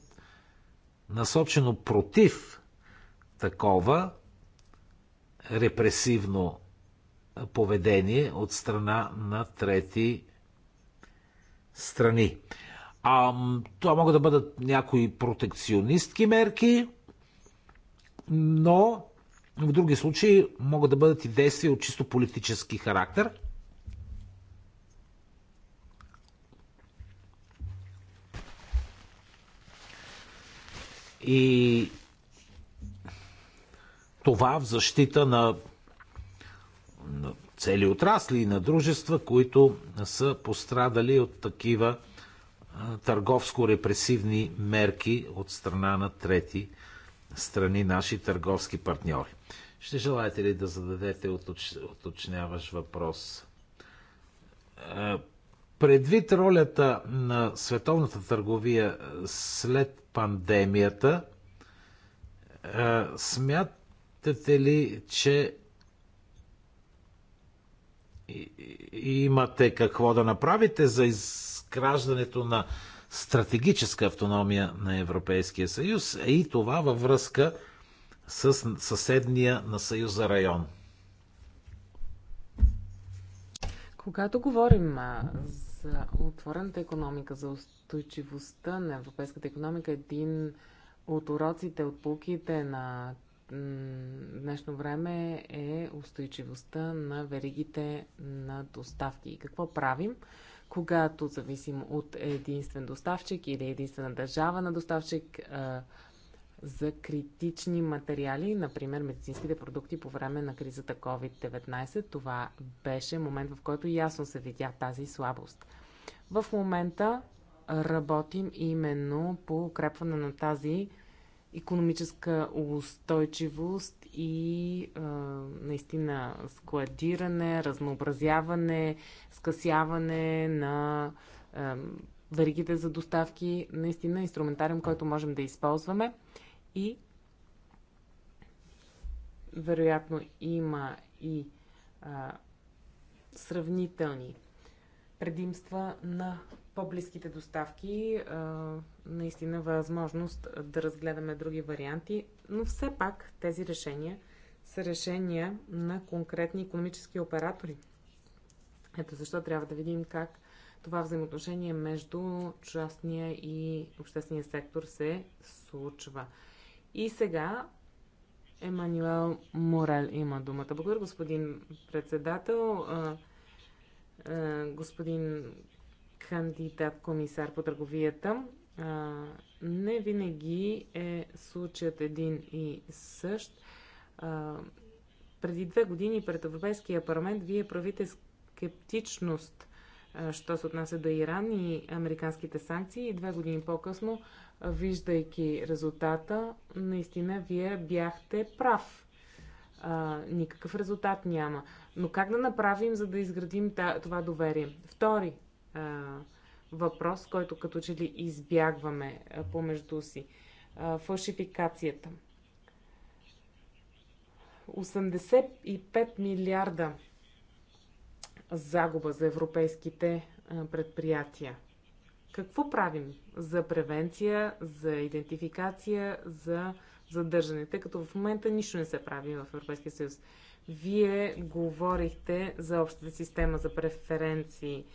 насочено против такова репресивно поведение от страна на трети страни. А, това могат да бъдат някои протекционистки мерки, но в други случаи могат да бъдат и действия от чисто политически характер. И това в защита на, на цели отрасли и на дружества, които са пострадали от такива търговско-репресивни мерки от страна на трети страни, наши търговски партньори. Ще желаете ли да зададете уточ... уточняваш въпрос? Е, предвид ролята на световната търговия след пандемията, е, смятате ли, че имате какво да направите за изграждането на стратегическа автономия на Европейския съюз и това във връзка с съседния на съюза район. Когато говорим за отворената економика, за устойчивостта на европейската економика, един от уроците, от полките на днешно време е устойчивостта на веригите на доставки. И какво правим? когато зависим от единствен доставчик или единствена държава на доставчик за критични материали, например медицинските продукти по време на кризата COVID-19. Това беше момент, в който ясно се видя тази слабост. В момента работим именно по укрепване на тази економическа устойчивост и а, наистина складиране, разнообразяване, скъсяване на а, веригите за доставки. Наистина инструментариум, който можем да използваме и вероятно има и а, сравнителни предимства на по-близките доставки, наистина възможност да разгледаме други варианти, но все пак тези решения са решения на конкретни економически оператори. Ето защо трябва да видим как това взаимоотношение между частния и обществения сектор се случва. И сега Емануел Морел има думата. Благодаря, господин председател. Господин кандидат-комисар по търговията. А, не винаги е случаят един и същ. А, преди две години пред Европейския парламент вие правите скептичност, а, що се отнася до Иран и американските санкции. И две години по-късно, виждайки резултата, наистина вие бяхте прав а, никакъв резултат няма. Но как да направим, за да изградим това доверие? Втори а, въпрос, който като че ли избягваме а, помежду си. А, фалшификацията. 85 милиарда загуба за европейските предприятия. Какво правим за превенция, за идентификация, за задържане, тъй като в момента нищо не се прави в Европейския съюз. Вие говорихте за общата система за преференции.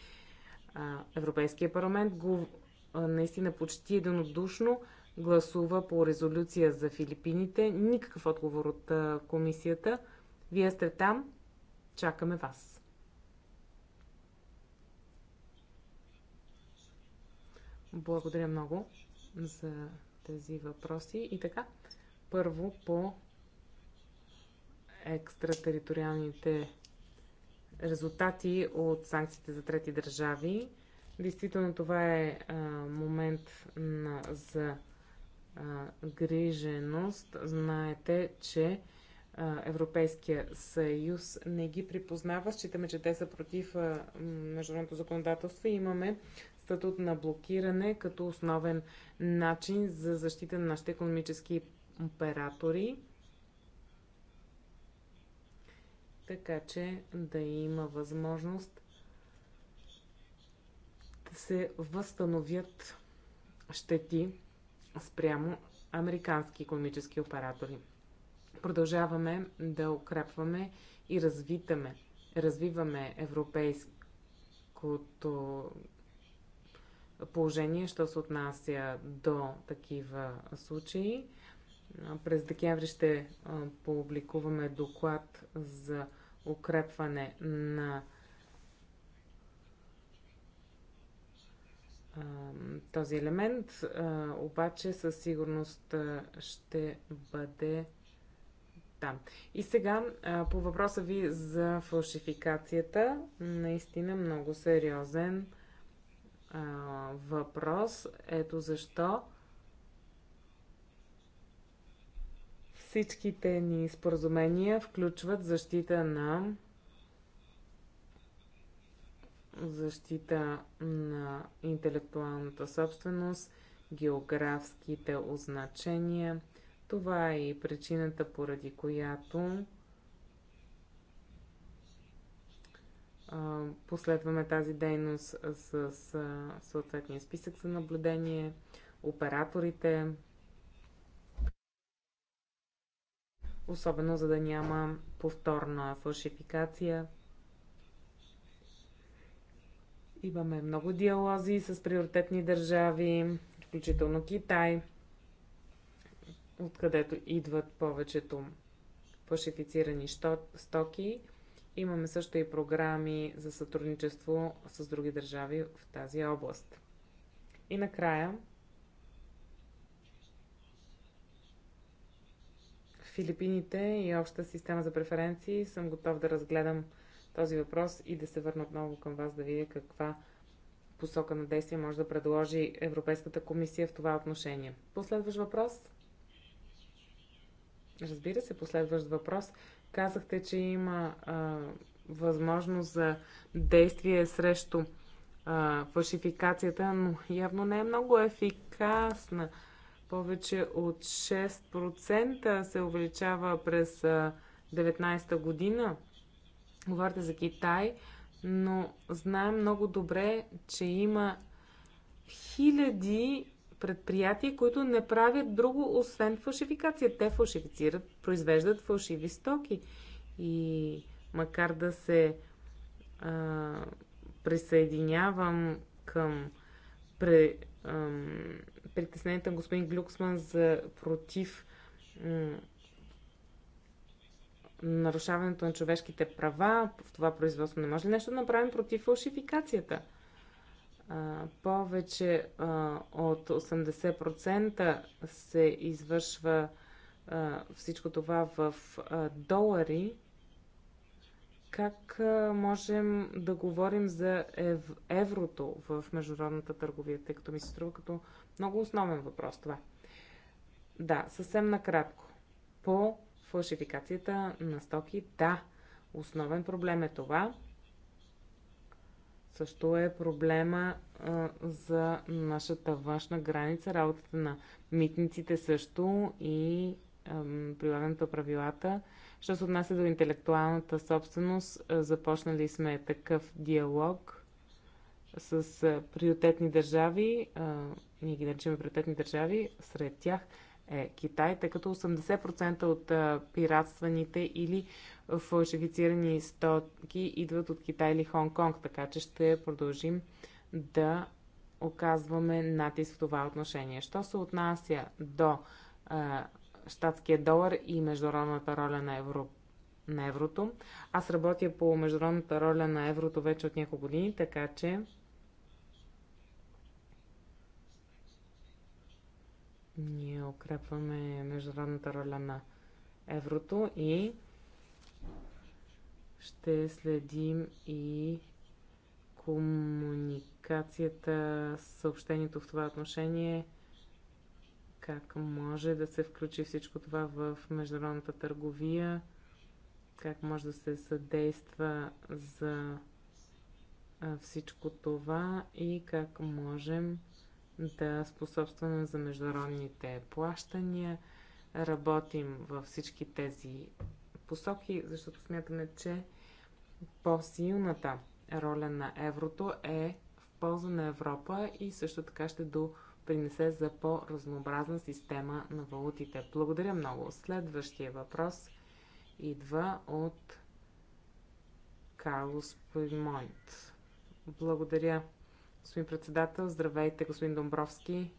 Европейския парламент го наистина почти единодушно гласува по резолюция за Филипините. Никакъв отговор от комисията. Вие сте там. Чакаме вас. Благодаря много за тези въпроси. И така, първо по екстратериториалните резултати от санкциите за трети държави. Действително това е а, момент на, за а, гриженост. Знаете, че а, Европейския съюз не ги припознава. Считаме, че те са против международното законодателство и имаме статут на блокиране като основен начин за защита на нашите економически оператори. така че да има възможност да се възстановят щети спрямо американски економически оператори. Продължаваме да укрепваме и развитаме, развиваме европейското положение, що се отнася до такива случаи. През декември ще публикуваме доклад за укрепване на този елемент, обаче със сигурност ще бъде там. И сега по въпроса ви за фалшификацията, наистина много сериозен въпрос. Ето защо Всичките ни споразумения включват защита на защита на интелектуалната собственост, географските означения. Това е и причината, поради която последваме тази дейност с съответния списък за наблюдение, операторите, особено за да няма повторна фалшификация. Имаме много диалози с приоритетни държави, включително Китай, откъдето идват повечето фалшифицирани стоки. Имаме също и програми за сътрудничество с други държави в тази област. И накрая, Филипините и обща система за преференции. Съм готов да разгледам този въпрос и да се върна отново към вас да видя каква посока на действие може да предложи Европейската комисия в това отношение. Последващ въпрос? Разбира се, последващ въпрос. Казахте, че има а, възможност за действие срещу а, фалшификацията, но явно не е много ефикасна. Повече от 6% се увеличава през 19-та година. Говорите за Китай, но знаем много добре, че има хиляди предприятия, които не правят друго, освен фалшификация. Те фалшифицират, произвеждат фалшиви стоки. И макар да се а, присъединявам към пре, ам, притесненията на господин Глюксман за против нарушаването на човешките права в това производство. Не може ли нещо да направим против фалшификацията? А, повече а, от 80% се извършва а, всичко това в а, долари как можем да говорим за ев, еврото в международната търговия, тъй като ми се струва като много основен въпрос това. Да, съвсем накратко. По фалшификацията на стоки, да, основен проблем е това. Също е проблема а, за нашата външна граница, работата на митниците също и а, прилагането на правилата. А, Що се отнася до интелектуалната собственост, е, започнали сме такъв диалог с е, приоритетни държави, е, ние ги наричаме приоритетни държави, сред тях е Китай, тъй като 80% от пиратстваните или фалшифицирани стоки идват от Китай или Хонг-Конг, така че ще продължим да оказваме натиск в това отношение. Що се отнася до щатския долар и международната роля на, евро, на еврото. Аз работя по международната роля на еврото вече от няколко години, така че ние укрепваме международната роля на еврото и ще следим и комуникацията, съобщението в това отношение – как може да се включи всичко това в международната търговия, как може да се съдейства за всичко това и как можем да способстваме за международните плащания. Работим във всички тези посоки, защото смятаме, че по-силната роля на еврото е в полза на Европа и също така ще до принесе за по-разнообразна система на валутите. Благодаря много. Следващия въпрос идва от Карлос Пуймонт. Благодаря, господин председател. Здравейте, господин Домбровски.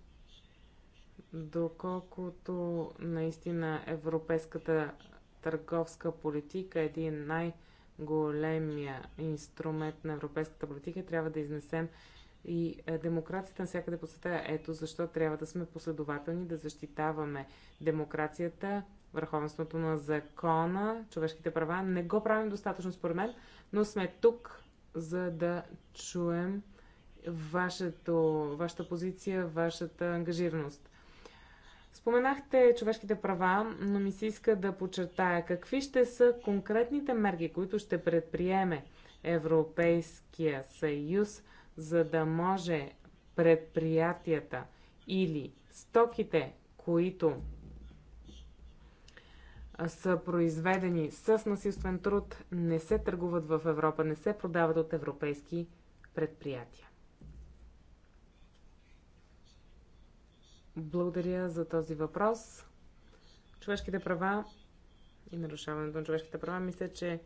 Доколкото наистина европейската търговска политика е един най- големия инструмент на европейската политика, трябва да изнесем и е, демокрацията навсякъде по света. Ето защо трябва да сме последователни, да защитаваме демокрацията, върховенството на закона, човешките права. Не го правим достатъчно според мен, но сме тук, за да чуем вашето, вашата позиция, вашата ангажираност. Споменахте човешките права, но ми се иска да подчертая какви ще са конкретните мерки, които ще предприеме Европейския съюз – за да може предприятията или стоките, които са произведени с насилствен труд, не се търгуват в Европа, не се продават от европейски предприятия. Благодаря за този въпрос. Човешките права и нарушаването на човешките права, мисля, че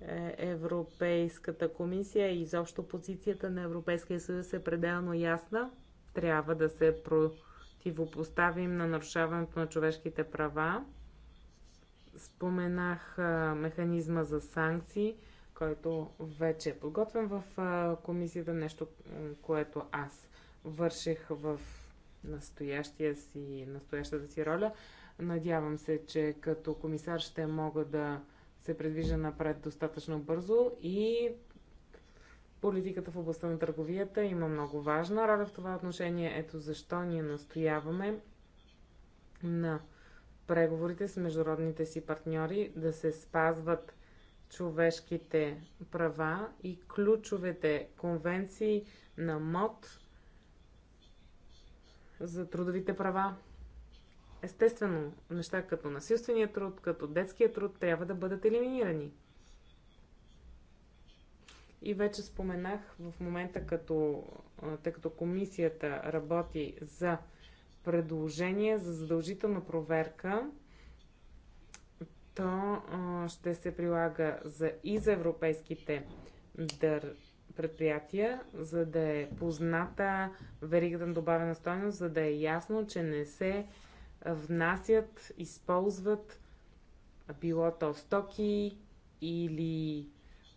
е, Европейската комисия и изобщо позицията на Европейския съюз е пределно ясна. Трябва да се противопоставим на нарушаването на човешките права. Споменах е, механизма за санкции, който вече е подготвен в е, комисията, нещо, което аз върших в настоящия си, настоящата си роля. Надявам се, че като комисар ще мога да се предвижда напред достатъчно бързо и политиката в областта на търговията има много важна роля в това отношение. Ето защо ние настояваме на преговорите с международните си партньори да се спазват човешките права и ключовете конвенции на МОД за трудовите права, Естествено, неща като насилствения труд, като детския труд трябва да бъдат елиминирани. И вече споменах в момента, като, тъй като комисията работи за предложение за задължителна проверка, то ще се прилага за, и за европейските дър, предприятия, за да е позната веригата на добавена стоеност, за да е ясно, че не се внасят, използват било то стоки или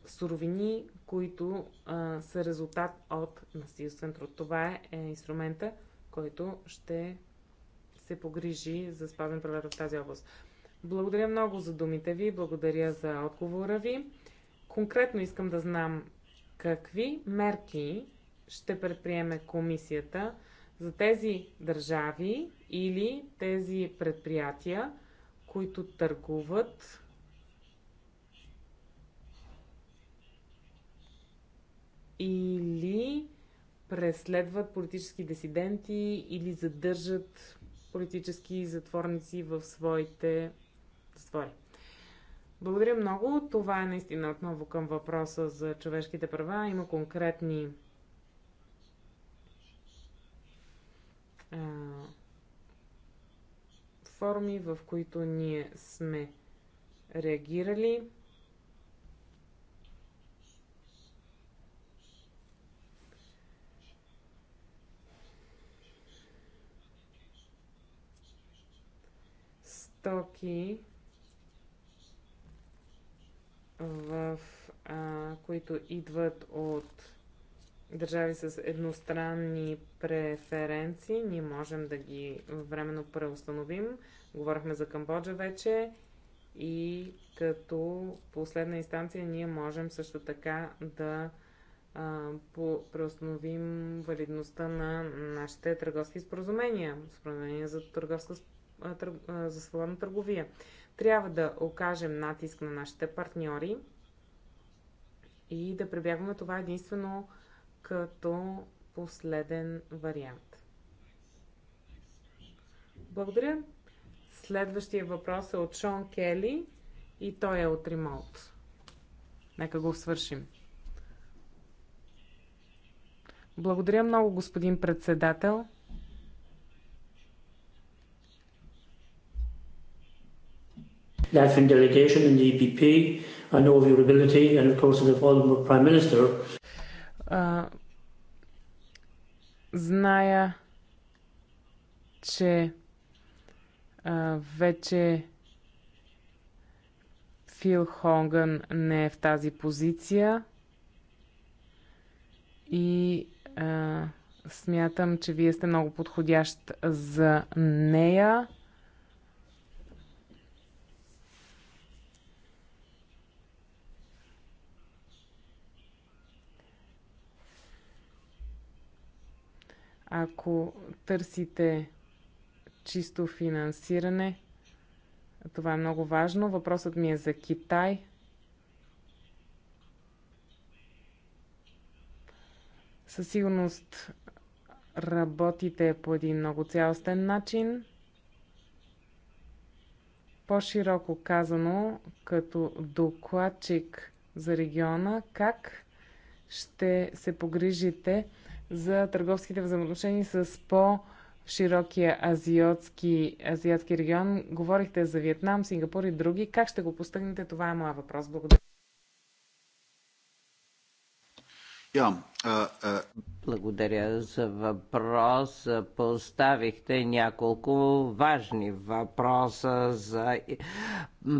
суровини, които а, са резултат от насилствен труд. Това е, е инструмента, който ще се погрижи за спазен правата в тази област. Благодаря много за думите ви, благодаря за отговора ви. Конкретно искам да знам какви мерки ще предприеме комисията за тези държави, или тези предприятия, които търгуват или преследват политически дисиденти или задържат политически затворници в своите затвори. Благодаря много. Това е наистина отново към въпроса за човешките права. Има конкретни форми, в които ние сме реагирали. Стоки, в, а, които идват от държави с едностранни преференции, ние можем да ги временно преустановим. Говорихме за Камбоджа вече и като последна инстанция ние можем също така да а, преустановим валидността на нашите търговски споразумения, споразумения за, търговска, тър, за свободна търговия. Трябва да окажем натиск на нашите партньори и да прибягваме това единствено като последен вариант. Благодаря. Следващия въпрос е от Шон Кели и той е от ремонт. Нека го свършим. Благодаря много, господин председател. Latvian delegation in the EPP. I know of your ability and of course of the Prime Minister. Uh, Зная, че а, вече Фил Хонгън не е в тази позиция и а, смятам, че вие сте много подходящ за нея. Ако търсите чисто финансиране, това е много важно. Въпросът ми е за Китай. Със сигурност работите по един много цялостен начин. По-широко казано, като докладчик за региона, как ще се погрижите за търговските взаимоотношения с по-широкия азиотски, азиатски регион. Говорихте за Виетнам, Сингапур и други. Как ще го постигнете? Това е моя въпрос. Благодаря. Yeah, uh, uh... Благодаря за въпрос. Поставихте няколко важни въпроса за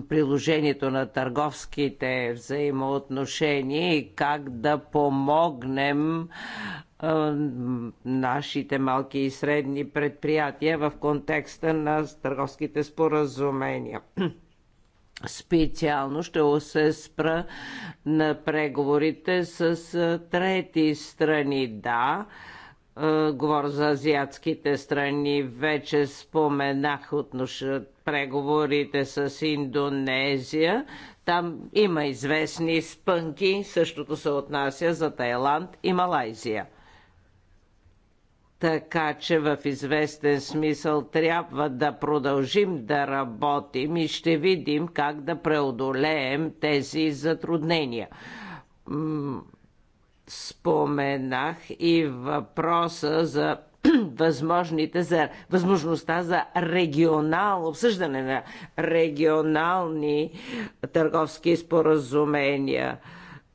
приложението на търговските взаимоотношения и как да помогнем нашите малки и средни предприятия в контекста на търговските споразумения. Специално ще се спра на преговорите с трети страни. Да, говоря за азиатските страни, вече споменах отнош... преговорите с Индонезия. Там има известни спънки, същото се отнася за Тайланд и Малайзия. Така че в известен смисъл трябва да продължим да работим и ще видим как да преодолеем тези затруднения. Споменах и въпроса за възможните за, възможността за регионално обсъждане на регионални търговски споразумения.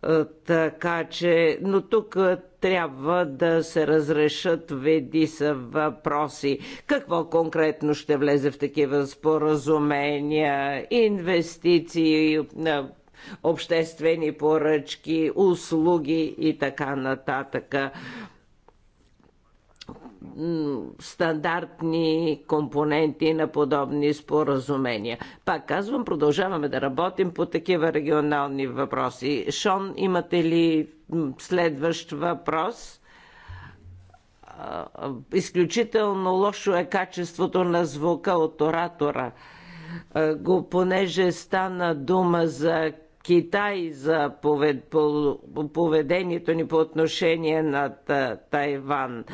Е, така че, но тук трябва да се разрешат веди са въпроси. Какво конкретно ще влезе в такива споразумения, инвестиции, обществени поръчки, услуги и така нататък стандартни компоненти на подобни споразумения. Пак казвам, продължаваме да работим по такива регионални въпроси. Шон, имате ли следващ въпрос. Изключително лошо е качеството на звука от оратора. Го понеже стана дума за Китай за повед, по, поведението ни по отношение на Тайван.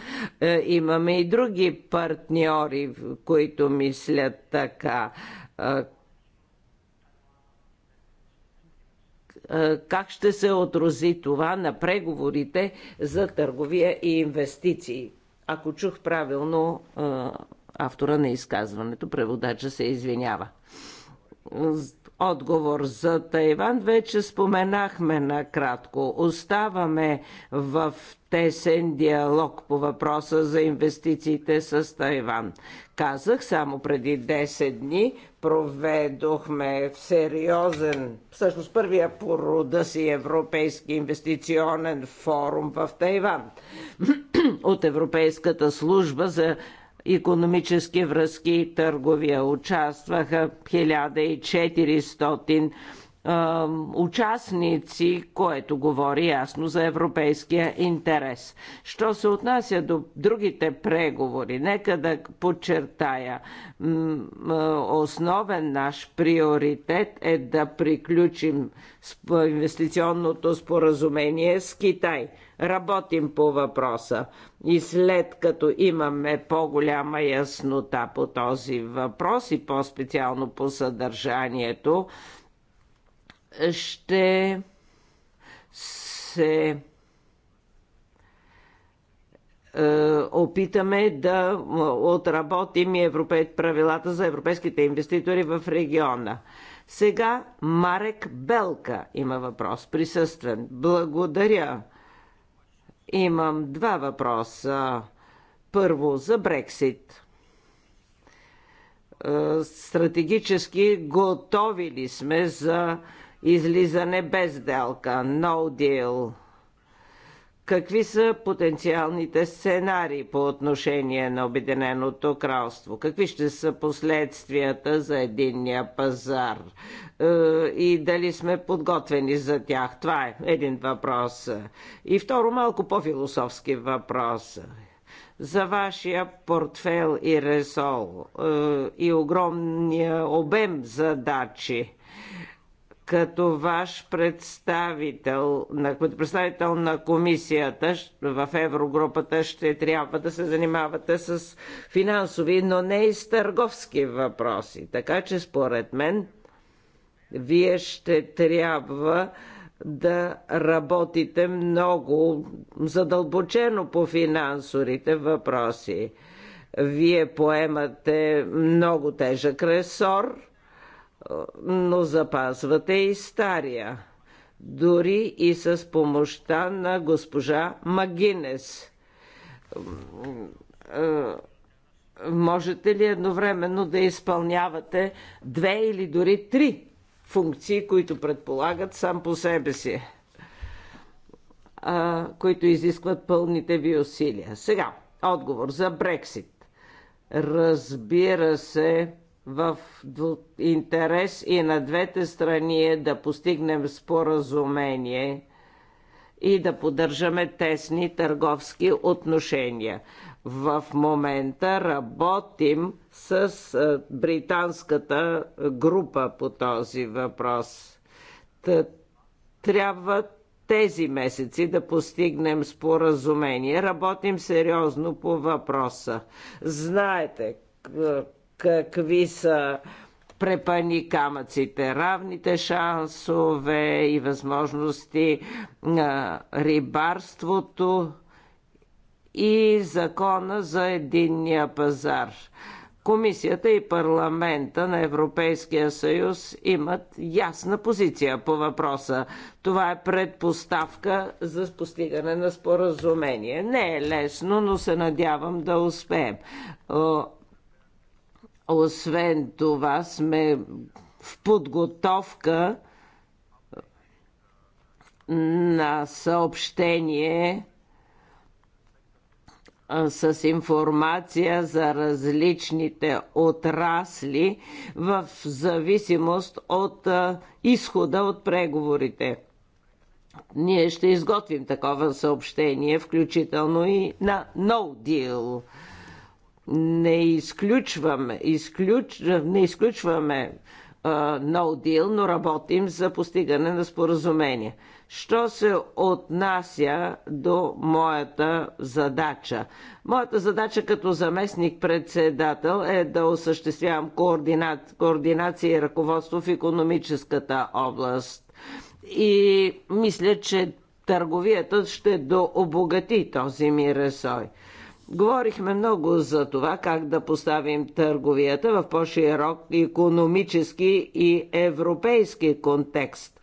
Имаме и други партньори, които мислят така Е, как ще се отрази това на преговорите за търговия и инвестиции. Ако чух правилно е, автора на изказването, преводача се извинява. Е, отговор за Тайван вече споменахме накратко. Оставаме в тесен диалог по въпроса за инвестициите с Тайван. Казах само преди 10 дни, проведохме в сериозен, всъщност първия по рода си Европейски инвестиционен форум в Тайван от Европейската служба за економически връзки и търговия. Участваха 1400 участници, което говори ясно за европейския интерес. Що се отнася до другите преговори, нека да подчертая, основен наш приоритет е да приключим инвестиционното споразумение с Китай. Работим по въпроса и след като имаме по-голяма яснота по този въпрос и по-специално по съдържанието, ще се е, опитаме да отработим и правилата за европейските инвеститори в региона. Сега Марек Белка има въпрос, присъствен. Благодаря. Имам два въпроса. Първо за Брексит. Е, стратегически готови ли сме за излизане без делка, no deal. Какви са потенциалните сценари по отношение на Обединеното кралство? Какви ще са последствията за единния пазар? Е, и дали сме подготвени за тях? Това е един въпрос. И второ, малко по-философски въпрос за вашия портфел и ресол е, и огромния обем задачи като ваш представител, като представител на комисията в Еврогрупата ще трябва да се занимавате с финансови, но не и с търговски въпроси. Така че според мен вие ще трябва да работите много задълбочено по финансовите въпроси. Вие поемате много тежък ресор – но запазвате и стария. Дори и с помощта на госпожа Магинес. Можете ли едновременно да изпълнявате две или дори три функции, които предполагат сам по себе си, а, които изискват пълните ви усилия. Сега, отговор за Брексит. Разбира се, в интерес и на двете страни е да постигнем споразумение и да поддържаме тесни търговски отношения. В момента работим с британската група по този въпрос. Трябва тези месеци да постигнем споразумение. Работим сериозно по въпроса. Знаете, какви са препани камъците, равните шансове и възможности, рибарството и закона за единния пазар. Комисията и парламента на Европейския съюз имат ясна позиция по въпроса. Това е предпоставка за постигане на споразумение. Не е лесно, но се надявам да успеем. Освен това сме в подготовка на съобщение с информация за различните отрасли в зависимост от изхода от преговорите. Ние ще изготвим такова съобщение, включително и на No Deal – не изключваме, изключ, не изключваме uh, no deal, но работим за постигане на споразумение. Що се отнася до моята задача? Моята задача като заместник-председател е да осъществявам координа... координация и ръководство в економическата област. И мисля, че търговията ще дообогати този ми ресой. Говорихме много за това как да поставим търговията в по-широк економически и европейски контекст.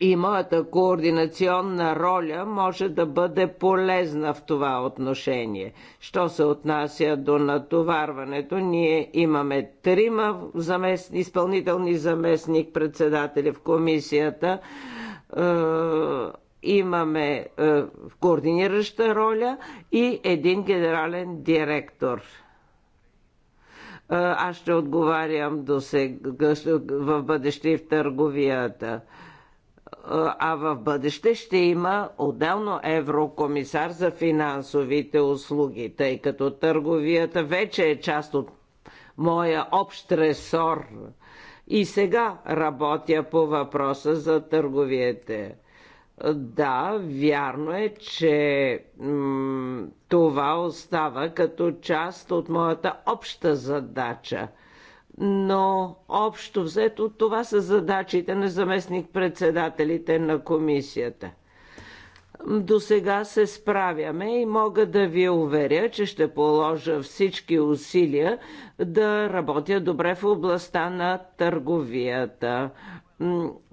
И моята координационна роля може да бъде полезна в това отношение. Що се отнася до натоварването, ние имаме трима заместни, изпълнителни заместник председатели в комисията е, имаме е, координираща роля и един генерален директор е, аз ще отговарям до сега, в бъдеще и в търговията. Е, а в бъдеще ще има отделно еврокомисар за финансовите услуги, тъй като търговията вече е част от моя общ ресор. И сега работя по въпроса за търговията. Да, вярно е, че това остава като част от моята обща задача. Но общо взето това са задачите на заместник-председателите на комисията. До сега се справяме и мога да ви уверя, че ще положа всички усилия да работя добре в областта на търговията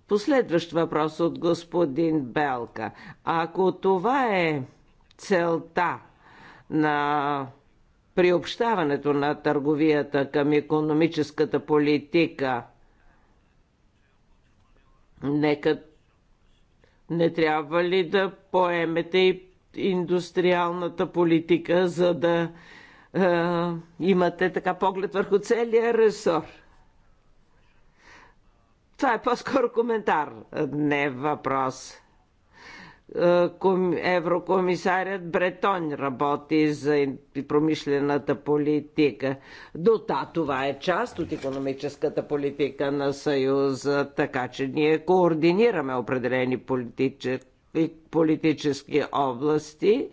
Последващ въпрос от господин Белка. Ако това е целта на приобщаването на търговията към економическата политика, нека не трябва ли да поемете и индустриалната политика, за да е, имате така поглед върху целия ресор? Това е по-скоро коментар, не въпрос. Е, еврокомисарят Бретон работи за промишлената политика. До да, това е част от економическата политика на Съюза, така че ние координираме определени политически политически области,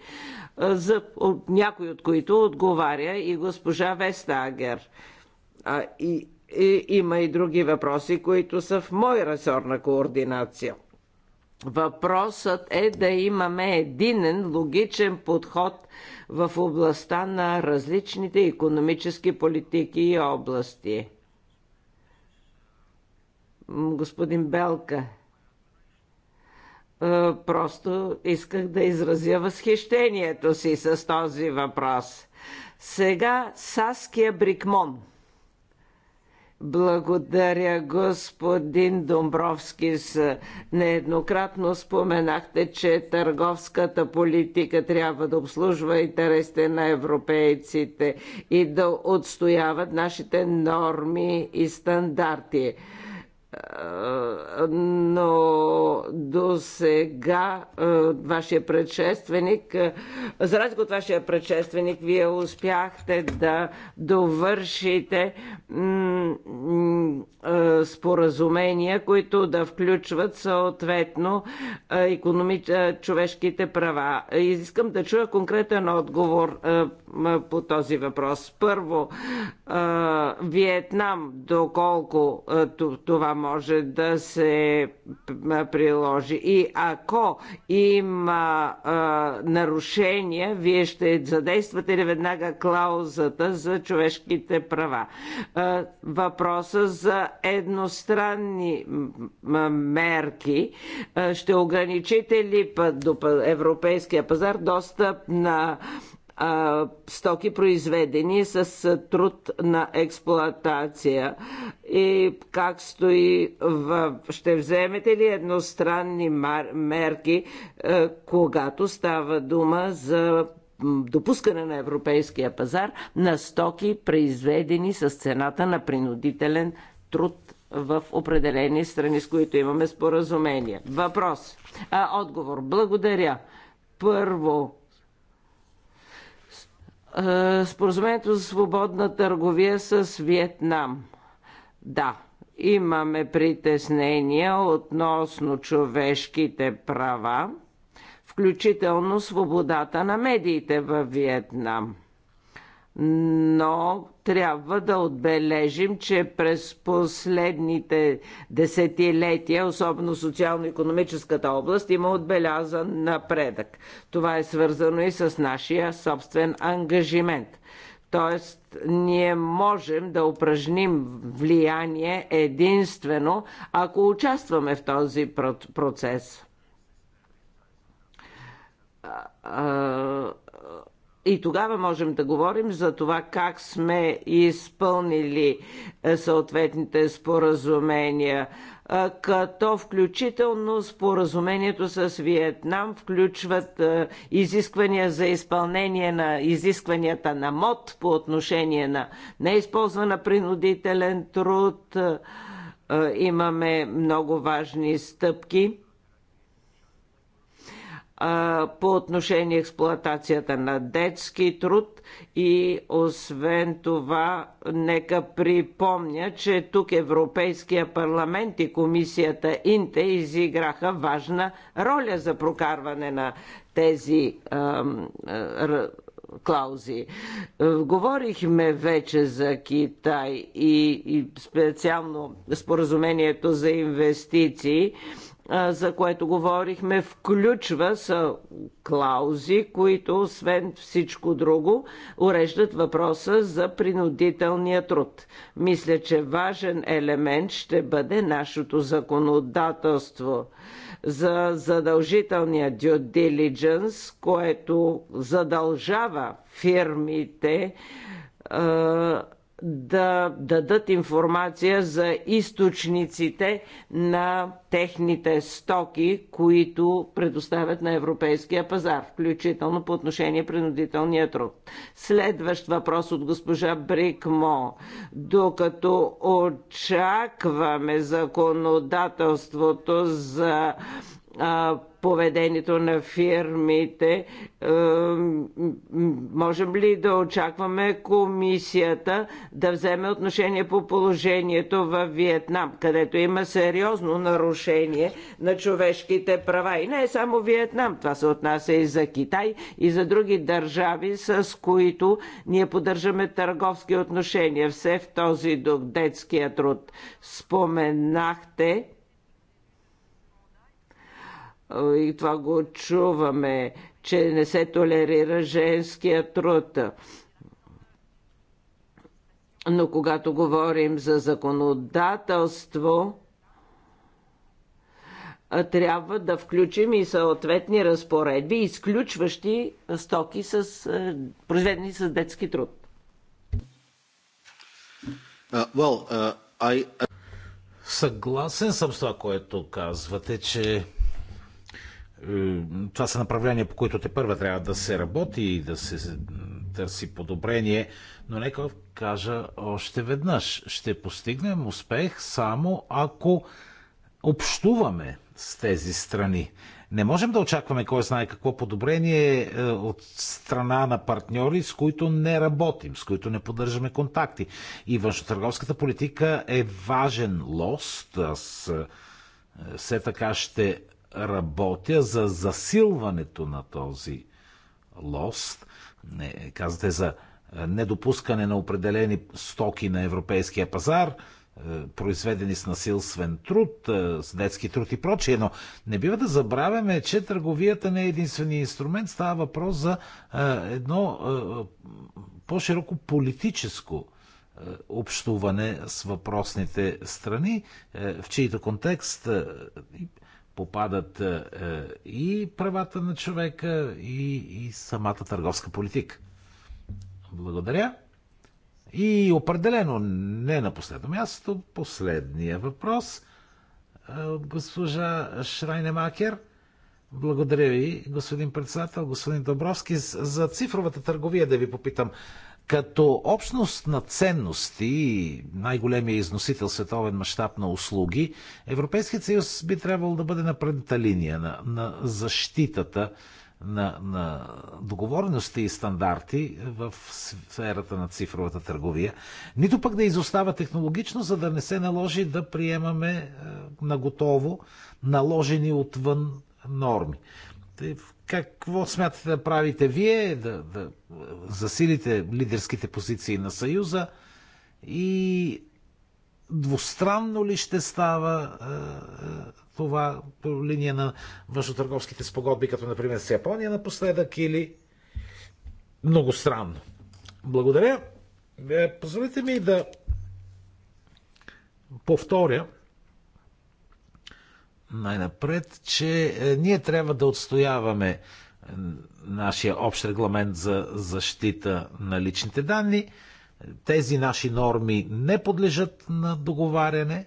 е, за някои от които отговаря и госпожа Вестагер. А, и и, има и други въпроси, които са в мой ресор на координация. Въпросът е да имаме единен логичен подход в областта на различните економически политики и области. Господин Белка, е, просто исках да изразя възхищението си с този въпрос. Сега Саския Брикмон – благодаря, господин Домбровски. Нееднократно споменахте, че търговската политика трябва да обслужва интересите на европейците и да отстояват нашите норми и стандарти но до сега вашия предшественик, за разлика от вашия предшественик, вие успяхте да довършите споразумения, които да включват съответно човешките права. Искам да чуя конкретен отговор по този въпрос. Първо, Виетнам, доколко това може да се приложи. И ако има а, нарушения, вие ще задействате ли веднага клаузата за човешките права? А, въпроса за едностранни мерки а, ще ограничите ли до европейския пазар достъп на а, стоки, произведени с труд на експлоатация. И как стои в... Ще вземете ли едностранни мар... мерки, а, когато става дума за допускане на европейския пазар на стоки, произведени с цената на принудителен труд в определени страни, с които имаме споразумение. Въпрос. А, отговор. Благодаря. Първо, е, споразумението за свободна търговия с Виетнам. Да, имаме притеснения относно човешките права, включително свободата на медиите във Виетнам но трябва да отбележим, че през последните десетилетия, особено социално-економическата област, има отбелязан напредък. Това е свързано и с нашия собствен ангажимент. Тоест, ние можем да упражним влияние единствено, ако участваме в този процес и тогава можем да говорим за това как сме изпълнили е, съответните споразумения, е, като включително споразумението с Виетнам включват е, изисквания за изпълнение на изискванията на МОД по отношение на неизползвана принудителен труд. Имаме много важни стъпки а, по отношение експлоатацията на детски труд и освен това нека припомня, че тук Европейския парламент и комисията Инте изиграха важна роля за прокарване на тези а, а, клаузи. Говорихме вече за Китай и, и специално споразумението за инвестиции. А, за което говорихме, включва са клаузи, които, освен всичко друго, уреждат въпроса за принудителния труд. Мисля, че важен елемент ще бъде нашето законодателство за задължителния due diligence, което задължава фирмите да дадат информация за източниците на техните стоки, които предоставят на европейския пазар, включително по отношение принудителния труд. Следващ въпрос от госпожа Брикмо. Докато очакваме законодателството за а, поведението на фирмите. Е, можем ли да очакваме комисията да вземе отношение по положението в Виетнам, където има сериозно нарушение на човешките права? И не е само Виетнам, това се отнася и за Китай, и за други държави, с които ние поддържаме търговски отношения. Все в този дух детския труд. Споменахте и това го чуваме, че не се толерира женския труд. Но когато говорим за законодателство, трябва да включим и съответни разпоредби, изключващи стоки с, е, произведени с детски труд. Uh, well, uh, I... Съгласен съм с това, което казвате, че е, това са направления, по които те първа трябва да се работи и да се търси подобрение, но нека кажа още веднъж. Ще постигнем успех само ако общуваме с тези страни. Не можем да очакваме кой знае какво подобрение е, от страна на партньори, с които не работим, с които не поддържаме контакти. И външно-търговската политика е важен лост. Аз е, все така ще работя за засилването на този лост. Не, казвате за е, недопускане на определени стоки на европейския пазар, е, произведени с насилствен труд, е, с детски труд и прочие, но не бива да забравяме, че търговията не е единствения инструмент. Става въпрос за едно по-широко политическо общуване с въпросните страни, в чийто контекст попадат е, е, и правата на човека, и, и самата търговска политика. Благодаря. И определено не на последно място, последния въпрос е, от госпожа Шрайнемакер. Благодаря ви, господин председател, господин Добровски. За цифровата търговия да ви попитам. Като общност на ценности, най-големия износител световен мащаб на услуги, Европейският съюз би трябвало да бъде на предната линия на, на защитата на, на договорености и стандарти в сферата на цифровата търговия, нито пък да изостава технологично, за да не се наложи да приемаме е, наготово наложени отвън норми. Е, какво смятате да правите вие, да, да засилите лидерските позиции на Съюза и двустранно ли ще става а, е, е, това по линия на външно-търговските спогодби, като например с Япония напоследък или много странно. Благодаря. Позволите ми да повторя най-напред, че е, ние трябва да отстояваме е, нашия общ регламент за защита на личните данни. Тези наши норми не подлежат на договаряне е,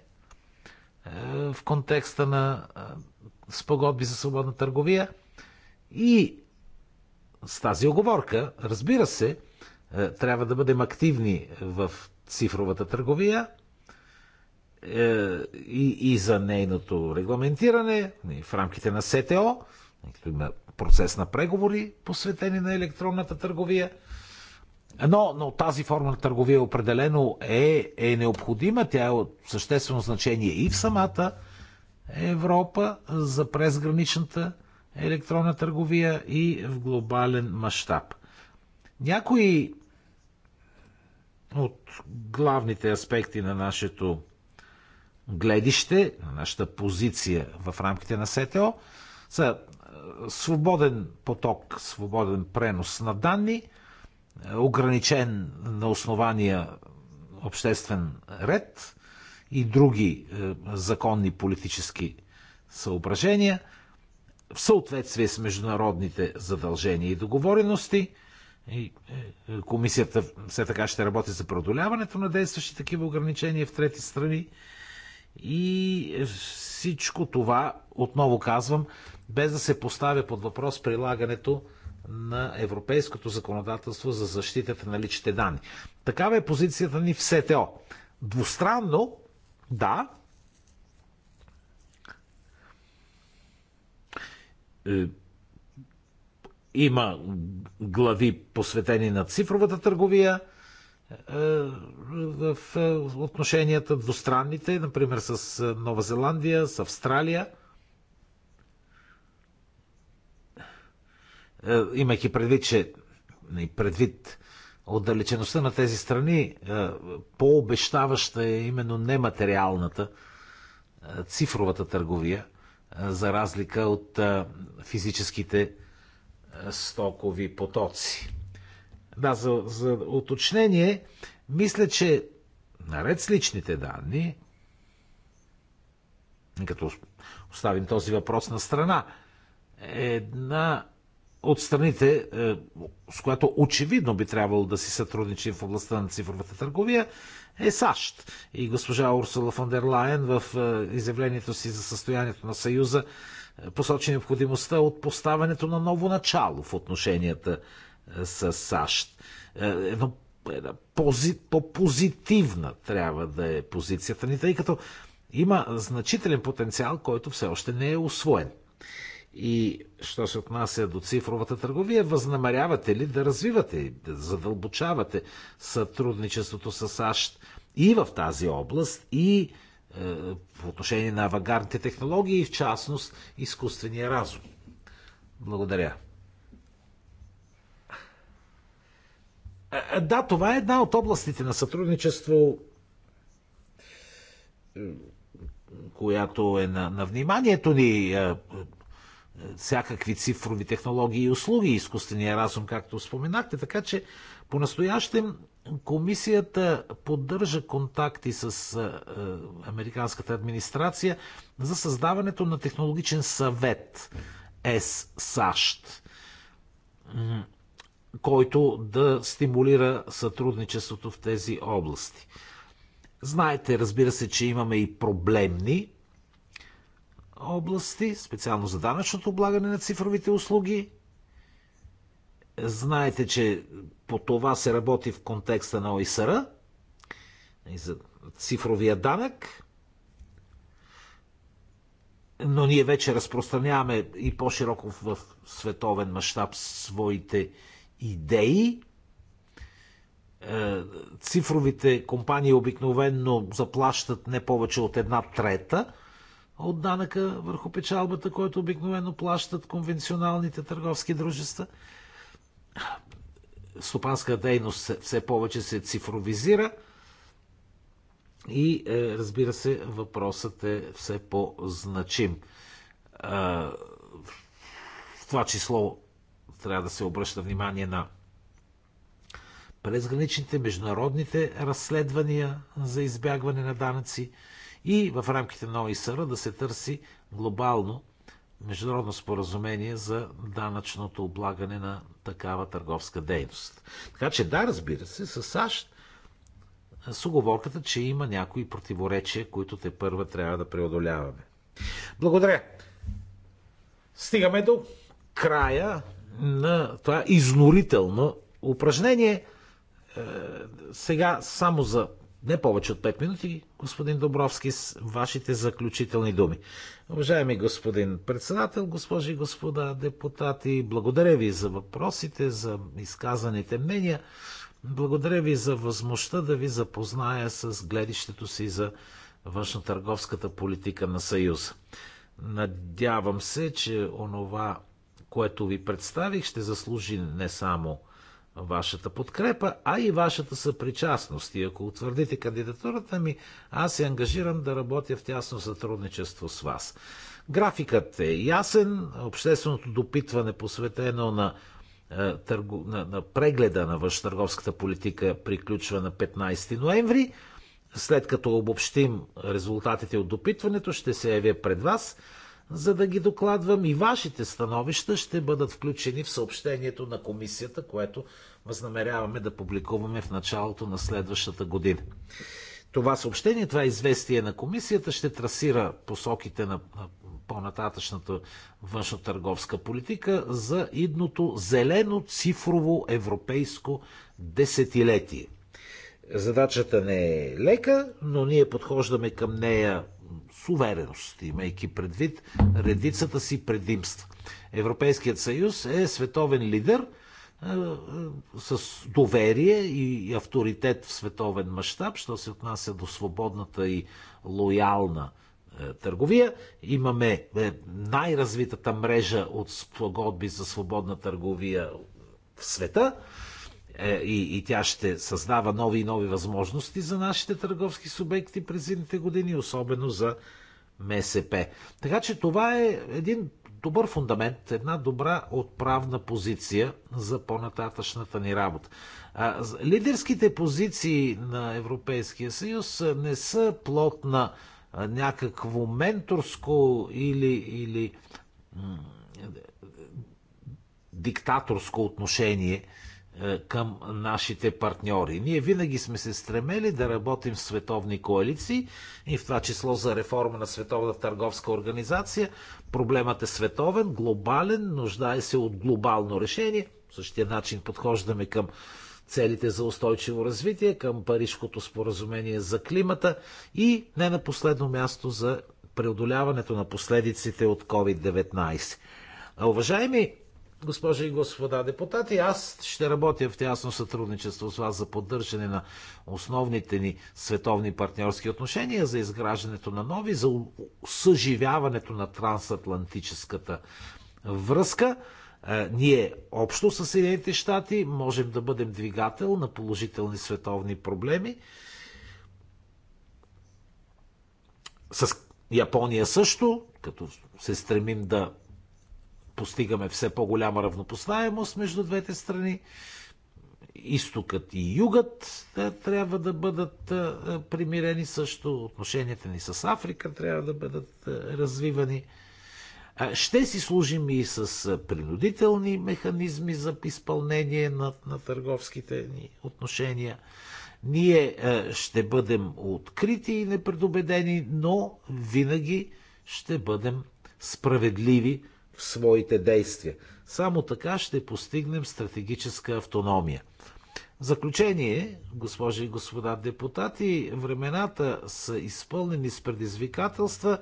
в контекста на спогодби за свободна търговия. И с тази оговорка, разбира се, трябва да бъдем активни в цифровата търговия, е, и, и за нейното регламентиране в рамките на СТО, има процес на преговори, посветени на електронната търговия. Но, но тази форма на търговия определено е, е необходима. Тя е от съществено значение и в самата Европа за презграничната електронна търговия и в глобален мащаб. Някои от главните аспекти на нашето гледище, на нашата позиция в рамките на СТО, са е, свободен поток, свободен пренос на данни, е, ограничен на основания обществен ред и други е, законни политически съображения, в съответствие с международните задължения и договорености. И комисията все така ще работи за преодоляването на действащи такива ограничения в трети страни и всичко това, отново казвам, без да се поставя под въпрос прилагането на европейското законодателство за защитата на личните данни. Такава е позицията ни в СТО. Двустранно, да, е, има глави посветени на цифровата търговия, е, в е, отношенията двустранните, например с е, Нова Зеландия, с Австралия. Имайки предвид, че нали, предвид отдалечеността на тези страни, по-обещаваща е именно нематериалната цифровата търговия, за разлика от физическите стокови потоци. Да, за, за уточнение, мисля, че наред с личните данни, като оставим този въпрос на страна, една от страните, е, с която очевидно би трябвало да си сътрудничим в областта на цифровата търговия, е САЩ. И госпожа Урсула фон дер Лайен в е, изявлението си за състоянието на Съюза е, посочи необходимостта от поставянето на ново начало в отношенията с САЩ. Е, Но по-позитивна трябва да е позицията ни, тъй като има значителен потенциал, който все още не е освоен. И що се отнася до цифровата търговия, възнамерявате ли да развивате, да задълбочавате сътрудничеството с САЩ и в тази област, и е, по отношение на авангардните технологии, и в частност изкуствения разум? Благодаря. Е, е, да, това е една от областите на сътрудничество, която е на, на вниманието ни. Е, всякакви цифрови технологии и услуги, изкуствения разум, както споменахте. Така че по-настоящем комисията поддържа контакти с американската администрация за създаването на технологичен съвет сащ който да стимулира сътрудничеството в тези области. Знаете, разбира се, че имаме и проблемни области, специално за данъчното облагане на цифровите услуги. Знаете, че по това се работи в контекста на ОИСР и за цифровия данък. Но ние вече разпространяваме и по-широко в световен мащаб своите идеи. Е, цифровите компании обикновенно заплащат не повече от една трета от данъка върху печалбата, който обикновено плащат конвенционалните търговски дружества. Стопанска дейност все повече се цифровизира и е, разбира се, въпросът е все по-значим. Е, в това число трябва да се обръща внимание на презграничните международните разследвания за избягване на данъци и в рамките на ОИСР да се търси глобално международно споразумение за данъчното облагане на такава търговска дейност. Така че да, разбира се, с САЩ с оговорката, че има някои противоречия, които те първа трябва да преодоляваме. Благодаря. Стигаме до края на това изнорително упражнение. Е, сега само за не повече от 5 минути, господин Добровски, с вашите заключителни думи. Уважаеми господин председател, госпожи и господа депутати, благодаря ви за въпросите, за изказаните мнения. Благодаря ви за възможността да ви запозная с гледището си за външно-търговската политика на Съюза. Надявам се, че онова което ви представих, ще заслужи не само вашата подкрепа, а и вашата съпричастност. И ако утвърдите кандидатурата ми, аз се ангажирам да работя в тясно сътрудничество с вас. Графикът е ясен, общественото допитване посветено на, е, на, на прегледа на вашата търговската политика приключва на 15 ноември. След като обобщим резултатите от допитването, ще се явя пред вас – за да ги докладвам и вашите становища ще бъдат включени в съобщението на комисията, което възнамеряваме да публикуваме в началото на следващата година. Това съобщение, това известие на комисията ще трасира посоките на по-нататъчната външно-търговска политика за идното зелено цифрово европейско десетилетие. Задачата не е лека, но ние подхождаме към нея сувереност, имайки предвид редицата си предимства. Европейският съюз е световен лидер с доверие и авторитет в световен мащаб, що се отнася до свободната и лоялна е, търговия. Имаме е, най-развитата мрежа от спогодби за свободна търговия в света е, и, и тя ще създава нови и нови възможности за нашите търговски субекти през едните години, особено за МСП. Така че това е един добър фундамент, една добра отправна позиция за по-нататъчната ни работа. Лидерските позиции на Европейския съюз не са плод на някакво менторско или, или диктаторско отношение е, към нашите партньори. Ние винаги сме се стремели да работим в световни коалиции и в това число за реформа на Световната търговска организация. Проблемът е световен, глобален, нуждае се от глобално решение. В същия начин подхождаме към целите за устойчиво развитие, към Парижкото споразумение за климата и не на последно място за преодоляването на последиците от COVID-19. Уважаеми госпожи и господа депутати, аз ще работя в тясно сътрудничество с вас за поддържане на основните ни световни партньорски отношения, за изграждането на нови, за съживяването на трансатлантическата връзка. Е, ние общо с Съединените щати можем да бъдем двигател на положителни световни проблеми. С Япония също, като се стремим да постигаме все по-голяма равнопоставимост между двете страни. Изтокът и югът да, е, трябва да бъдат а, е, е, примирени също. Отношенията ни с Африка трябва да бъдат а, развивани. А, ще си служим и с а, принудителни механизми за изпълнение на, на търговските ни отношения. Ние а, ще бъдем открити и непредобедени, но винаги ще бъдем справедливи своите действия. Само така ще постигнем стратегическа автономия. В заключение, госпожи и господа депутати, времената са изпълнени с предизвикателства,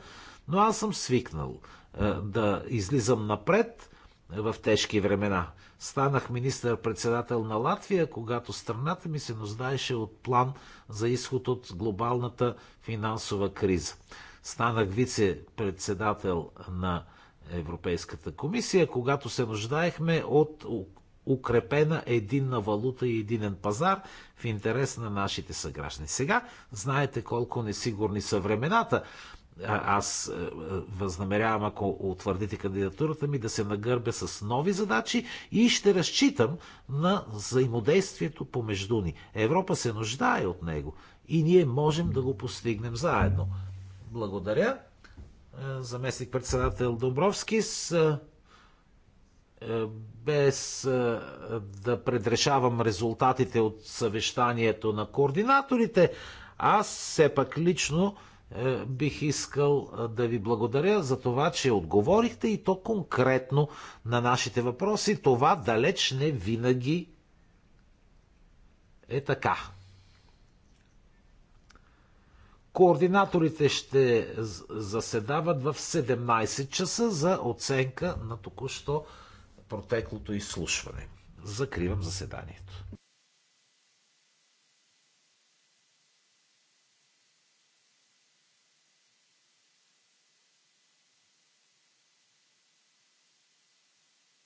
но аз съм свикнал е, да излизам напред в тежки времена. Станах министър-председател на Латвия, когато страната ми се нуждаеше от план за изход от глобалната финансова криза. Станах вице-председател на Европейската комисия, когато се нуждаехме от укрепена единна валута и единен пазар в интерес на нашите съграждани. Сега знаете колко несигурни са времената. Аз е, е, възнамерявам, ако утвърдите кандидатурата ми, да се нагърбя с нови задачи и ще разчитам на взаимодействието помежду ни. Европа се нуждае от него и ние можем да го постигнем заедно. Благодаря заместник председател Добровскис. Е, е, без е, да предрешавам резултатите от съвещанието на координаторите, аз все пак лично бих искал да ви благодаря за това, че отговорихте и то конкретно на нашите въпроси. Това далеч не винаги е така. Координаторите ще заседават в 17 часа за оценка на току-що протеклото изслушване. Закривам заседанието.